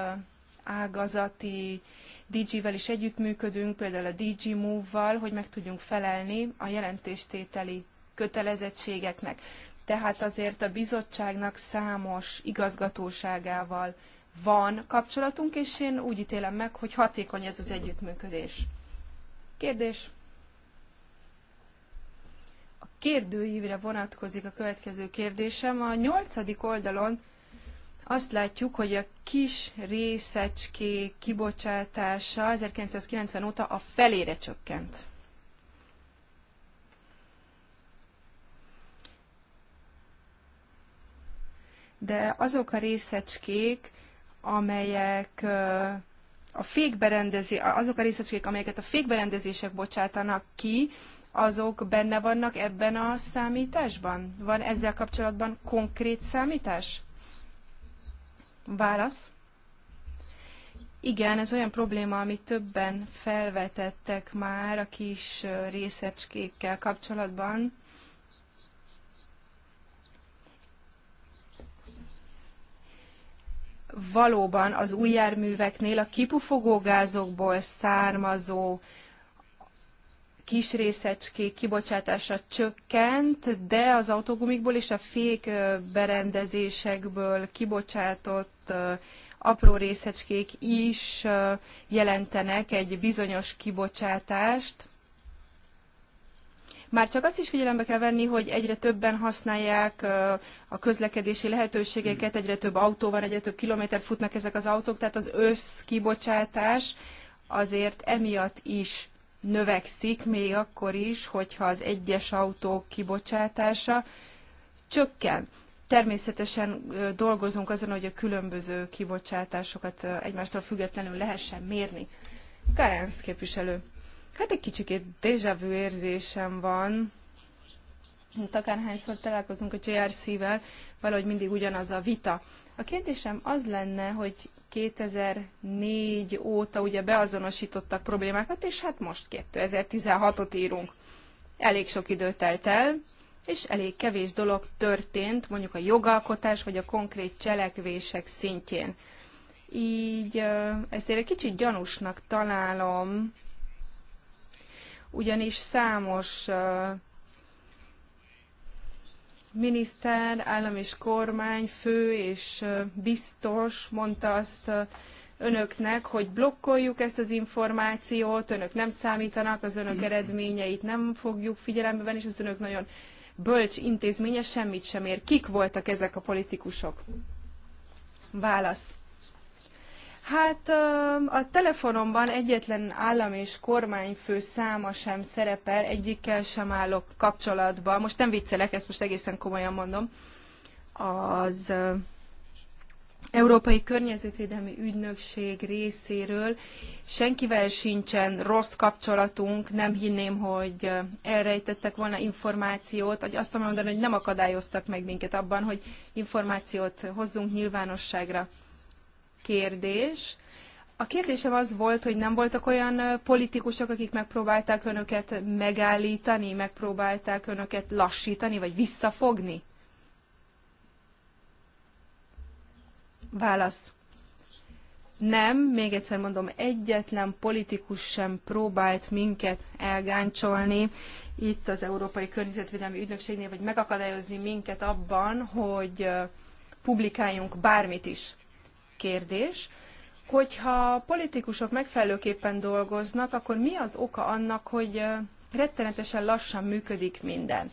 ágazati DG-vel is együttműködünk, például a DG Move-val, hogy meg tudjunk felelni a jelentéstételi kötelezettségeknek. Tehát azért a bizottságnak számos igazgatóságával van kapcsolatunk, és én úgy ítélem meg, hogy hatékony ez az együttműködés. Kérdés? kérdőívre vonatkozik a következő kérdésem. A nyolcadik oldalon azt látjuk, hogy a kis részecské kibocsátása 1990 óta a felére csökkent. De azok a részecskék, amelyek a fékberendezés, azok a részecskék, amelyeket a fékberendezések bocsátanak ki, azok benne vannak ebben a számításban? Van ezzel kapcsolatban konkrét számítás? Válasz. Igen, ez olyan probléma, amit többen felvetettek már a kis részecskékkel kapcsolatban. Valóban az új járműveknél a kipufogó gázokból származó kis részecskék kibocsátása csökkent, de az autógumikból és a fék berendezésekből kibocsátott apró részecskék is jelentenek egy bizonyos kibocsátást. Már csak azt is figyelembe kell venni, hogy egyre többen használják a közlekedési lehetőségeket, egyre több autó van, egyre több kilométer futnak ezek az autók, tehát az összkibocsátás azért emiatt is növekszik, még akkor is, hogyha az egyes autók kibocsátása csökken. Természetesen dolgozunk azon, hogy a különböző kibocsátásokat egymástól függetlenül lehessen mérni. Karensz képviselő. Hát egy kicsikét déjà vu érzésem van. Itt hát akárhányszor találkozunk a JRC-vel, valahogy mindig ugyanaz a vita. A kérdésem az lenne, hogy 2004 óta ugye beazonosítottak problémákat, és hát most 2016-ot írunk. Elég sok idő telt el, és elég kevés dolog történt, mondjuk a jogalkotás vagy a konkrét cselekvések szintjén. Így ezt egy kicsit gyanúsnak találom, ugyanis számos miniszter, állam és kormány, fő és biztos mondta azt önöknek, hogy blokkoljuk ezt az információt, önök nem számítanak, az önök eredményeit nem fogjuk figyelembe venni, és az önök nagyon bölcs intézménye semmit sem ér. Kik voltak ezek a politikusok? Válasz. Hát a telefonomban egyetlen állam és kormányfő száma sem szerepel, egyikkel sem állok kapcsolatban. Most nem viccelek, ezt most egészen komolyan mondom. Az Európai Környezetvédelmi Ügynökség részéről senkivel sincsen rossz kapcsolatunk, nem hinném, hogy elrejtettek volna információt, vagy azt mondom, hogy nem akadályoztak meg minket abban, hogy információt hozzunk nyilvánosságra kérdés. A kérdésem az volt, hogy nem voltak olyan politikusok, akik megpróbálták önöket megállítani, megpróbálták önöket lassítani, vagy visszafogni? Válasz. Nem, még egyszer mondom, egyetlen politikus sem próbált minket elgáncsolni itt az Európai Környezetvédelmi Ügynökségnél, vagy megakadályozni minket abban, hogy publikáljunk bármit is kérdés, hogyha politikusok megfelelőképpen dolgoznak, akkor mi az oka annak, hogy rettenetesen lassan működik minden?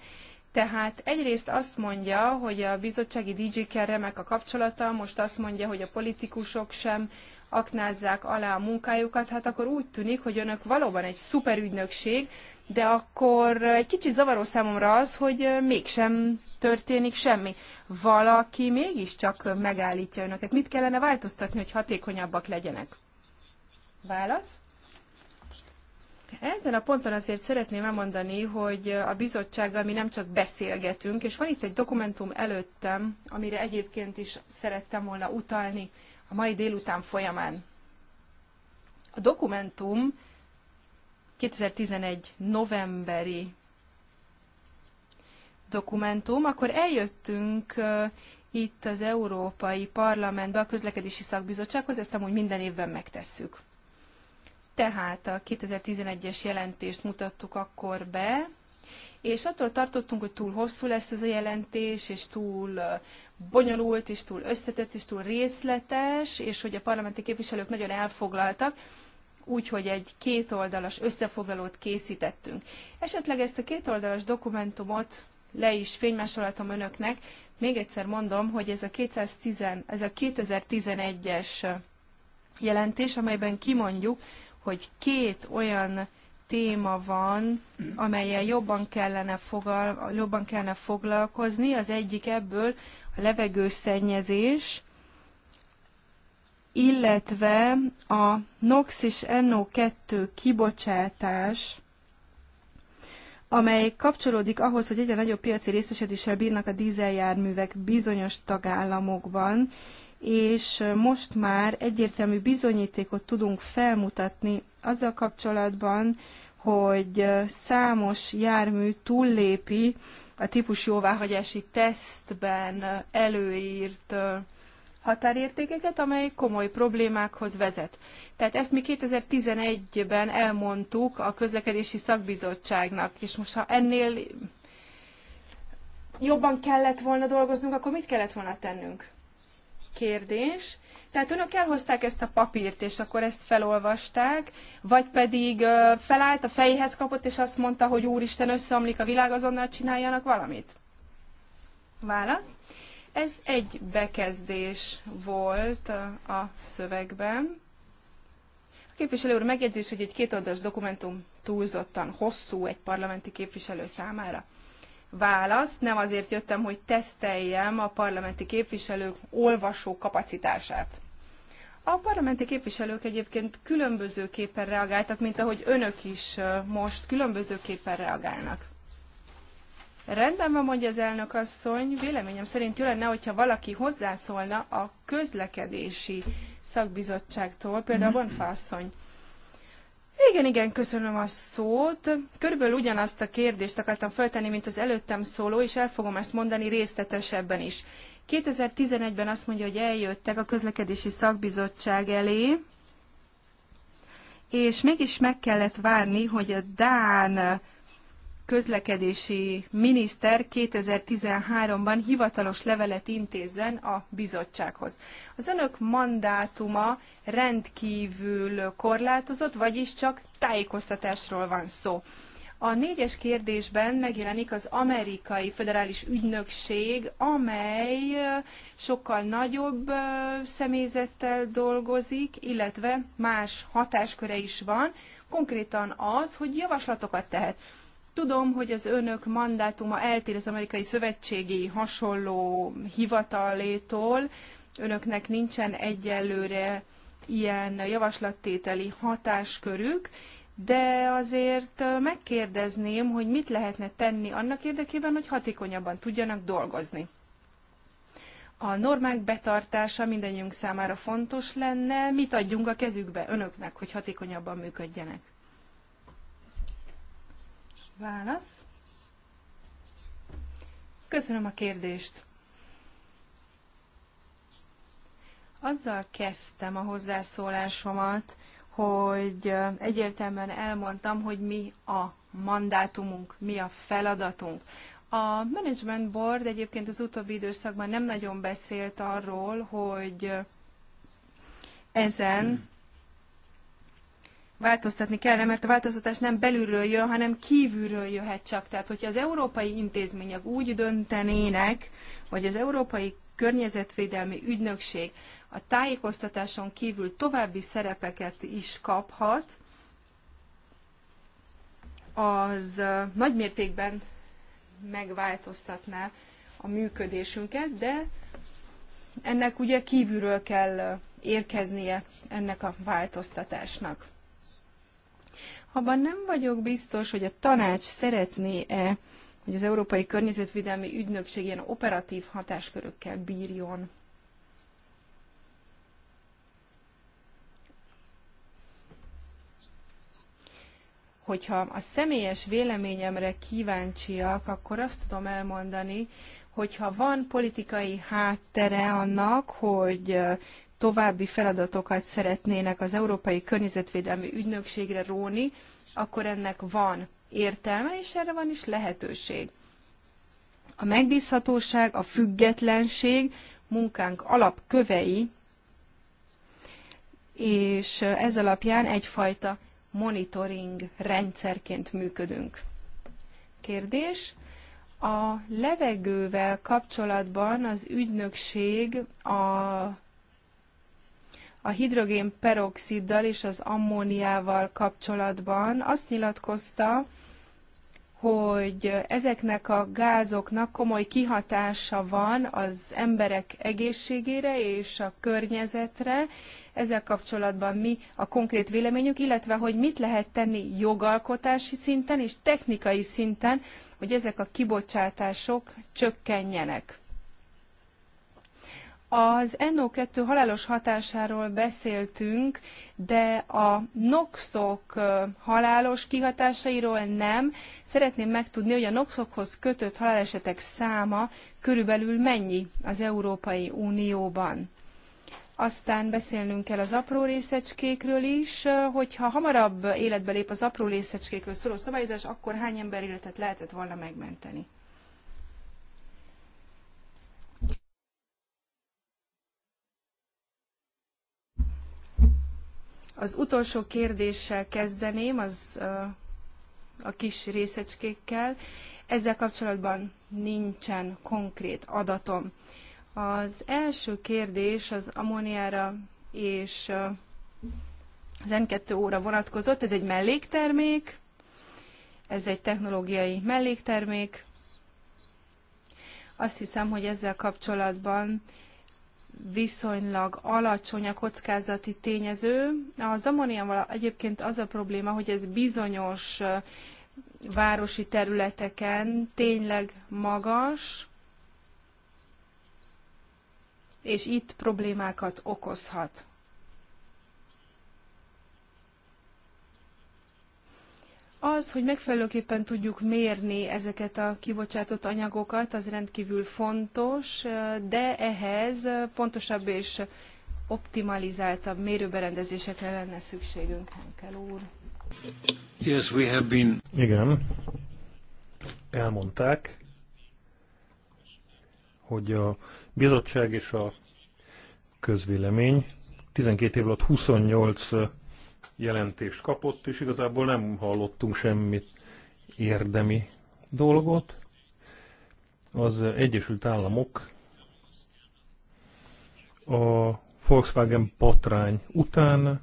Tehát egyrészt azt mondja, hogy a bizottsági dj kel remek a kapcsolata, most azt mondja, hogy a politikusok sem aknázzák alá a munkájukat, hát akkor úgy tűnik, hogy önök valóban egy szuperügynökség, de akkor egy kicsit zavaró számomra az, hogy mégsem történik semmi. Valaki mégiscsak megállítja önöket. Mit kellene változtatni, hogy hatékonyabbak legyenek? Válasz? Ezen a ponton azért szeretném elmondani, hogy a bizottsággal mi nem csak beszélgetünk, és van itt egy dokumentum előttem, amire egyébként is szerettem volna utalni a mai délután folyamán. A dokumentum 2011 novemberi dokumentum, akkor eljöttünk itt az Európai Parlamentbe, a közlekedési szakbizottsághoz, ezt amúgy minden évben megtesszük. Tehát a 2011-es jelentést mutattuk akkor be, és attól tartottunk, hogy túl hosszú lesz ez a jelentés, és túl bonyolult, és túl összetett, és túl részletes, és hogy a parlamenti képviselők nagyon elfoglaltak, úgyhogy egy kétoldalas összefoglalót készítettünk. Esetleg ezt a kétoldalas dokumentumot le is fénymásolatom önöknek. Még egyszer mondom, hogy ez a, 210, ez a 2011-es jelentés, amelyben kimondjuk, hogy két olyan téma van, amelyen jobban kellene, fogal, jobban kellene foglalkozni. Az egyik ebből a levegőszennyezés, illetve a NOx és NO2 kibocsátás, amely kapcsolódik ahhoz, hogy egyre nagyobb piaci részesedéssel bírnak a dízeljárművek bizonyos tagállamokban, és most már egyértelmű bizonyítékot tudunk felmutatni azzal kapcsolatban, hogy számos jármű túllépi a típus jóváhagyási tesztben előírt határértékeket, amely komoly problémákhoz vezet. Tehát ezt mi 2011-ben elmondtuk a közlekedési szakbizottságnak, és most ha ennél jobban kellett volna dolgoznunk, akkor mit kellett volna tennünk? Kérdés. Tehát önök elhozták ezt a papírt, és akkor ezt felolvasták, vagy pedig felállt, a fejhez kapott, és azt mondta, hogy úristen, összeomlik a világ, azonnal csináljanak valamit? Válasz. Ez egy bekezdés volt a szövegben. A képviselő úr megjegyzés, hogy egy kétoldalas dokumentum túlzottan hosszú egy parlamenti képviselő számára. Válasz, nem azért jöttem, hogy teszteljem a parlamenti képviselők olvasó kapacitását. A parlamenti képviselők egyébként különbözőképpen reagáltak, mint ahogy önök is most különbözőképpen reagálnak. Rendben van, mondja az elnök asszony, véleményem szerint jó lenne, hogyha valaki hozzászólna a közlekedési szakbizottságtól, például mhm. Bonfa asszony. Igen, igen, köszönöm a szót. Körülbelül ugyanazt a kérdést akartam föltenni, mint az előttem szóló, és el fogom ezt mondani részletesebben is. 2011-ben azt mondja, hogy eljöttek a közlekedési szakbizottság elé, és mégis meg kellett várni, hogy a Dán közlekedési miniszter 2013-ban hivatalos levelet intézzen a bizottsághoz. Az önök mandátuma rendkívül korlátozott, vagyis csak tájékoztatásról van szó. A négyes kérdésben megjelenik az amerikai föderális ügynökség, amely sokkal nagyobb személyzettel dolgozik, illetve más hatásköre is van, konkrétan az, hogy javaslatokat tehet. Tudom, hogy az önök mandátuma eltér az amerikai szövetségi hasonló hivatalétól. Önöknek nincsen egyelőre ilyen javaslattételi hatáskörük, de azért megkérdezném, hogy mit lehetne tenni annak érdekében, hogy hatékonyabban tudjanak dolgozni. A normák betartása mindannyiunk számára fontos lenne, mit adjunk a kezükbe önöknek, hogy hatékonyabban működjenek. Válasz. Köszönöm a kérdést. Azzal kezdtem a hozzászólásomat, hogy egyértelműen elmondtam, hogy mi a mandátumunk, mi a feladatunk. A Management Board egyébként az utóbbi időszakban nem nagyon beszélt arról, hogy ezen változtatni kellene, mert a változtatás nem belülről jön, hanem kívülről jöhet csak. Tehát, hogyha az európai intézmények úgy döntenének, vagy az európai környezetvédelmi ügynökség a tájékoztatáson kívül további szerepeket is kaphat, az nagy mértékben megváltoztatná a működésünket, de ennek ugye kívülről kell érkeznie ennek a változtatásnak. Abban nem vagyok biztos, hogy a tanács szeretné-e, hogy az Európai Környezetvédelmi Ügynökség ilyen operatív hatáskörökkel bírjon. Hogyha a személyes véleményemre kíváncsiak, akkor azt tudom elmondani, hogyha van politikai háttere annak, hogy további feladatokat szeretnének az Európai Környezetvédelmi Ügynökségre róni, akkor ennek van értelme, és erre van is lehetőség. A megbízhatóság, a függetlenség munkánk alapkövei, és ez alapján egyfajta monitoring rendszerként működünk. Kérdés? A levegővel kapcsolatban az ügynökség a a hidrogén peroxiddal és az ammóniával kapcsolatban azt nyilatkozta, hogy ezeknek a gázoknak komoly kihatása van az emberek egészségére és a környezetre. Ezzel kapcsolatban mi a konkrét véleményük, illetve hogy mit lehet tenni jogalkotási szinten és technikai szinten, hogy ezek a kibocsátások csökkenjenek. Az NO2 halálos hatásáról beszéltünk, de a NOxok halálos kihatásairól nem. Szeretném megtudni, hogy a NOxokhoz kötött halálesetek száma körülbelül mennyi az Európai Unióban. Aztán beszélnünk kell az apró részecskékről is, hogyha hamarabb életbe lép az apró részecskékről szóló szabályozás, akkor hány ember életet lehetett volna megmenteni? Az utolsó kérdéssel kezdeném, az a kis részecskékkel. Ezzel kapcsolatban nincsen konkrét adatom. Az első kérdés az ammóniára és az N2 óra vonatkozott. Ez egy melléktermék, ez egy technológiai melléktermék. Azt hiszem, hogy ezzel kapcsolatban viszonylag alacsony a kockázati tényező. Az ammóniával egyébként az a probléma, hogy ez bizonyos városi területeken tényleg magas, és itt problémákat okozhat. Az, hogy megfelelőképpen tudjuk mérni ezeket a kibocsátott anyagokat, az rendkívül fontos, de ehhez pontosabb és optimalizáltabb mérőberendezésekre lenne szükségünk, Henkel úr. Yes, we have been... Igen, elmondták, hogy a bizottság és a közvélemény 12 év alatt 28 jelentést kapott, és igazából nem hallottunk semmit érdemi dolgot. Az Egyesült Államok a Volkswagen patrány után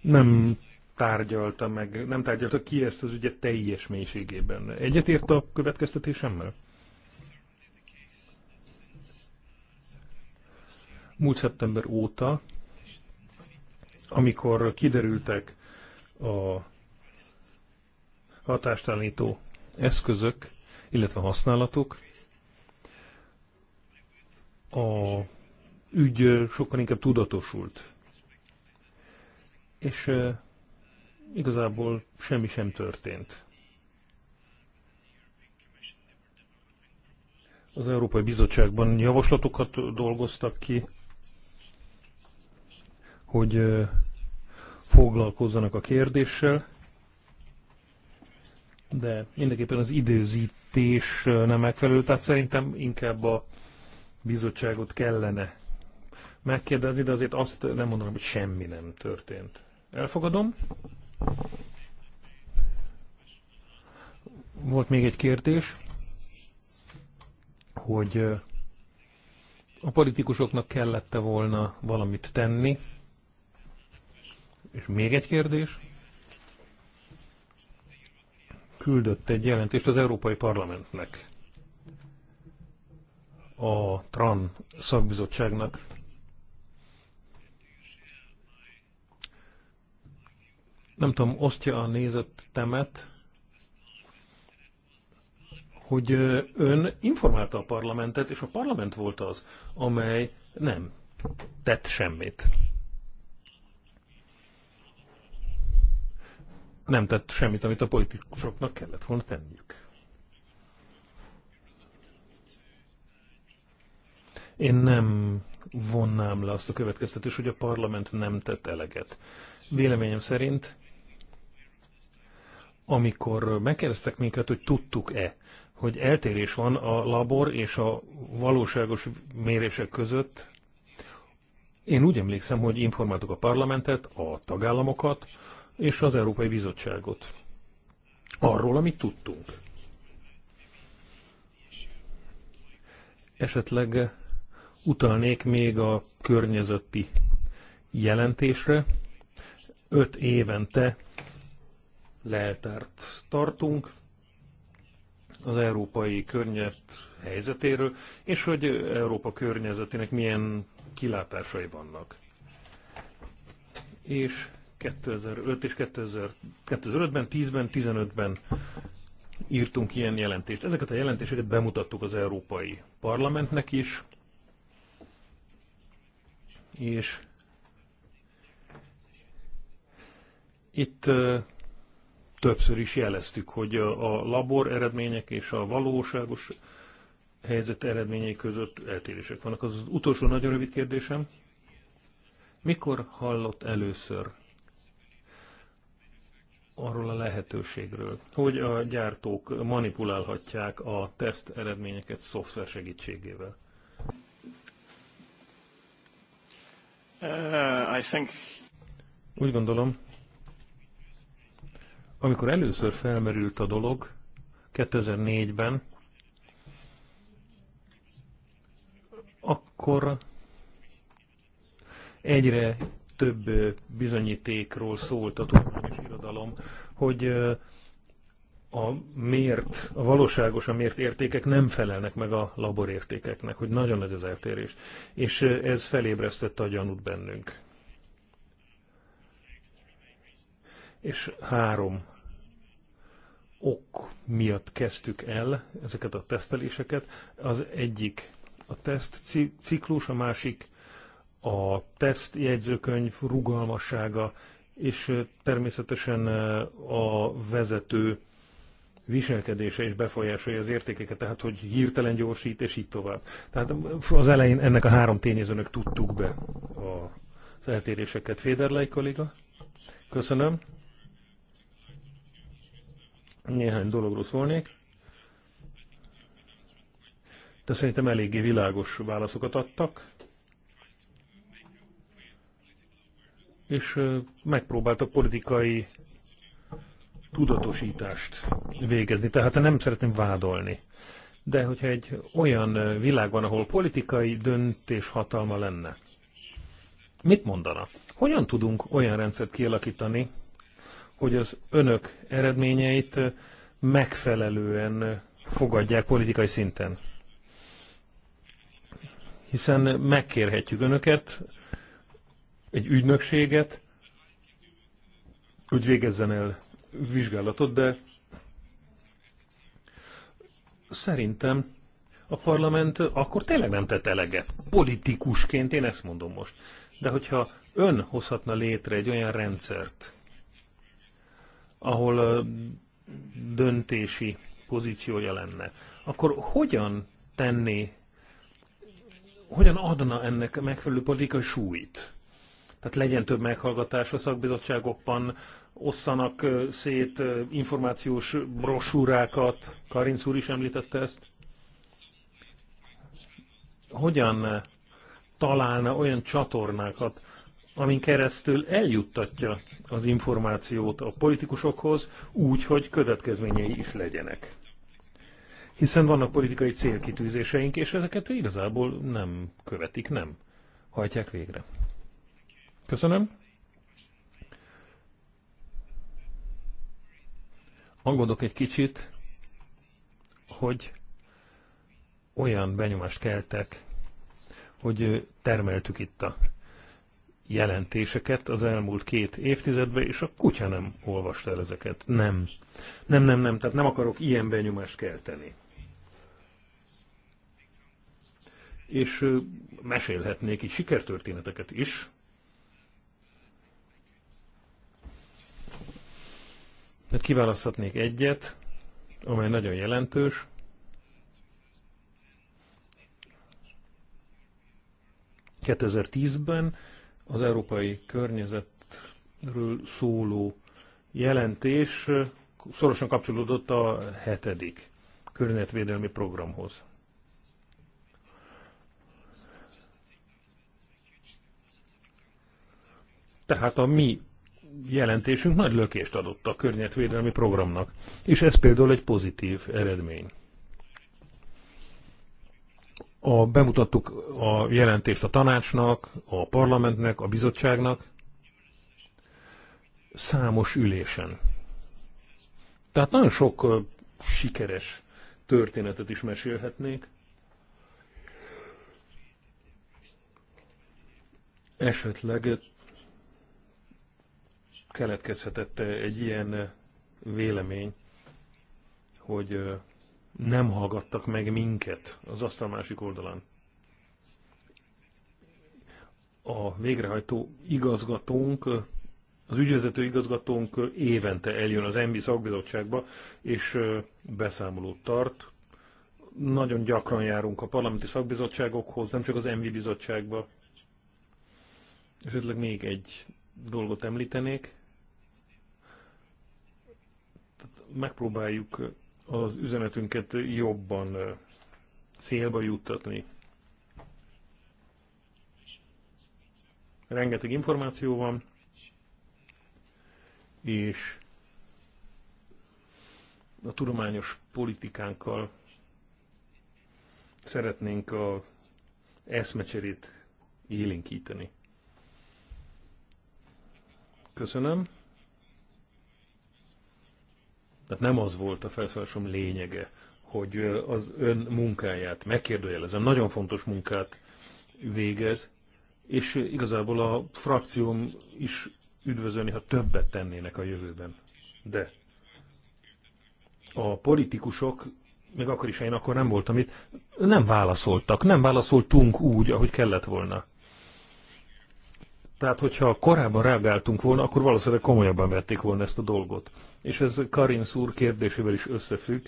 nem tárgyalta meg, nem tárgyalta ki ezt az ügyet teljes mélységében. Egyetért a következtetésemmel? Múlt szeptember óta amikor kiderültek a hatástalanító eszközök, illetve használatuk, a ügy sokkal inkább tudatosult. És igazából semmi sem történt. Az Európai Bizottságban javaslatokat dolgoztak ki, hogy foglalkozzanak a kérdéssel, de mindenképpen az időzítés nem megfelelő, tehát szerintem inkább a bizottságot kellene megkérdezni, de azért azt nem mondanám, hogy semmi nem történt. Elfogadom. Volt még egy kérdés, hogy a politikusoknak kellette volna valamit tenni, és még egy kérdés. Küldött egy jelentést az Európai Parlamentnek, a TRAN szakbizottságnak. Nem tudom, osztja a nézettemet, hogy ön informálta a parlamentet, és a parlament volt az, amely nem tett semmit. nem tett semmit, amit a politikusoknak kellett volna tenniük. Én nem vonnám le azt a következtetést, hogy a parlament nem tett eleget. Véleményem szerint, amikor megkérdeztek minket, hogy tudtuk-e, hogy eltérés van a labor és a valóságos mérések között, én úgy emlékszem, hogy informáltuk a parlamentet, a tagállamokat, és az Európai Bizottságot arról, amit tudtunk. Esetleg utalnék még a környezeti jelentésre. Öt évente leltárt tartunk az európai környezet helyzetéről, és hogy Európa környezetének milyen kilátásai vannak. És 2005 és 2005-ben, 10-ben, 15-ben írtunk ilyen jelentést. Ezeket a jelentéseket bemutattuk az Európai Parlamentnek is, és itt többször is jeleztük, hogy a labor eredmények és a valóságos helyzet eredményei között eltérések vannak. Az utolsó nagyon rövid kérdésem. Mikor hallott először arról a lehetőségről, hogy a gyártók manipulálhatják a teszt eredményeket szoftver segítségével? Uh, I think... Úgy gondolom, amikor először felmerült a dolog, 2004-ben, akkor egyre több bizonyítékról szólt a tudomány társadalom, hogy a mért, a a mért értékek nem felelnek meg a laborértékeknek, hogy nagyon nagy az eltérés. És ez felébresztette a gyanút bennünk. És három ok miatt kezdtük el ezeket a teszteléseket. Az egyik a teszt ciklus, a másik a teszt jegyzőkönyv rugalmassága, és természetesen a vezető viselkedése is befolyásolja az értékeket, tehát hogy hirtelen gyorsít, és így tovább. Tehát az elején ennek a három tényezőnek tudtuk be az eltéréseket. Féderlei kolléga, köszönöm. Néhány dologról szólnék. De szerintem eléggé világos válaszokat adtak. és megpróbáltak politikai tudatosítást végezni. Tehát nem szeretném vádolni. De hogyha egy olyan világ van, ahol politikai döntés hatalma lenne, mit mondana? Hogyan tudunk olyan rendszert kialakítani, hogy az önök eredményeit megfelelően fogadják politikai szinten? Hiszen megkérhetjük önöket, egy ügynökséget, hogy végezzen el vizsgálatot, de szerintem a parlament akkor tényleg nem tett eleget. Politikusként én ezt mondom most. De hogyha ön hozhatna létre egy olyan rendszert, ahol a döntési pozíciója lenne, akkor hogyan tenné, hogyan adna ennek megfelelő politikai súlyt? Tehát legyen több meghallgatás a szakbizottságokban, osszanak szét információs brosúrákat, Karinc úr is említette ezt. Hogyan találna olyan csatornákat, amin keresztül eljuttatja az információt a politikusokhoz, úgy, hogy következményei is legyenek. Hiszen vannak politikai célkitűzéseink, és ezeket igazából nem követik, nem hajtják végre. Köszönöm. Angodok egy kicsit, hogy olyan benyomást keltek, hogy termeltük itt a jelentéseket az elmúlt két évtizedben, és a kutya nem olvasta el ezeket. Nem. Nem, nem, nem. Tehát nem akarok ilyen benyomást kelteni. És mesélhetnék így sikertörténeteket is, mert kiválaszthatnék egyet, amely nagyon jelentős. ben az európai környezetről szóló jelentés szorosan kapcsolódott a hetedik környezetvédelmi programhoz. Tehát a mi jelentésünk nagy lökést adott a környezetvédelmi programnak, és ez például egy pozitív eredmény. A, bemutattuk a jelentést a tanácsnak, a parlamentnek, a bizottságnak, számos ülésen. Tehát nagyon sok uh, sikeres történetet is mesélhetnék. Esetleg keletkezhetett egy ilyen vélemény, hogy nem hallgattak meg minket az asztal másik oldalán. A végrehajtó igazgatónk, az ügyvezető igazgatónk évente eljön az MV szakbizottságba, és beszámolót tart. Nagyon gyakran járunk a parlamenti szakbizottságokhoz, nem csak az MV bizottságba. Esetleg még egy dolgot említenék megpróbáljuk az üzenetünket jobban célba juttatni. Rengeteg információ van, és a tudományos politikánkkal szeretnénk a eszmecserét élénkíteni. Köszönöm. Tehát nem az volt a felszállásom lényege, hogy az ön munkáját megkérdőjelezem. Nagyon fontos munkát végez, és igazából a frakcióm is üdvözölni, ha többet tennének a jövőben. De a politikusok, még akkor is én akkor nem voltam itt, nem válaszoltak, nem válaszoltunk úgy, ahogy kellett volna. Tehát, hogyha korábban reagáltunk volna, akkor valószínűleg komolyabban vették volna ezt a dolgot. És ez Karin szúr kérdésével is összefügg.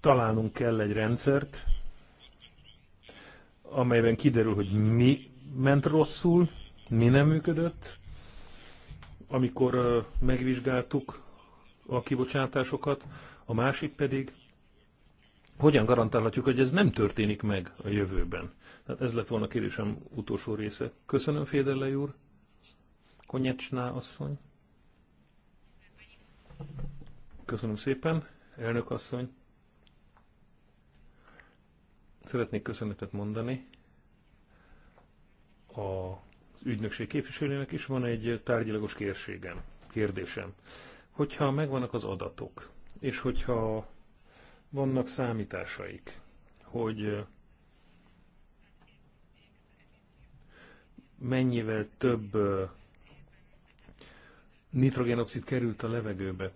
Találnunk kell egy rendszert, amelyben kiderül, hogy mi ment rosszul, mi nem működött. Amikor megvizsgáltuk a kibocsátásokat, a másik pedig, hogyan garantálhatjuk, hogy ez nem történik meg a jövőben. Tehát ez lett volna kérésem utolsó része. Köszönöm, Féderlei úr. Konyecsná asszony. Köszönöm szépen, elnök asszony. Szeretnék köszönetet mondani az ügynökség képviselőnek is van egy tárgyilagos kérségem, kérdésem. Hogyha megvannak az adatok, és hogyha vannak számításaik, hogy mennyivel több nitrogénoxid került a levegőbe,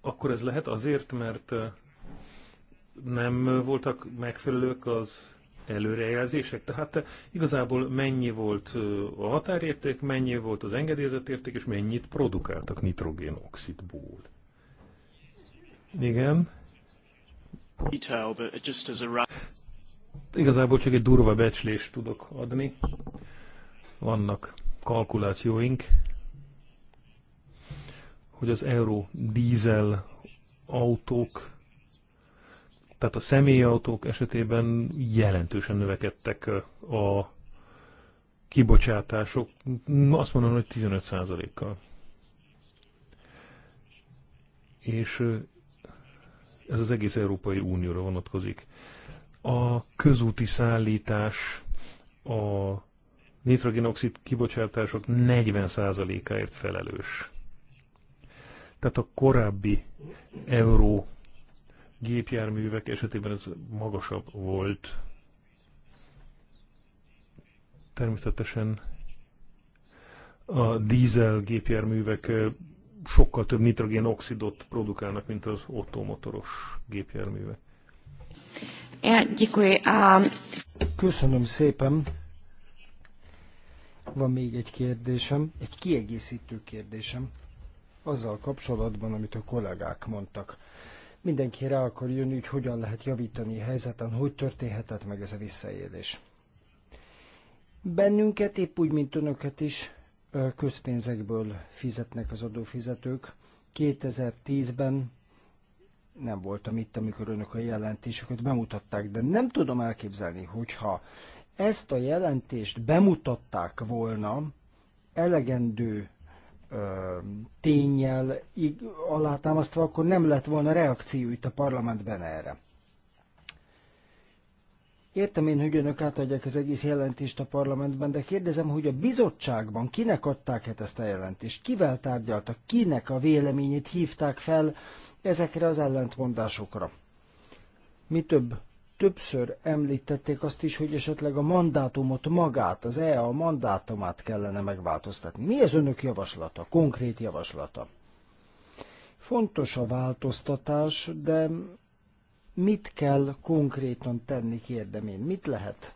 akkor ez lehet azért, mert nem voltak megfelelők az előrejelzések. Tehát igazából mennyi volt a határérték, mennyi volt az engedélyezett érték, és mennyit produkáltak nitrogénoxidból. Igen igazából csak egy durva becslést tudok adni. Vannak kalkulációink, hogy az euró dízel autók, tehát a személyautók esetében jelentősen növekedtek a kibocsátások, azt mondom, hogy 15%-kal. És ez az egész Európai Unióra vonatkozik a közúti szállítás a nitrogénoxid kibocsátások 40%-áért felelős. Tehát a korábbi euró gépjárművek esetében ez magasabb volt. Természetesen a dízel gépjárművek eh, sokkal több nitrogénoxidot produkálnak, mint az ottomotoros gépjárművek. Děkuji. A... Köszönöm szépen. Van még egy kérdésem, egy kiegészítő kérdésem, azzal kapcsolatban, amit a kollégák mondtak. Mindenki rá akar jönni, hogy hogyan lehet javítani a helyzeten, hogy történhetett meg ez a visszaélés. Bennünket, épp úgy, mint önöket is, közpénzekből fizetnek az adófizetők. 2010-ben nem voltam itt, amikor önök a jelentéseket bemutatták, de nem tudom elképzelni, hogyha ezt a jelentést bemutatták volna elegendő ö, tényel ig, alátámasztva, akkor nem lett volna reakció itt a parlamentben erre. Értem én, hogy önök átadják az egész jelentést a parlamentben, de kérdezem, hogy a bizottságban kinek adták hát ezt a jelentést, kivel tárgyaltak, kinek a véleményét hívták fel ezekre az ellentmondásokra. Mi több, többször említették azt is, hogy esetleg a mandátumot magát, az EA mandátumát kellene megváltoztatni. Mi az önök javaslata, konkrét javaslata? Fontos a változtatás, de mit kell konkrétan tenni, kérdem én, mit lehet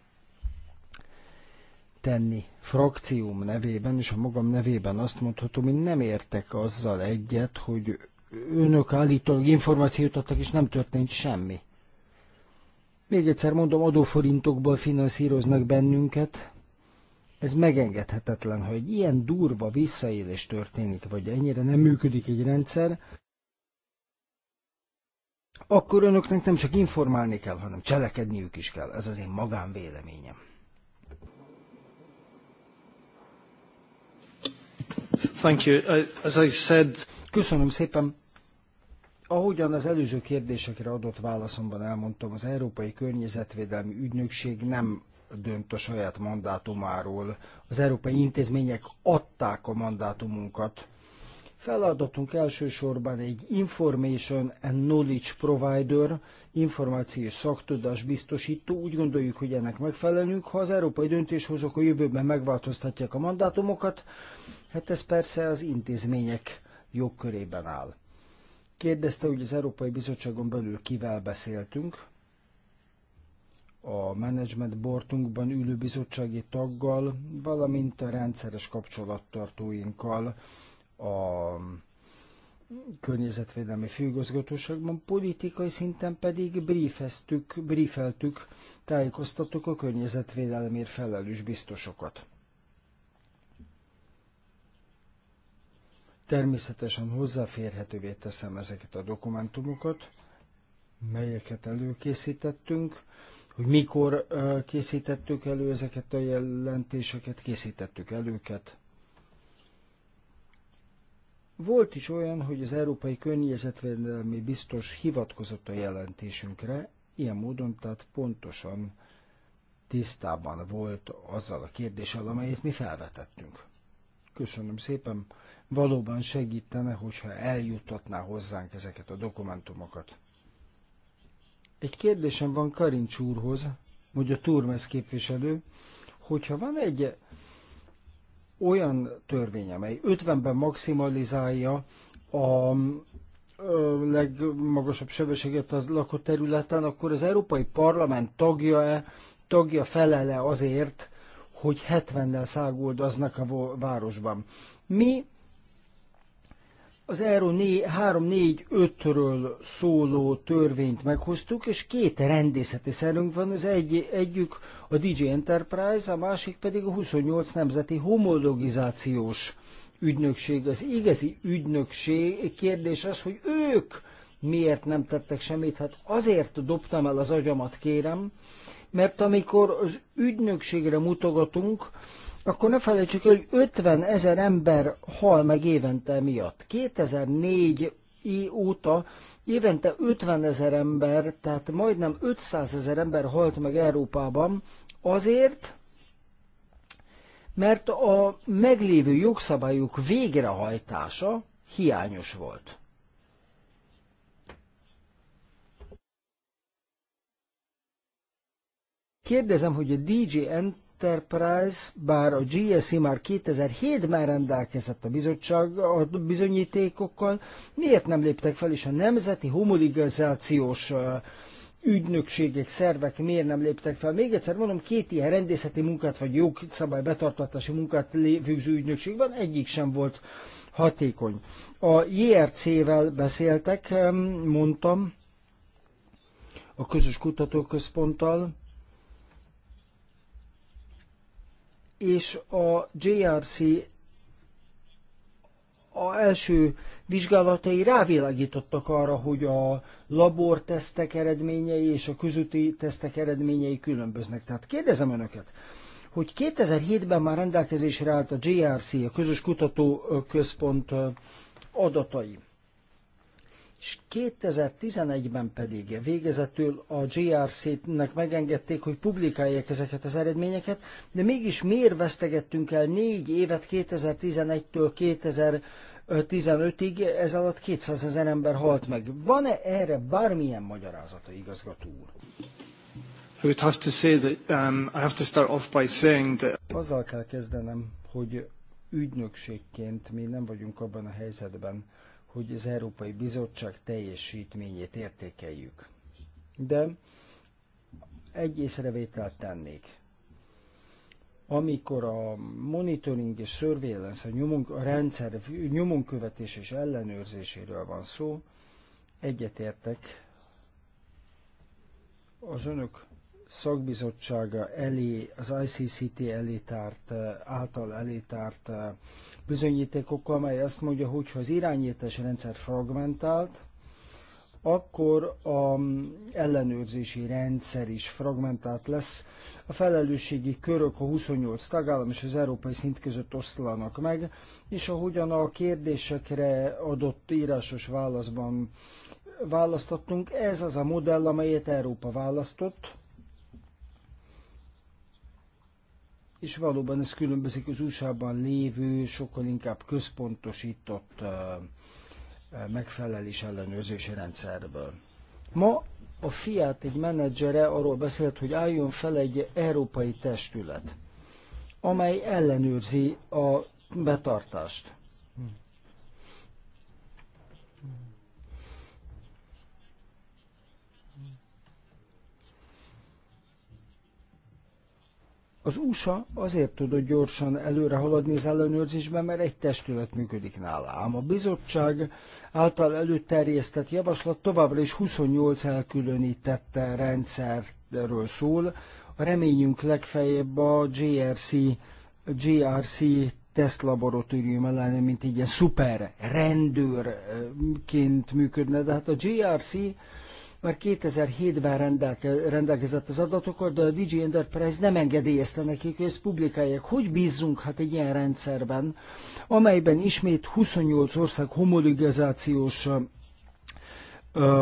tenni frakcióm nevében és a magam nevében azt mondhatom, hogy nem értek azzal egyet, hogy önök állítólag információt adtak, és nem történt semmi. Még egyszer mondom, adóforintokból finanszíroznak bennünket. Ez megengedhetetlen, ha egy ilyen durva visszaélés történik, vagy ennyire nem működik egy rendszer, akkor önöknek nem csak informálni kell, hanem cselekedniük is kell. Ez az én magánvéleményem. Thank you. As I said... Köszönöm szépen! Ahogyan az előző kérdésekre adott válaszomban elmondtam, az Európai Környezetvédelmi Ügynökség nem dönt a saját mandátumáról. Az európai intézmények adták a mandátumunkat. Feladatunk elsősorban egy Information and Knowledge Provider, információs szaktudás biztosító. Úgy gondoljuk, hogy ennek megfelelünk. Ha az európai döntéshozók a jövőben megváltoztatják a mandátumokat, hát ez persze az intézmények jogkörében áll. Kérdezte, hogy az Európai Bizottságon belül kivel beszéltünk, a Management Boardunkban ülő bizottsági taggal, valamint a rendszeres kapcsolattartóinkkal a környezetvédelmi főigazgatóságban, politikai szinten pedig briefeztük, briefeltük, tájékoztattuk a környezetvédelemért felelős biztosokat. Természetesen hozzáférhetővé teszem ezeket a dokumentumokat, melyeket előkészítettünk, hogy mikor készítettük elő ezeket a jelentéseket, készítettük előket. Volt is olyan, hogy az Európai Környezetvédelmi Biztos hivatkozott a jelentésünkre, ilyen módon tehát pontosan tisztában volt azzal a kérdéssel, amelyet mi felvetettünk. Köszönöm szépen! valóban segítene, hogyha eljutatná hozzánk ezeket a dokumentumokat. Egy kérdésem van Karincs úrhoz, mondja Turmes képviselő, hogyha van egy olyan törvény, amely 50-ben maximalizálja a legmagasabb sebességet az lakott területen, akkor az Európai Parlament tagja-e, tagja felele azért, hogy 70-nel aznak a városban. Mi az Euró 3-4-5-ről szóló törvényt meghoztuk, és két rendészeti szerünk van, az egy, egyik a DJ Enterprise, a másik pedig a 28 nemzeti homologizációs ügynökség. Az igazi ügynökség kérdés az, hogy ők miért nem tettek semmit. Hát azért dobtam el az agyamat, kérem, mert amikor az ügynökségre mutogatunk, akkor ne felejtsük, hogy 50 ezer ember hal meg évente miatt. 2004 óta évente 50 ezer ember, tehát majdnem 500 ezer ember halt meg Európában azért, mert a meglévő jogszabályok végrehajtása hiányos volt. Kérdezem, hogy a DJN Enterprise, bár a GSI már 2007-ben rendelkezett a bizottság a bizonyítékokkal, miért nem léptek fel, és a nemzeti homologizációs ügynökségek, szervek miért nem léptek fel. Még egyszer mondom, két ilyen rendészeti munkát, vagy jogszabály betartatási munkát végző ügynökség van, egyik sem volt hatékony. A JRC-vel beszéltek, mondtam, a közös kutatóközponttal, és a JRC a első vizsgálatai rávilágítottak arra, hogy a labortesztek eredményei és a közúti tesztek eredményei különböznek. Tehát kérdezem önöket, hogy 2007-ben már rendelkezésre állt a JRC, a Közös Kutatóközpont adatai és 2011-ben pedig végezetül a GRC-nek megengedték, hogy publikálják ezeket az eredményeket, de mégis miért vesztegettünk el négy évet 2011-től 2015-ig, ez alatt 200 ezer ember halt meg. Van-e erre bármilyen magyarázata, igazgató úr? Um, Azzal kell kezdenem, hogy ügynökségként mi nem vagyunk abban a helyzetben, hogy az Európai Bizottság teljesítményét értékeljük. De egy észrevételt tennék. Amikor a monitoring és surveillance, a, nyomunk, a rendszer nyomonkövetés és ellenőrzéséről van szó, egyetértek az önök szakbizottsága elé, az ICCT tárt, eh, által tárt eh, bizonyítékokkal, amely azt mondja, hogy ha az irányítási rendszer fragmentált, akkor a mm, ellenőrzési rendszer is fragmentált lesz. A felelősségi körök a 28 tagállam és az európai szint között oszlanak meg, és ahogyan a kérdésekre adott írásos válaszban választottunk, ez az a modell, amelyet Európa választott, és valóban ez különbözik az USA-ban lévő, sokkal inkább központosított megfelelés ellenőrzési rendszerből. Ma a Fiat egy menedzsere arról beszélt, hogy álljon fel egy európai testület, amely ellenőrzi a betartást. Az USA azért tudott gyorsan előre haladni az ellenőrzésben, mert egy testület működik nála. Ám a bizottság által előterjesztett javaslat továbbra is 28 elkülönített rendszerről szól. A reményünk legfeljebb a GRC, GRC tesztlaboratórium ellen, mint egy ilyen szuper rendőrként működne, de hát a GRC már 2007-ben rendelke, rendelkezett az adatokkal, de a DJ Enterprise nem engedélyezte nekik, hogy ezt publikálják. Hogy bízzunk hát egy ilyen rendszerben, amelyben ismét 28 ország homologizációs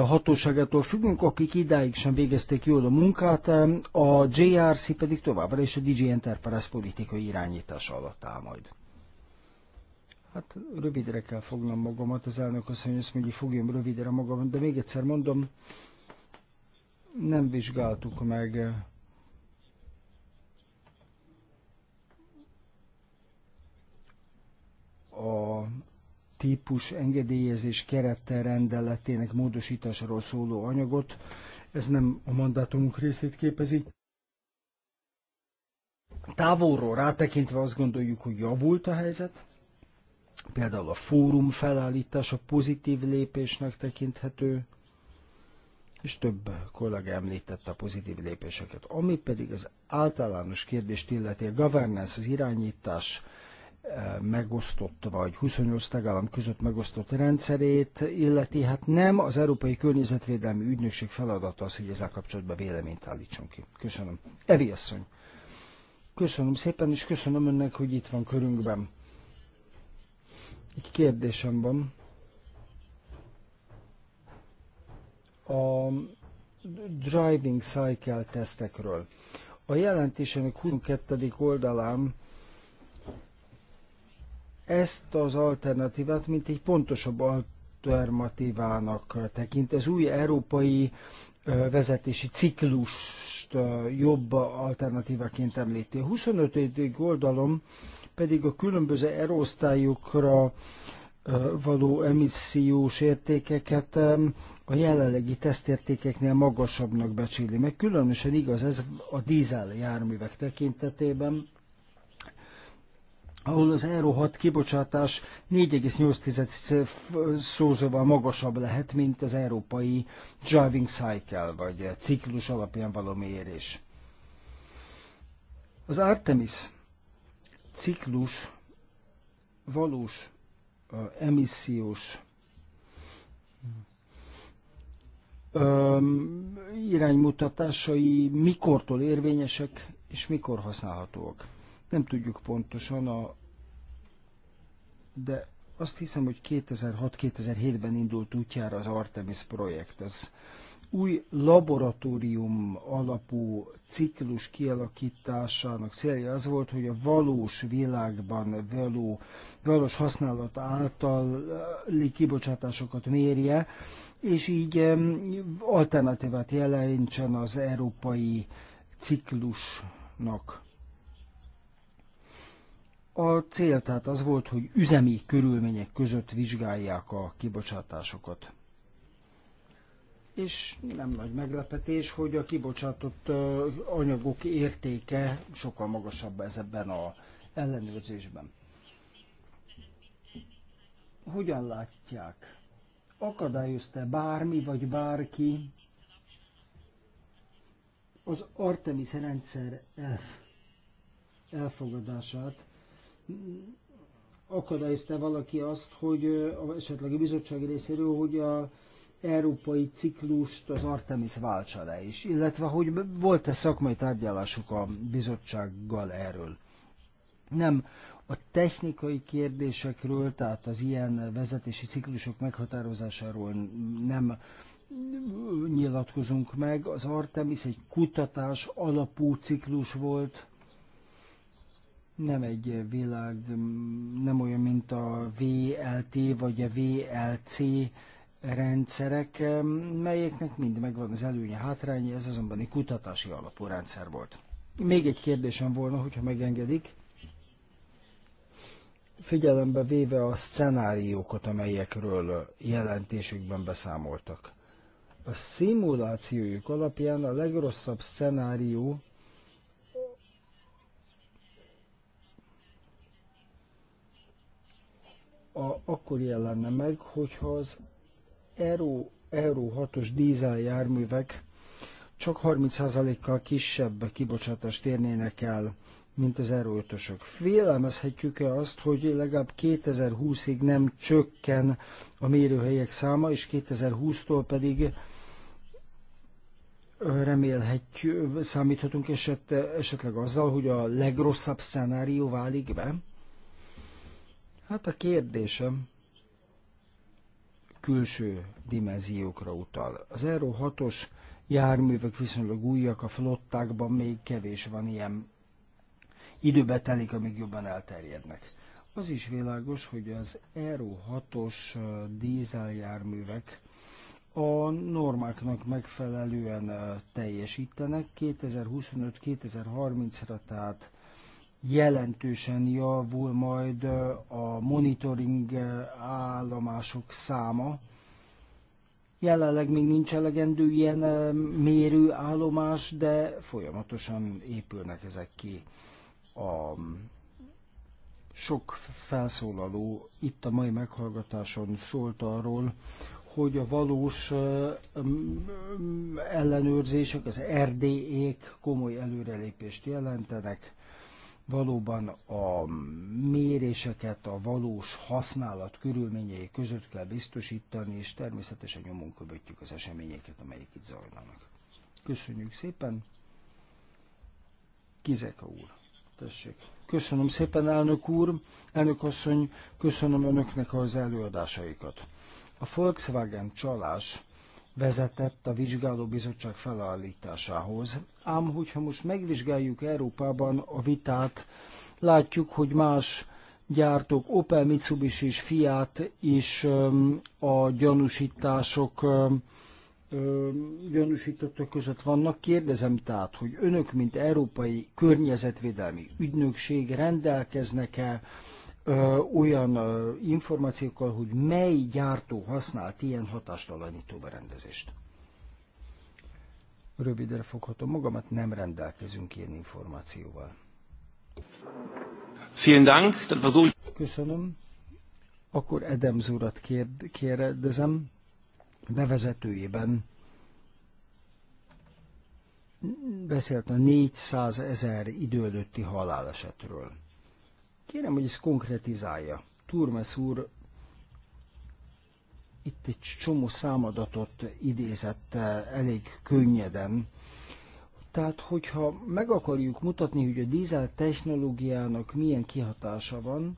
hatóságától függünk, akik idáig sem végezték jól a munkát, a JRC pedig továbbra is a DJ Enterprise politikai irányítása alatt áll majd. Hát rövidre kell fognom magamat, az elnök azt mondja, hogy fogjam rövidre magamat, de még egyszer mondom, nem vizsgáltuk meg a típus engedélyezés kerettel rendeletének módosításáról szóló anyagot. Ez nem a mandátumunk részét képezi. Távolról rátekintve azt gondoljuk, hogy javult a helyzet. Például a fórum felállítása pozitív lépésnek tekinthető, és több kollega említette a pozitív lépéseket. Ami pedig az általános kérdést illeti, a governance, az irányítás eh, megosztott, vagy 28 tagállam között megosztott rendszerét illeti, hát nem az Európai Környezetvédelmi Ügynökség feladata az, hogy ezzel kapcsolatban véleményt állítson ki. Köszönöm. Evi asszony. Köszönöm szépen, és köszönöm önnek, hogy itt van körünkben. Egy kérdésem van. a driving cycle tesztekről. A jelentésének 22. oldalán ezt az alternatívát, mint egy pontosabb alternatívának tekint. Ez új európai vezetési ciklust jobb alternatívaként említi. A 25. oldalom pedig a különböző erosztályokra való emissziós értékeket a jelenlegi tesztértékeknél magasabbnak becsüli meg. Különösen igaz ez a dízel járművek tekintetében, ahol az Euro 6 kibocsátás 4,8 szózóval magasabb lehet, mint az európai driving cycle, vagy ciklus alapján való mérés. Az Artemis ciklus valós emissziós iránymutatásai mikortól érvényesek és mikor használhatóak. Nem tudjuk pontosan, a, de azt hiszem, hogy 2006-2007-ben indult útjára az Artemis projekt. Ez új laboratórium alapú ciklus kialakításának célja az volt, hogy a valós világban való, valós használat által eh, kibocsátásokat mérje, és így alternatívát jelentsen az európai ciklusnak. A cél tehát az volt, hogy üzemi körülmények között vizsgálják a kibocsátásokat és nem nagy meglepetés, hogy a kibocsátott anyagok értéke sokkal magasabb ez ebben a ellenőrzésben. Hogyan látják? Akadályozta bármi vagy bárki az Artemis rendszer F elfogadását? Akadályozta valaki azt, hogy esetleg a bizottság részéről, hogy a európai ciklust az Artemis váltsa le is, illetve hogy volt-e szakmai tárgyalásuk a bizottsággal erről. Nem, a technikai kérdésekről, tehát az ilyen vezetési ciklusok meghatározásáról nem nyilatkozunk meg. Az Artemis egy kutatás alapú ciklus volt, nem egy világ, nem olyan, mint a VLT vagy a VLC, rendszerek, melyeknek mind megvan az előnye, hátránya, ez azonban egy kutatási alapú rendszer volt. Még egy kérdésem volna, hogyha megengedik, figyelembe véve a szenáriókat, amelyekről jelentésükben beszámoltak. A szimulációjuk alapján a legrosszabb szenárió a, akkor jelenne meg, hogyha az Euro, Euro 6-os dízel járművek csak 30%-kal kisebb kibocsátást érnének el, mint az Euro 5-ösök. Félelmezhetjük-e azt, hogy legalább 2020-ig nem csökken a mérőhelyek száma, és 2020-tól pedig remélhetjük, számíthatunk eset, esetleg azzal, hogy a legrosszabb szenárió válik be? Hát a kérdésem, külső dimenziókra utal. Az Euro 6-os járművek viszonylag újak, a flottákban még kevés van ilyen. Időbe telik, amíg jobban elterjednek. Az is világos, hogy az Euro 6-os dízeljárművek a normáknak megfelelően teljesítenek 2025-2030-ra, tehát jelentősen javul majd a monitoring állomások száma. Jelenleg még nincs elegendő ilyen mérőállomás, de folyamatosan épülnek ezek ki. A sok felszólaló itt a mai meghallgatáson szólt arról, hogy a valós ellenőrzések, az RDE-k komoly előrelépést jelentenek, valóban a méréseket a valós használat körülményei között kell biztosítani, és természetesen nyomon követjük az eseményeket, amelyek itt zajlanak. Köszönjük szépen! Kizeka úr, tessék! Köszönöm szépen, elnök úr, elnök asszony, köszönöm önöknek az előadásaikat. A Volkswagen csalás vezetett a vizsgálóbizottság felállításához. Ám hogyha most megvizsgáljuk Európában a vitát, látjuk, hogy más gyártók, Opel, Mitsubishi és Fiat is a gyanúsítások gyanúsítottak között vannak. Kérdezem tehát, hogy önök, mint Európai Környezetvédelmi Ügynökség rendelkeznek-e ö, olyan ö, információkkal, hogy mely gyártó használt ilyen hatástalanító berendezést. Rövidre foghatom magamat, nem rendelkezünk ilyen információval. Vielen Dank, Köszönöm. Akkor Edemz urat kérdezem bevezetőjében beszélt a 400 ezer idő előtti halálesetről. Kérem, hogy ezt konkretizálja. Turmes úr itt egy csomó számadatot idézett eh, elég könnyeden. Tehát, hogyha meg akarjuk mutatni, hogy a dízel technológiának milyen kihatása van,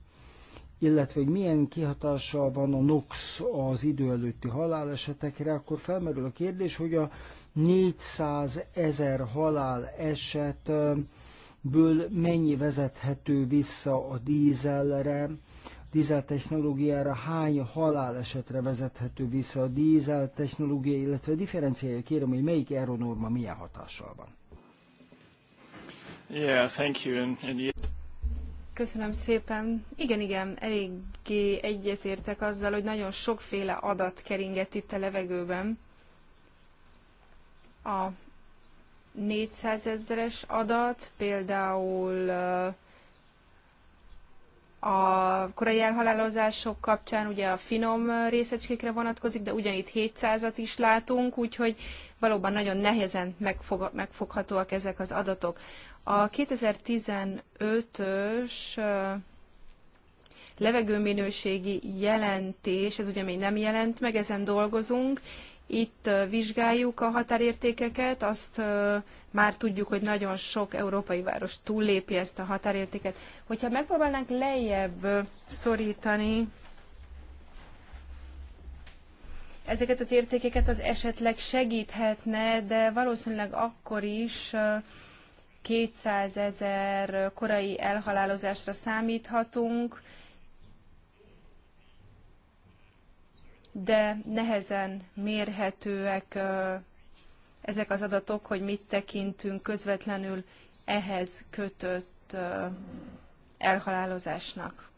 illetve hogy milyen kihatása van a NOx az idő előtti halálesetekre, akkor felmerül a kérdés, hogy a 400 ezer halál eset eh, ből mennyi vezethető vissza a dízelre, dízel technológiára, hány halálesetre vezethető vissza a dízel technológia, illetve differenciája kérem, hogy melyik aeronorma milyen hatással van. Yeah, thank you. And, and yeah. Köszönöm szépen. Igen, igen, eléggé egyetértek azzal, hogy nagyon sokféle adat keringett itt a levegőben. A 400 ezeres adat, például a korai elhalálozások kapcsán ugye a finom részecskékre vonatkozik, de ugyanitt 700-at is látunk, úgyhogy valóban nagyon nehezen megfog, megfoghatóak ezek az adatok. A 2015-ös levegőminőségi jelentés, ez ugye még nem jelent meg, ezen dolgozunk, itt vizsgáljuk a határértékeket, azt már tudjuk, hogy nagyon sok európai város túllépi ezt a határértéket. Hogyha megpróbálnánk lejjebb szorítani ezeket az értékeket, az esetleg segíthetne, de valószínűleg akkor is 200 ezer korai elhalálozásra számíthatunk, de nehezen mérhetőek ezek az adatok, hogy mit tekintünk közvetlenül ehhez kötött elhalálozásnak.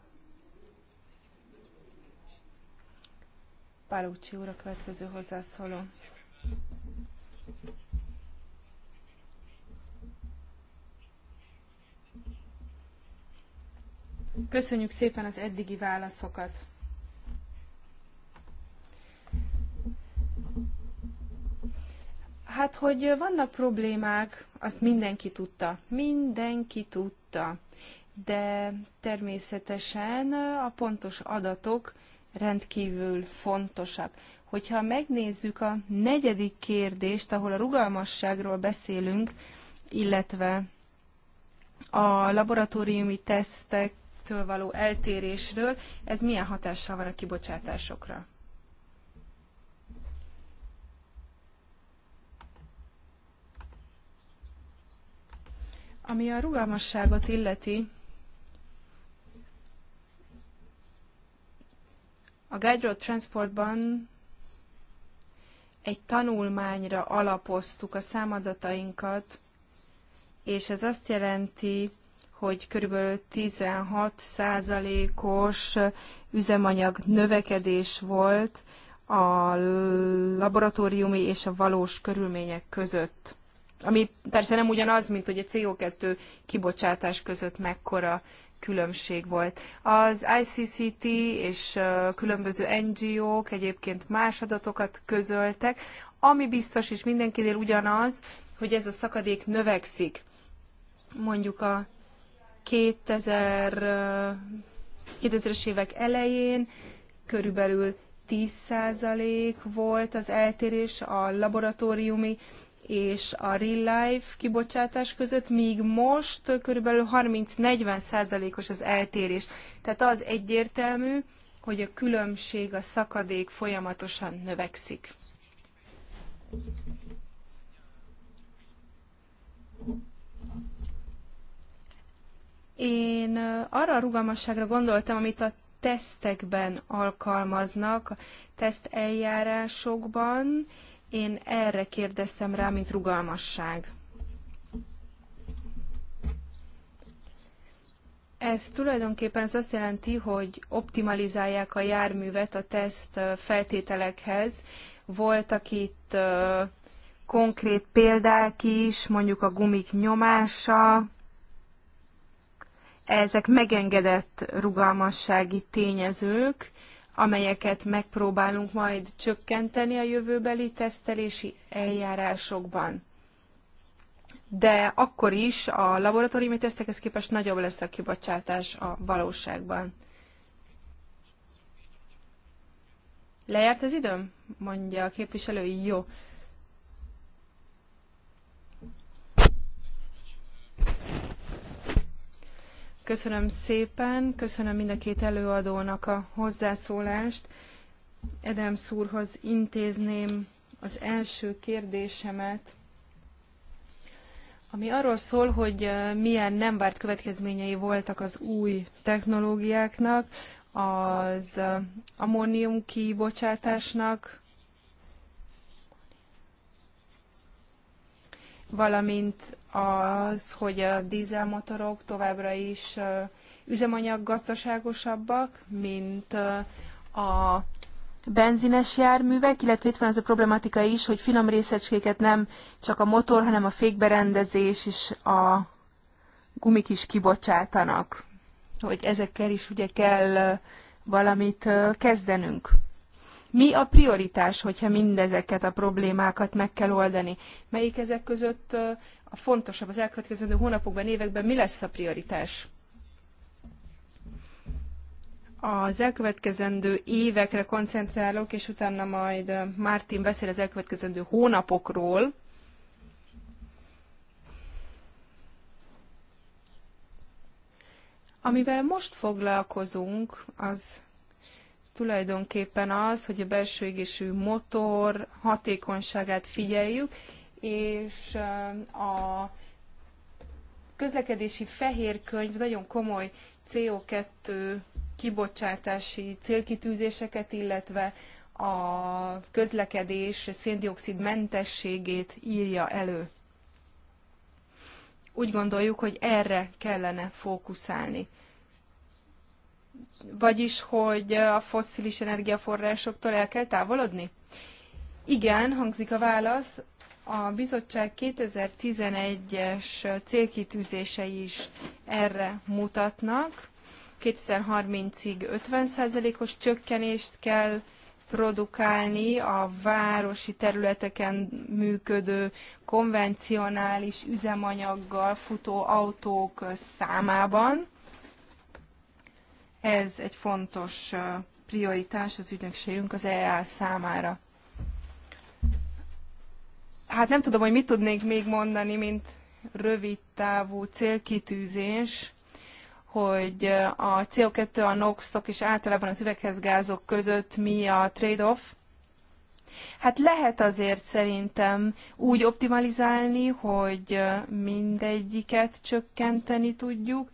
Pálócsi úr a következő hozzászóló. Köszönjük szépen az eddigi válaszokat. Hát, hogy vannak problémák, azt mindenki tudta. Mindenki tudta. De természetesen a pontos adatok rendkívül fontosak. Hogyha megnézzük a negyedik kérdést, ahol a rugalmasságról beszélünk, illetve a laboratóriumi tesztektől való eltérésről, ez milyen hatással van a kibocsátásokra? Ami a rugalmasságot illeti, a Guide Road Transportban egy tanulmányra alapoztuk a számadatainkat, és ez azt jelenti, hogy körülbelül 16 százalékos üzemanyag növekedés volt a laboratóriumi és a valós körülmények között ami persze nem ugyanaz, mint hogy a CO2 kibocsátás között mekkora különbség volt. Az ICCT és különböző NGO-k egyébként más adatokat közöltek, ami biztos és mindenkinél ugyanaz, hogy ez a szakadék növekszik. Mondjuk a 2000, 2000-es évek elején körülbelül 10% volt az eltérés a laboratóriumi és a real life kibocsátás között, míg most körülbelül 30-40 százalékos az eltérés. Tehát az egyértelmű, hogy a különbség, a szakadék folyamatosan növekszik. Én arra a rugalmasságra gondoltam, amit a tesztekben alkalmaznak, teszt eljárásokban, én erre kérdeztem rá, mint rugalmasság. Ez tulajdonképpen az azt jelenti, hogy optimalizálják a járművet a teszt feltételekhez. Voltak itt konkrét példák is, mondjuk a gumik nyomása, ezek megengedett rugalmassági tényezők, amelyeket megpróbálunk majd csökkenteni a jövőbeli tesztelési eljárásokban. De akkor is a laboratóriumi tesztekhez képest nagyobb lesz a kibocsátás a valóságban. Lejárt az időm? Mondja a képviselő. Jó. Köszönöm szépen, köszönöm mind a két előadónak a hozzászólást. Edem úrhoz intézném az első kérdésemet, ami arról szól, hogy milyen nem várt következményei voltak az új technológiáknak, az ammónium kibocsátásnak, valamint az, hogy a dízelmotorok továbbra is üzemanyag gazdaságosabbak, mint a benzines járművek, illetve itt van ez a problematika is, hogy finom részecskéket nem csak a motor, hanem a fékberendezés és a gumik is kibocsátanak. Hogy ezekkel is ugye kell valamit kezdenünk. Mi a prioritás, hogyha mindezeket a problémákat meg kell oldani? Melyik ezek között a fontosabb az elkövetkezendő hónapokban, években mi lesz a prioritás? Az elkövetkezendő évekre koncentrálok, és utána majd Mártin beszél az elkövetkezendő hónapokról. Amivel most foglalkozunk, az tulajdonképpen az, hogy a belső égésű motor hatékonyságát figyeljük, és a közlekedési fehér könyv nagyon komoly CO2 kibocsátási célkitűzéseket, illetve a közlekedés széndiokszid mentességét írja elő. Úgy gondoljuk, hogy erre kellene fókuszálni vagyis, hogy a fosszilis energiaforrásoktól el kell távolodni? Igen, hangzik a válasz. A bizottság 2011-es célkitűzései is erre mutatnak. 2030-ig 50%-os csökkenést kell produkálni a városi területeken működő konvencionális üzemanyaggal futó autók számában ez egy fontos prioritás az ügynökségünk az EA számára. Hát nem tudom, hogy mit tudnék még mondani, mint rövid távú célkitűzés, hogy a CO2, a nox és általában az üveghezgázok között mi a trade-off. Hát lehet azért szerintem úgy optimalizálni, hogy mindegyiket csökkenteni tudjuk,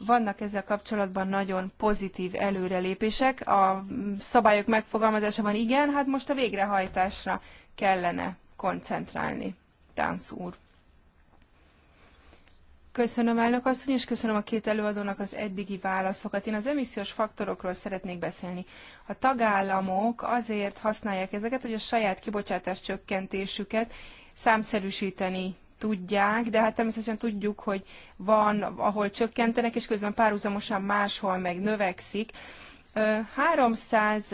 vannak ezzel kapcsolatban nagyon pozitív előrelépések. A szabályok megfogalmazásában igen, hát most a végrehajtásra kellene koncentrálni. Tánc úr. Köszönöm elnök asszony, és köszönöm a két előadónak az eddigi válaszokat. Én az emissziós faktorokról szeretnék beszélni. A tagállamok azért használják ezeket, hogy a saját kibocsátás csökkentésüket számszerűsíteni tudják, de hát természetesen tudjuk, hogy van, ahol csökkentenek, és közben párhuzamosan máshol meg növekszik. 300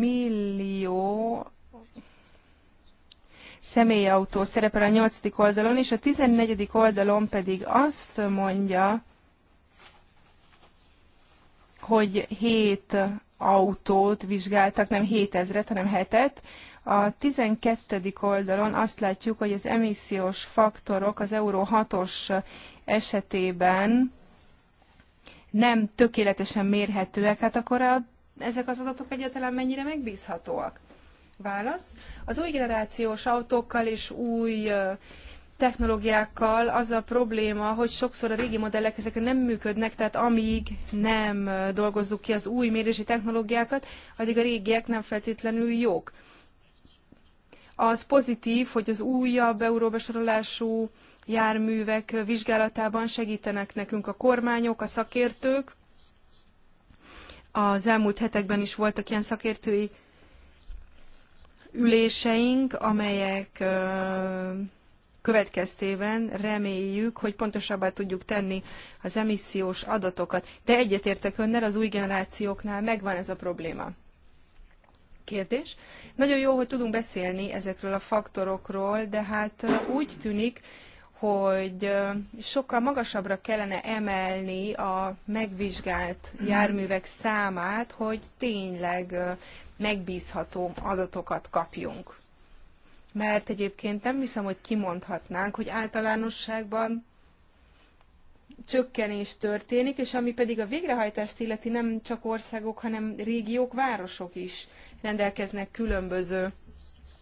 millió személyautó szerepel a 8. oldalon, és a 14. oldalon pedig azt mondja, hogy 7 autót vizsgáltak, nem 7000-et, hanem 7-et, a 12. oldalon azt látjuk, hogy az emissziós faktorok az Euró 6-os esetében nem tökéletesen mérhetőek, hát akkor a, ezek az adatok egyáltalán mennyire megbízhatóak? Válasz. Az új generációs autókkal és új technológiákkal az a probléma, hogy sokszor a régi modellek ezekre nem működnek, tehát amíg nem dolgozzuk ki az új mérési technológiákat, addig a régiek nem feltétlenül jók. Az pozitív, hogy az újabb euróbesorolású járművek vizsgálatában segítenek nekünk a kormányok, a szakértők. Az elmúlt hetekben is voltak ilyen szakértői üléseink, amelyek következtében reméljük, hogy pontosabbá tudjuk tenni az emissziós adatokat. De egyetértek önnel, az új generációknál megvan ez a probléma kérdés. Nagyon jó, hogy tudunk beszélni ezekről a faktorokról, de hát úgy tűnik, hogy sokkal magasabbra kellene emelni a megvizsgált járművek számát, hogy tényleg megbízható adatokat kapjunk. Mert egyébként nem hiszem, hogy kimondhatnánk, hogy általánosságban csökkenés történik, és ami pedig a végrehajtást illeti nem csak országok, hanem régiók, városok is rendelkeznek különböző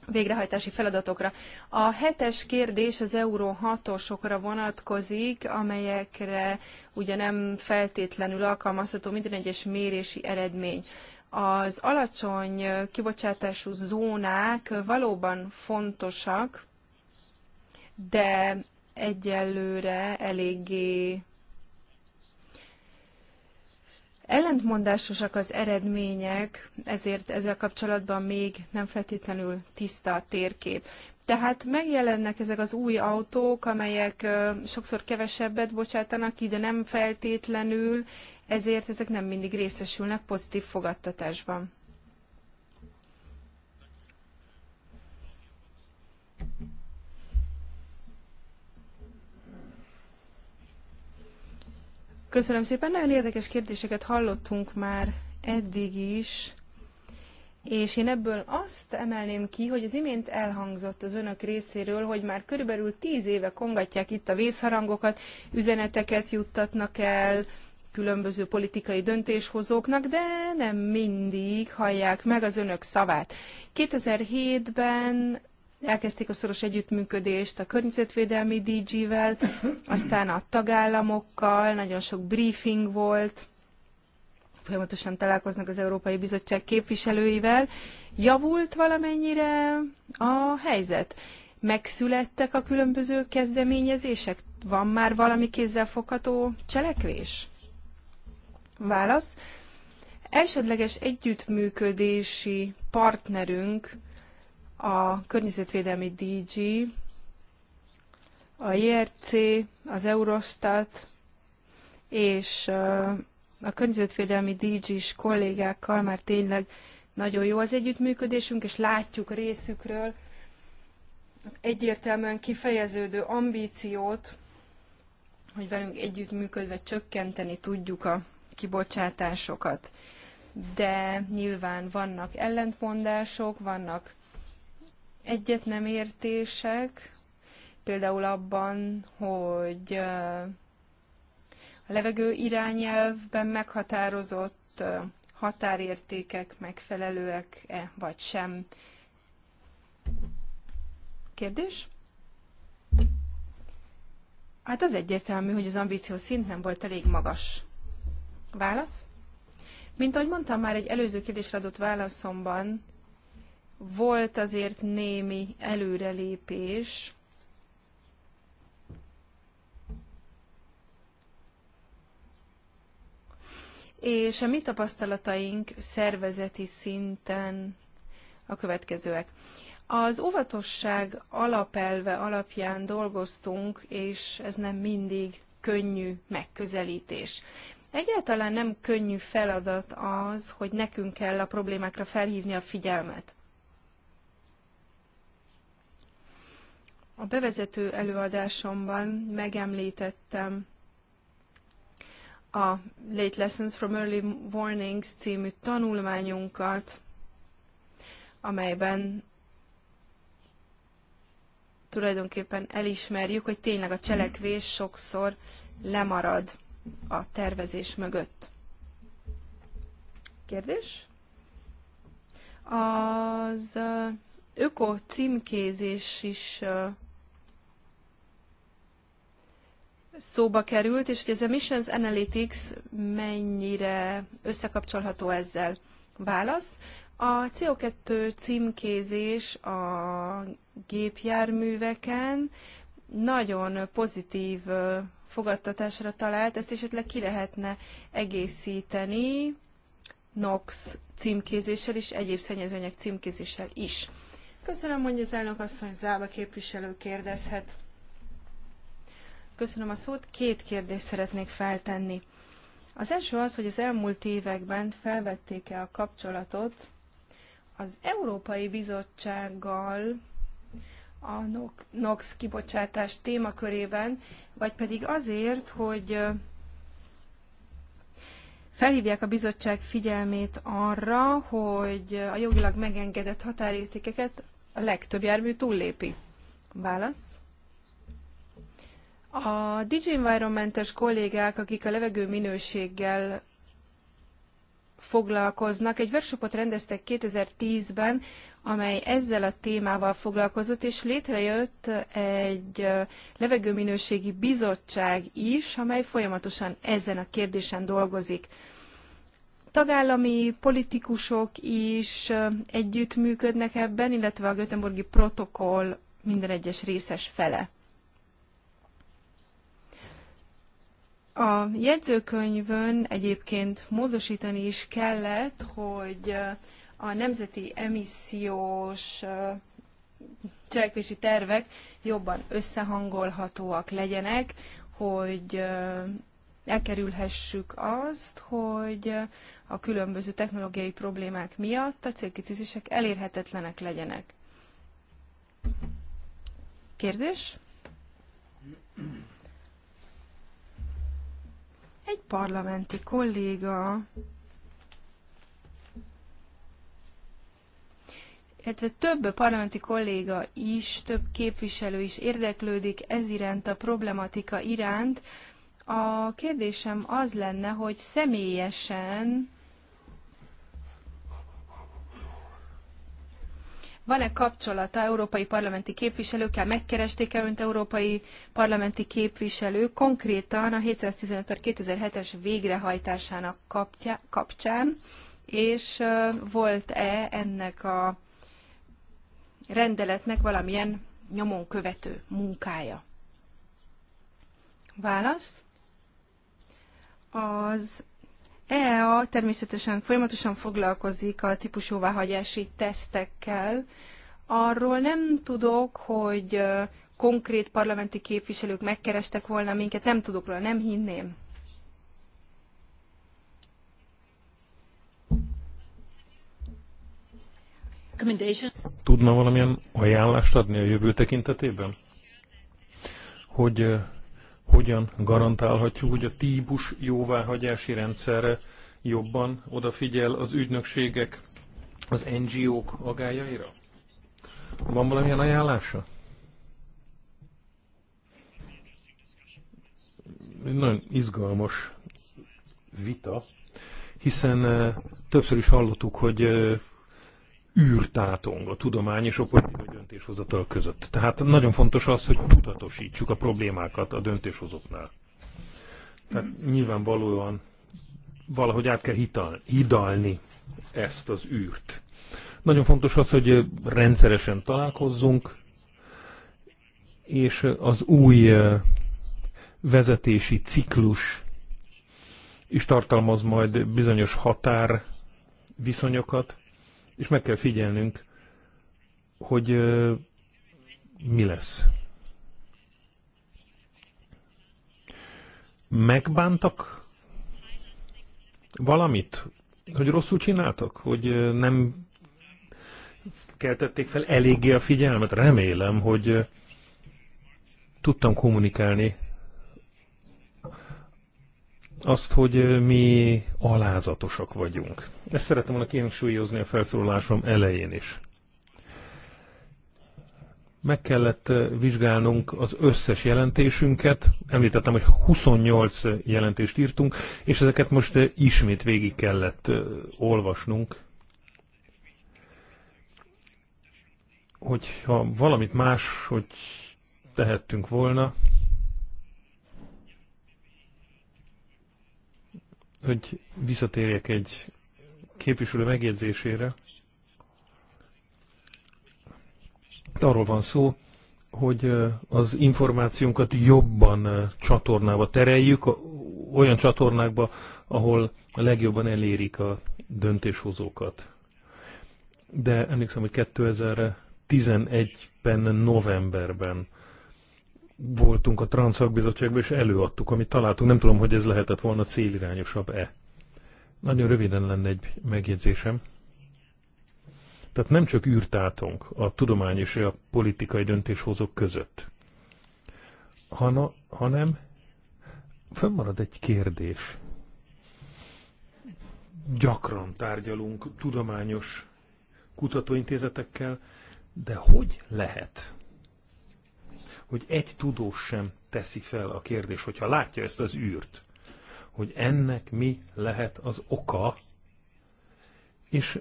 végrehajtási feladatokra. A hetes kérdés az Euró 6-osokra vonatkozik, amelyekre ugye nem feltétlenül alkalmazható minden egyes mérési eredmény. Az alacsony kibocsátású zónák valóban fontosak, de egyelőre eléggé ellentmondásosak az eredmények, ezért ezzel kapcsolatban még nem feltétlenül tiszta a térkép. Tehát megjelennek ezek az új autók, amelyek sokszor kevesebbet bocsátanak ki, de nem feltétlenül, ezért ezek nem mindig részesülnek pozitív fogadtatásban. Köszönöm szépen, nagyon érdekes kérdéseket hallottunk már eddig is, és én ebből azt emelném ki, hogy az imént elhangzott az önök részéről, hogy már körülbelül tíz éve kongatják itt a vészharangokat, üzeneteket juttatnak el, különböző politikai döntéshozóknak, de nem mindig hallják meg az önök szavát. 2007-ben elkezdték a szoros együttműködést a környezetvédelmi DG-vel, aztán a tagállamokkal, nagyon sok briefing volt, folyamatosan találkoznak az Európai Bizottság képviselőivel. Javult valamennyire a helyzet? Megszülettek a különböző kezdeményezések? Van már valami kézzelfogható cselekvés? Válasz. Elsődleges együttműködési partnerünk a környezetvédelmi DG, a JRC, az Eurostat és a környezetvédelmi DG-s kollégákkal már tényleg nagyon jó az együttműködésünk, és látjuk részükről az egyértelműen kifejeződő ambíciót, hogy velünk együttműködve csökkenteni tudjuk a kibocsátásokat. De nyilván vannak ellentmondások, vannak egyet nem értések, például abban, hogy a levegő irányelvben meghatározott határértékek megfelelőek-e vagy sem. Kérdés? Hát az egyértelmű, hogy az ambíció szint nem volt elég magas. Válasz? Mint ahogy mondtam már egy előző kérdésre adott válaszomban, volt azért némi előrelépés, és a mi tapasztalataink szervezeti szinten a következőek. Az óvatosság alapelve alapján dolgoztunk, és ez nem mindig könnyű megközelítés. Egyáltalán nem könnyű feladat az, hogy nekünk kell a problémákra felhívni a figyelmet. A bevezető előadásomban megemlítettem a Late Lessons from Early Warnings című tanulmányunkat, amelyben tulajdonképpen elismerjük, hogy tényleg a cselekvés sokszor lemarad a tervezés mögött. Kérdés? Az öko címkézés is szóba került, és hogy ez a Missions Analytics mennyire összekapcsolható ezzel. Válasz. A CO2 címkézés a gépjárműveken nagyon pozitív fogadtatásra talált, ezt esetleg ki lehetne egészíteni NOx címkézéssel és egyéb szennyezőanyag címkézéssel is. Köszönöm, hogy az elnök asszony, Zába képviselő kérdezhet. Köszönöm a szót. Két kérdést szeretnék feltenni. Az első az, hogy az elmúlt években felvették-e a kapcsolatot az Európai Bizottsággal a NOx kibocsátás témakörében, vagy pedig azért, hogy felhívják a bizottság figyelmét arra, hogy a jogilag megengedett határértékeket a legtöbb jármű túllépi. Válasz? A Digi Environmentes kollégák, akik a levegő minőséggel foglalkoznak, egy workshopot rendeztek 2010-ben, amely ezzel a témával foglalkozott, és létrejött egy levegőminőségi bizottság is, amely folyamatosan ezen a kérdésen dolgozik. Tagállami politikusok is együttműködnek ebben, illetve a Göteborgi protokoll minden egyes részes fele. A jegyzőkönyvön egyébként módosítani is kellett, hogy a nemzeti emissziós cselekvési tervek jobban összehangolhatóak legyenek, hogy elkerülhessük azt, hogy a különböző technológiai problémák miatt a célkitűzések elérhetetlenek legyenek. Kérdés? Egy parlamenti kolléga, illetve több parlamenti kolléga is, több képviselő is érdeklődik ez iránt, a problematika iránt. A kérdésem az lenne, hogy személyesen Van-e kapcsolata európai parlamenti képviselőkkel? Megkeresték-e önt európai parlamenti képviselők konkrétan a 715 per 2007-es végrehajtásának kapja, kapcsán, és volt-e ennek a rendeletnek valamilyen nyomon követő munkája? Válasz? Az EEA természetesen folyamatosan foglalkozik a típusjóváhagyási tesztekkel. Arról nem tudok, hogy konkrét parlamenti képviselők megkerestek volna minket, nem tudok róla, nem hinném. Tudna valamilyen ajánlást adni a jövő tekintetében? Hogy hogyan garantálhatjuk, hogy a típus jóváhagyási rendszerre jobban odafigyel az ügynökségek, az NGO-k agájaira? Van valamilyen ajánlása? Nagyon izgalmas vita, hiszen eh, többször is hallottuk, hogy eh, űrtátong a tudomány és a politikai döntéshozatal között. Tehát nagyon fontos az, hogy mutatosítsuk a problémákat a döntéshozóknál. Tehát nyilvánvalóan valahogy át kell hital, hidalni ezt az űrt. Nagyon fontos az, hogy rendszeresen találkozzunk, és az új vezetési ciklus is tartalmaz majd bizonyos határ viszonyokat, és meg kell figyelnünk, hogy mi lesz. Megbántak valamit? Hogy rosszul csináltak? Hogy nem keltették fel eléggé a figyelmet? Remélem, hogy tudtam kommunikálni azt, hogy mi alázatosak vagyunk. Ezt szeretem volna kihangsúlyozni a felszólalásom elején is. Meg kellett vizsgálnunk az összes jelentésünket. Említettem, hogy 28 jelentést írtunk, és ezeket most ismét végig kellett olvasnunk. Hogyha valamit más, hogy tehettünk volna, hogy visszatérjek egy képviselő megjegyzésére. Arról van szó, hogy az információnkat jobban csatornába tereljük, olyan csatornákba, ahol legjobban elérik a döntéshozókat. De emlékszem, hogy 2011-ben, novemberben voltunk a Transzakbizottságban, és előadtuk, amit találtunk. Nem tudom, hogy ez lehetett volna célirányosabb-e. Nagyon röviden lenne egy megjegyzésem. Tehát nem csak űrtátunk a tudomány és a politikai döntéshozók között, hanem fönnmarad egy kérdés. Gyakran tárgyalunk tudományos kutatóintézetekkel, de hogy lehet, hogy egy tudós sem teszi fel a kérdést, hogyha látja ezt az űrt, hogy ennek mi lehet az oka, és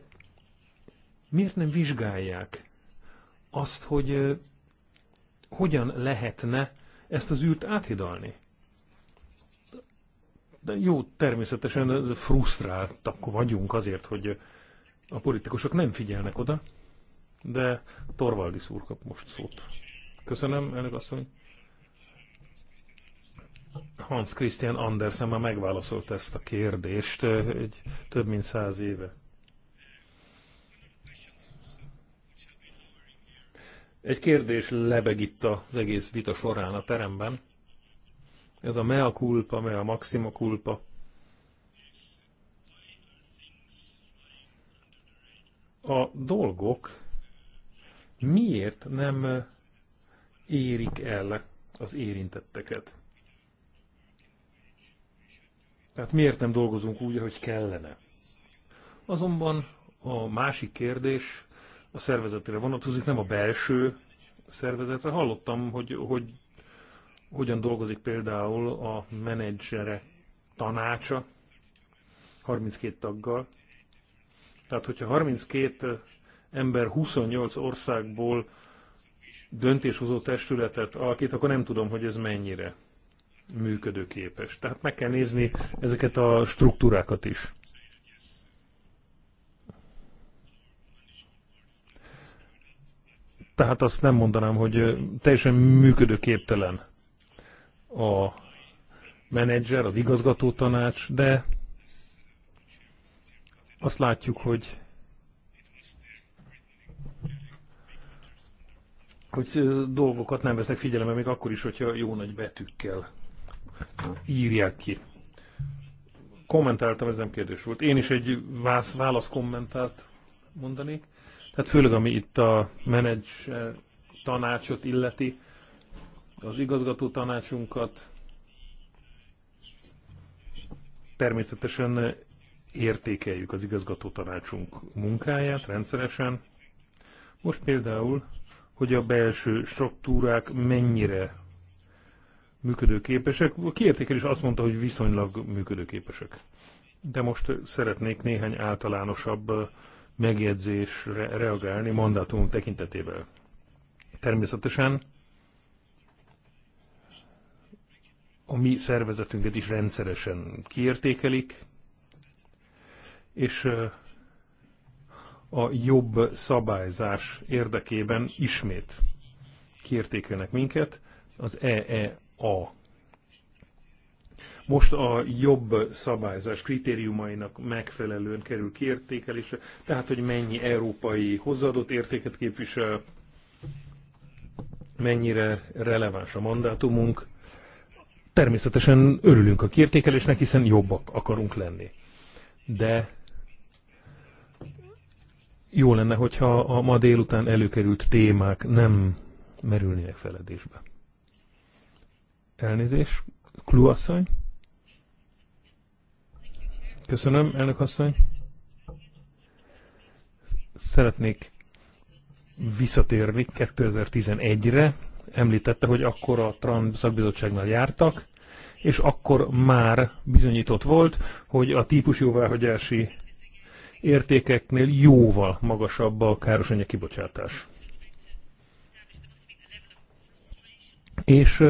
miért nem vizsgálják azt, hogy hogyan lehetne ezt az űrt áthidalni? De jó, természetesen frusztráltak vagyunk azért, hogy a politikusok nem figyelnek oda, de Torvaldi úr kap most szót. Köszönöm, elnök asszony. Hans Christian Andersen már megválaszolt ezt a kérdést egy több mint száz éve. Egy kérdés lebeg itt az egész vita során a teremben. Ez a mea culpa, mea maxima culpa. A dolgok miért nem érik el az érintetteket. Tehát miért nem dolgozunk úgy, ahogy kellene? Azonban a másik kérdés a szervezetre vonatkozik, nem a belső szervezetre. Hallottam, hogy, hogy hogyan dolgozik például a menedzsere tanácsa 32 taggal. Tehát, hogyha 32 ember 28 országból döntéshozó testületet alakít, akkor nem tudom, hogy ez mennyire működőképes. Tehát meg kell nézni ezeket a struktúrákat is. Tehát azt nem mondanám, hogy teljesen működőképtelen a menedzser, az igazgató tanács, de azt látjuk, hogy hogy dolgokat nem vesznek figyelembe, még akkor is, hogyha jó nagy betűkkel írják ki. Kommentáltam, ez nem kérdés volt. Én is egy válasz kommentált mondanék. Tehát főleg, ami itt a menedzs tanácsot illeti, az igazgató tanácsunkat, természetesen értékeljük az igazgató tanácsunk munkáját rendszeresen. Most például hogy a belső struktúrák mennyire működőképesek. A kiértékel is azt mondta, hogy viszonylag működőképesek. De most szeretnék néhány általánosabb megjegyzésre reagálni mandátumunk tekintetében. Természetesen a mi szervezetünket is rendszeresen kiértékelik, és a jobb szabályzás érdekében ismét kiértékelnek minket, az EEA. Most a jobb szabályzás kritériumainak megfelelően kerül kiértékelésre, tehát hogy mennyi európai hozzáadott értéket képvisel, mennyire releváns a mandátumunk. Természetesen örülünk a kiértékelésnek, hiszen jobbak akarunk lenni. De jó lenne, hogyha a ma délután előkerült témák nem merülnének feledésbe. Elnézés, Kluasszony. Köszönöm, elnök asszony. Szeretnék visszatérni 2011-re. Említette, hogy akkor a Trump szakbizottságnál jártak, és akkor már bizonyított volt, hogy a típusjóváhagyási értékeknél jóval magasabb a károsanyag kibocsátás. És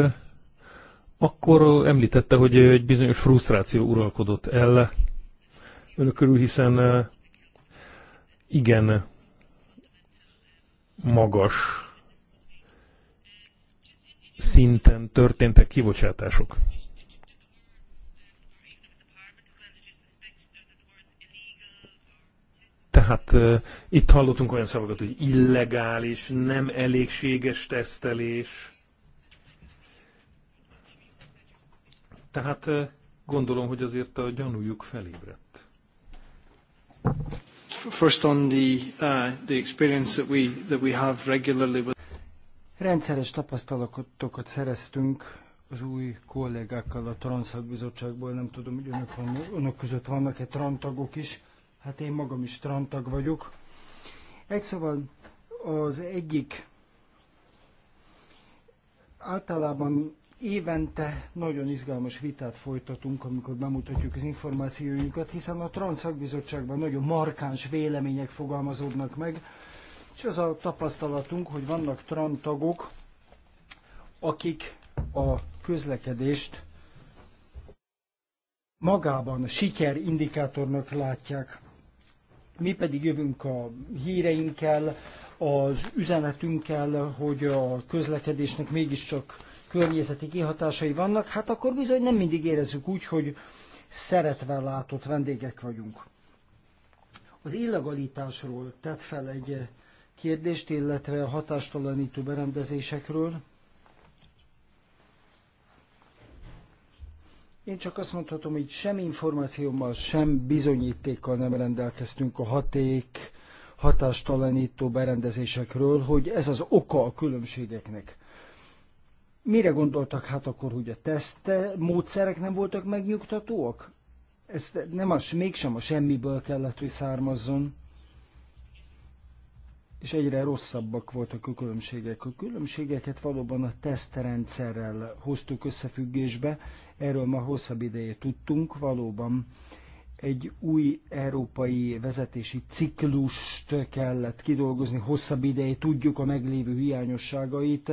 akkor említette, hogy egy bizonyos frusztráció uralkodott el önök körül, hiszen igen magas szinten történtek kibocsátások. Tehát uh, itt hallottunk olyan szavakat, hogy illegális, nem elégséges tesztelés. Tehát uh, gondolom, hogy azért a gyanújuk felébredt. First on the, uh, the experience that we, that we have regularly with... Rendszeres tapasztalatokat szereztünk az új kollégákkal a Transzak Bizottságból, nem tudom, hogy önök, van, önök között vannak-e trantagok is Hát én magam is strandtag vagyok. Egy szóval az egyik általában évente nagyon izgalmas vitát folytatunk, amikor bemutatjuk az információinkat, hiszen a Transzakbizottságban nagyon markáns vélemények fogalmazódnak meg, és az a tapasztalatunk, hogy vannak Tran tagok, akik a közlekedést magában a siker indikátornak látják. Mi pedig jövünk a híreinkkel, az üzenetünkkel, hogy a közlekedésnek mégiscsak környezeti kihatásai vannak, hát akkor bizony nem mindig érezzük úgy, hogy szeretve látott vendégek vagyunk. Az illegalitásról tett fel egy kérdést, illetve a hatástalanító berendezésekről. Én csak azt mondhatom, hogy sem információmmal, sem bizonyítékkal nem rendelkeztünk a haték hatástalanító berendezésekről, hogy ez az oka a különbségeknek. Mire gondoltak hát akkor, hogy a teszt eh, módszerek nem voltak megnyugtatóak? Ez nem az, mégsem a semmiből kellett, hogy származzon és egyre rosszabbak voltak a különbségek. A különbségeket valóban a tesztrendszerrel hoztuk összefüggésbe, erről ma hosszabb ideje tudtunk, valóban egy új európai vezetési ciklust kellett kidolgozni, hosszabb ideje tudjuk a meglévő hiányosságait,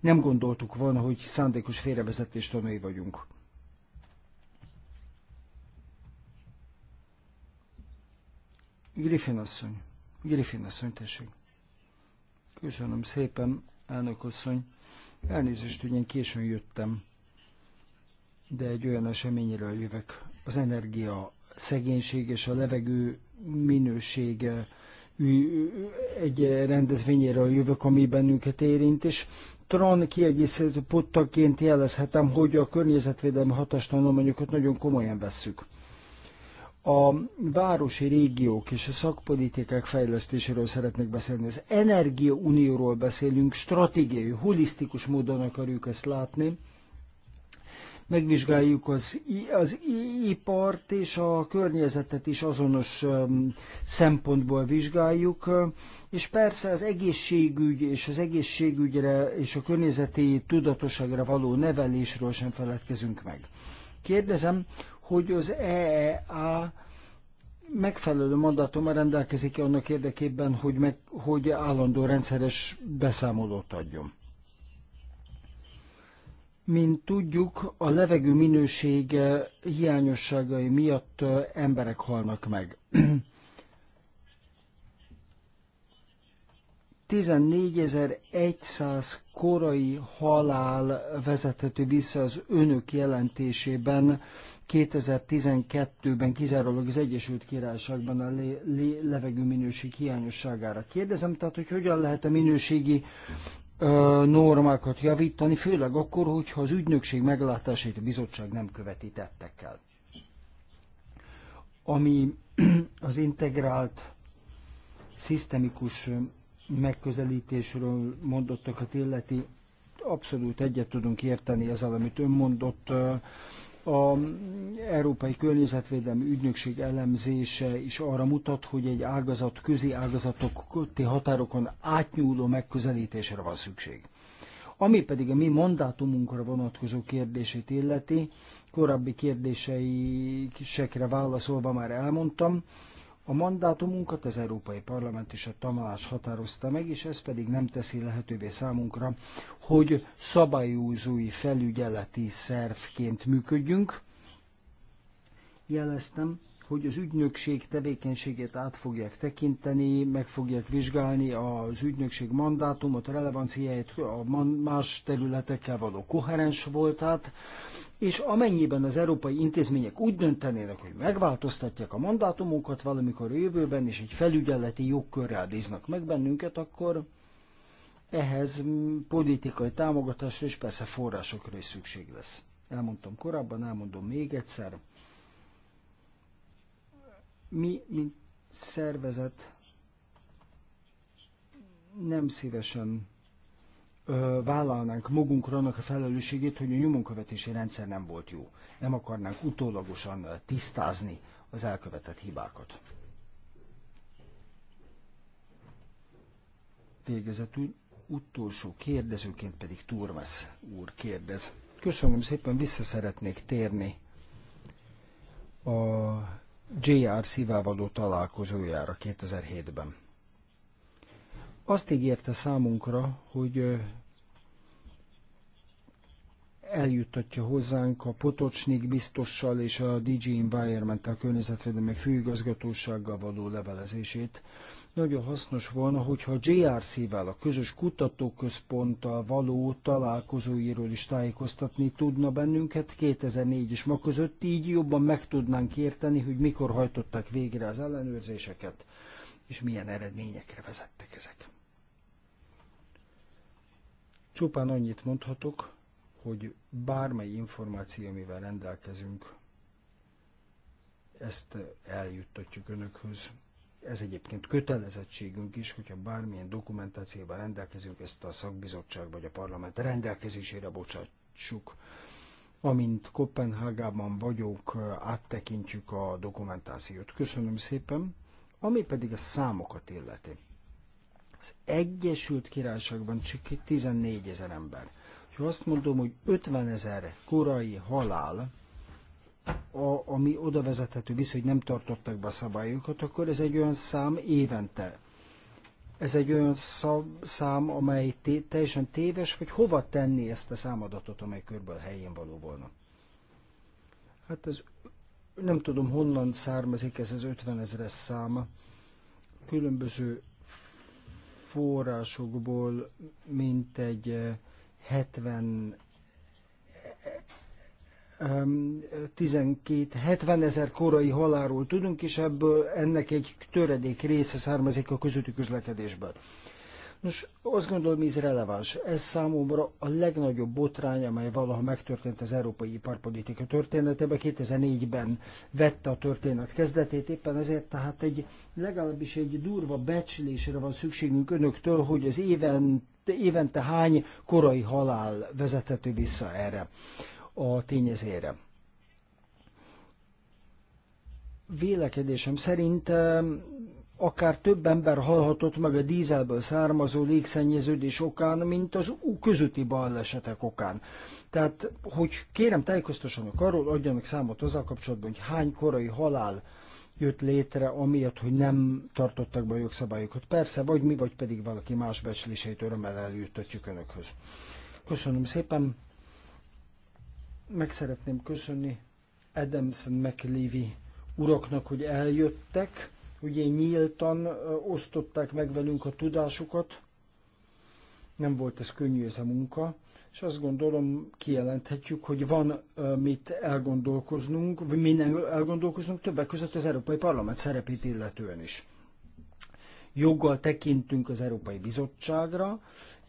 nem gondoltuk volna, hogy szándékos félrevezetés tanúi vagyunk. Griffin asszony. Griffin asszony, tessék. Köszönöm szépen, elnök asszony. Elnézést, hogy én későn jöttem, de egy olyan eseményről jövök. Az energia szegénység és a levegő minősége egy rendezvényéről jövök, ami bennünket érint, és Tron kiegészítő pottaként jelezhetem, hogy a környezetvédelmi hatástanulmányokat nagyon komolyan vesszük a városi régiók és a szakpolitikák fejlesztéséről szeretnék beszélni. Az energiaunióról beszélünk, stratégiai, holisztikus módon akarjuk ezt látni. Megvizsgáljuk az, az ipart és a környezetet is azonos szempontból vizsgáljuk, és persze az egészségügy és az egészségügyre és a környezeti tudatosságra való nevelésről sem feledkezünk meg. Kérdezem, hogy az EEA megfelelő mandátummal rendelkezik-e annak érdekében, hogy, meg, hogy állandó rendszeres beszámolót adjon. Mint tudjuk, a levegő minőség hiányosságai miatt emberek halnak meg. 14.100 korai halál vezethető vissza az önök jelentésében 2012-ben kizárólag az Egyesült Királyságban a lé, levegő minőség hiányosságára. Kérdezem tehát, hogy hogyan lehet a minőségi ö, normákat javítani, főleg akkor, hogyha az ügynökség meglátásait a bizottság nem követi tettekkel. Ami az integrált szisztemikus megközelítésről mondottakat illeti, abszolút egyet tudunk érteni ezzel, amit ön mondott. A Európai Környezetvédelmi Ügynökség elemzése is arra mutat, hogy egy ágazat közi ágazatok kötti határokon átnyúló megközelítésre van szükség. Ami pedig a mi mandátumunkra vonatkozó kérdését illeti, korábbi kérdései válaszolva már elmondtam, a mandátumunkat az Európai Parlament és a Tanács határozta meg, és ez pedig nem teszi lehetővé számunkra, hogy szabályozói felügyeleti szervként működjünk. Jeleztem, hogy az ügynökség tevékenységét át fogják tekinteni, meg fogják vizsgálni az ügynökség mandátumot, relevanciáját, a más területekkel való koherens voltát, és amennyiben az európai intézmények úgy döntenének, hogy megváltoztatják a mandátumunkat valamikor a jövőben, és egy felügyeleti jogkörrel bíznak meg bennünket, akkor ehhez politikai támogatásra és persze forrásokra is szükség lesz. Elmondtam korábban, elmondom még egyszer. Mi, mint szervezet nem szívesen vállalnánk magunkra annak a felelősségét, hogy a nyomonkövetési rendszer nem volt jó. Nem akarnánk utólagosan tisztázni az elkövetett hibákat. Végezetül utolsó kérdezőként pedig Turmes úr kérdez. Köszönöm szépen, vissza szeretnék térni a JR szívával találkozójára 2007-ben. Azt ígérte számunkra, hogy eljuttatja hozzánk a Potocsnik biztossal és a DG Environment, a környezetvédelmi főigazgatósággal való levelezését. Nagyon hasznos volna, hogyha a JRC-vel, a közös kutatóközponttal való találkozóiról is tájékoztatni tudna bennünket 2004 és ma között, így jobban meg tudnánk érteni, hogy mikor hajtották végre az ellenőrzéseket, és milyen eredményekre vezettek ezek. Csupán annyit mondhatok, hogy bármely információ, amivel rendelkezünk, ezt eljuttatjuk önökhöz. Ez egyébként kötelezettségünk is, hogyha bármilyen dokumentációval rendelkezünk, ezt a szakbizottság vagy a parlament rendelkezésére bocsátsuk. Amint Kopenhágában vagyok, áttekintjük a dokumentációt. Köszönöm szépen. Ami pedig a számokat illeti az Egyesült Királyságban csak 14 ezer ember. Ha azt mondom, hogy 50 ezer korai halál, a, ami oda vezethető vissza, hogy nem tartottak be a szabályokat, akkor ez egy olyan szám évente. Ez egy olyan szab, szám, amely té, teljesen téves, vagy hova tenni ezt a számadatot, amely körből helyén való volna. Hát ez nem tudom honnan származik ez az 50 ezeres száma. Különböző forrásokból mintegy 70 12, 70 ezer korai halálról tudunk, és ebből ennek egy töredék része származik a közötti közlekedésből. Nos, azt gondolom, ez releváns. Ez számomra a legnagyobb botrány, amely valaha megtörtént az európai iparpolitika történetében. 2004-ben vette a történet kezdetét, éppen ezért tehát egy, legalábbis egy durva becslésre van szükségünk önöktől, hogy az éven, évente hány korai halál vezethető vissza erre a tényezére. Vélekedésem szerint akár több ember halhatott meg a dízelből származó légszennyeződés okán, mint az közúti balesetek okán. Tehát, hogy kérem tájékoztassanak arról, adjanak számot azzal kapcsolatban, hogy hány korai halál jött létre, amiatt, hogy nem tartottak be a jogszabályokat. Persze, vagy mi, vagy pedig valaki más becsléseit örömmel eljuttatjuk Önökhöz. Köszönöm szépen. Meg szeretném köszönni Adams McLevy uraknak, hogy eljöttek ugye nyíltan osztották meg velünk a tudásukat. Nem volt ez könnyű ez a munka, és azt gondolom kijelenthetjük, hogy van mit elgondolkoznunk, minden elgondolkoznunk többek között az Európai Parlament szerepét illetően is. Joggal tekintünk az Európai Bizottságra,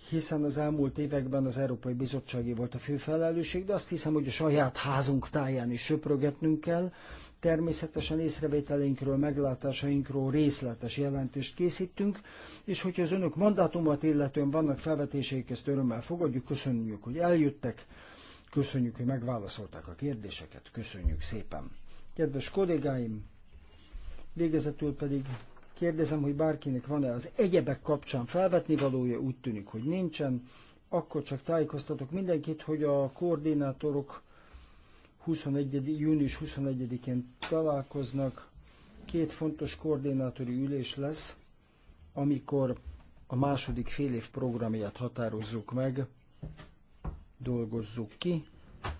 hiszen az elmúlt években az Európai Bizottságé volt a fő felelősség, de azt hiszem, hogy a saját házunk táján is söprögetnünk kell, Természetesen észrevételeinkről, meglátásainkról részletes jelentést készítünk, és hogyha az önök mandátumát illetően vannak felvetéseik, ezt örömmel fogadjuk, köszönjük, hogy eljöttek, köszönjük, hogy megválaszolták a kérdéseket, köszönjük szépen. Kedves kollégáim, végezetül pedig kérdezem, hogy bárkinek van-e az egyebek kapcsán felvetni valója, úgy tűnik, hogy nincsen. Akkor csak tájékoztatok mindenkit, hogy a koordinátorok 21. június 21-én találkoznak, két fontos koordinátori ülés lesz, amikor a második félév programját határozzuk meg, dolgozzuk ki,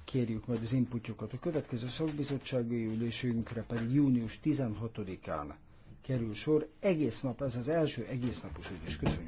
kérjük majd az inputjukat. A következő szakbizottsági ülésünkre pedig június 16-án kerül sor. Egész nap, ez az első egész napos ülés. Köszönjük!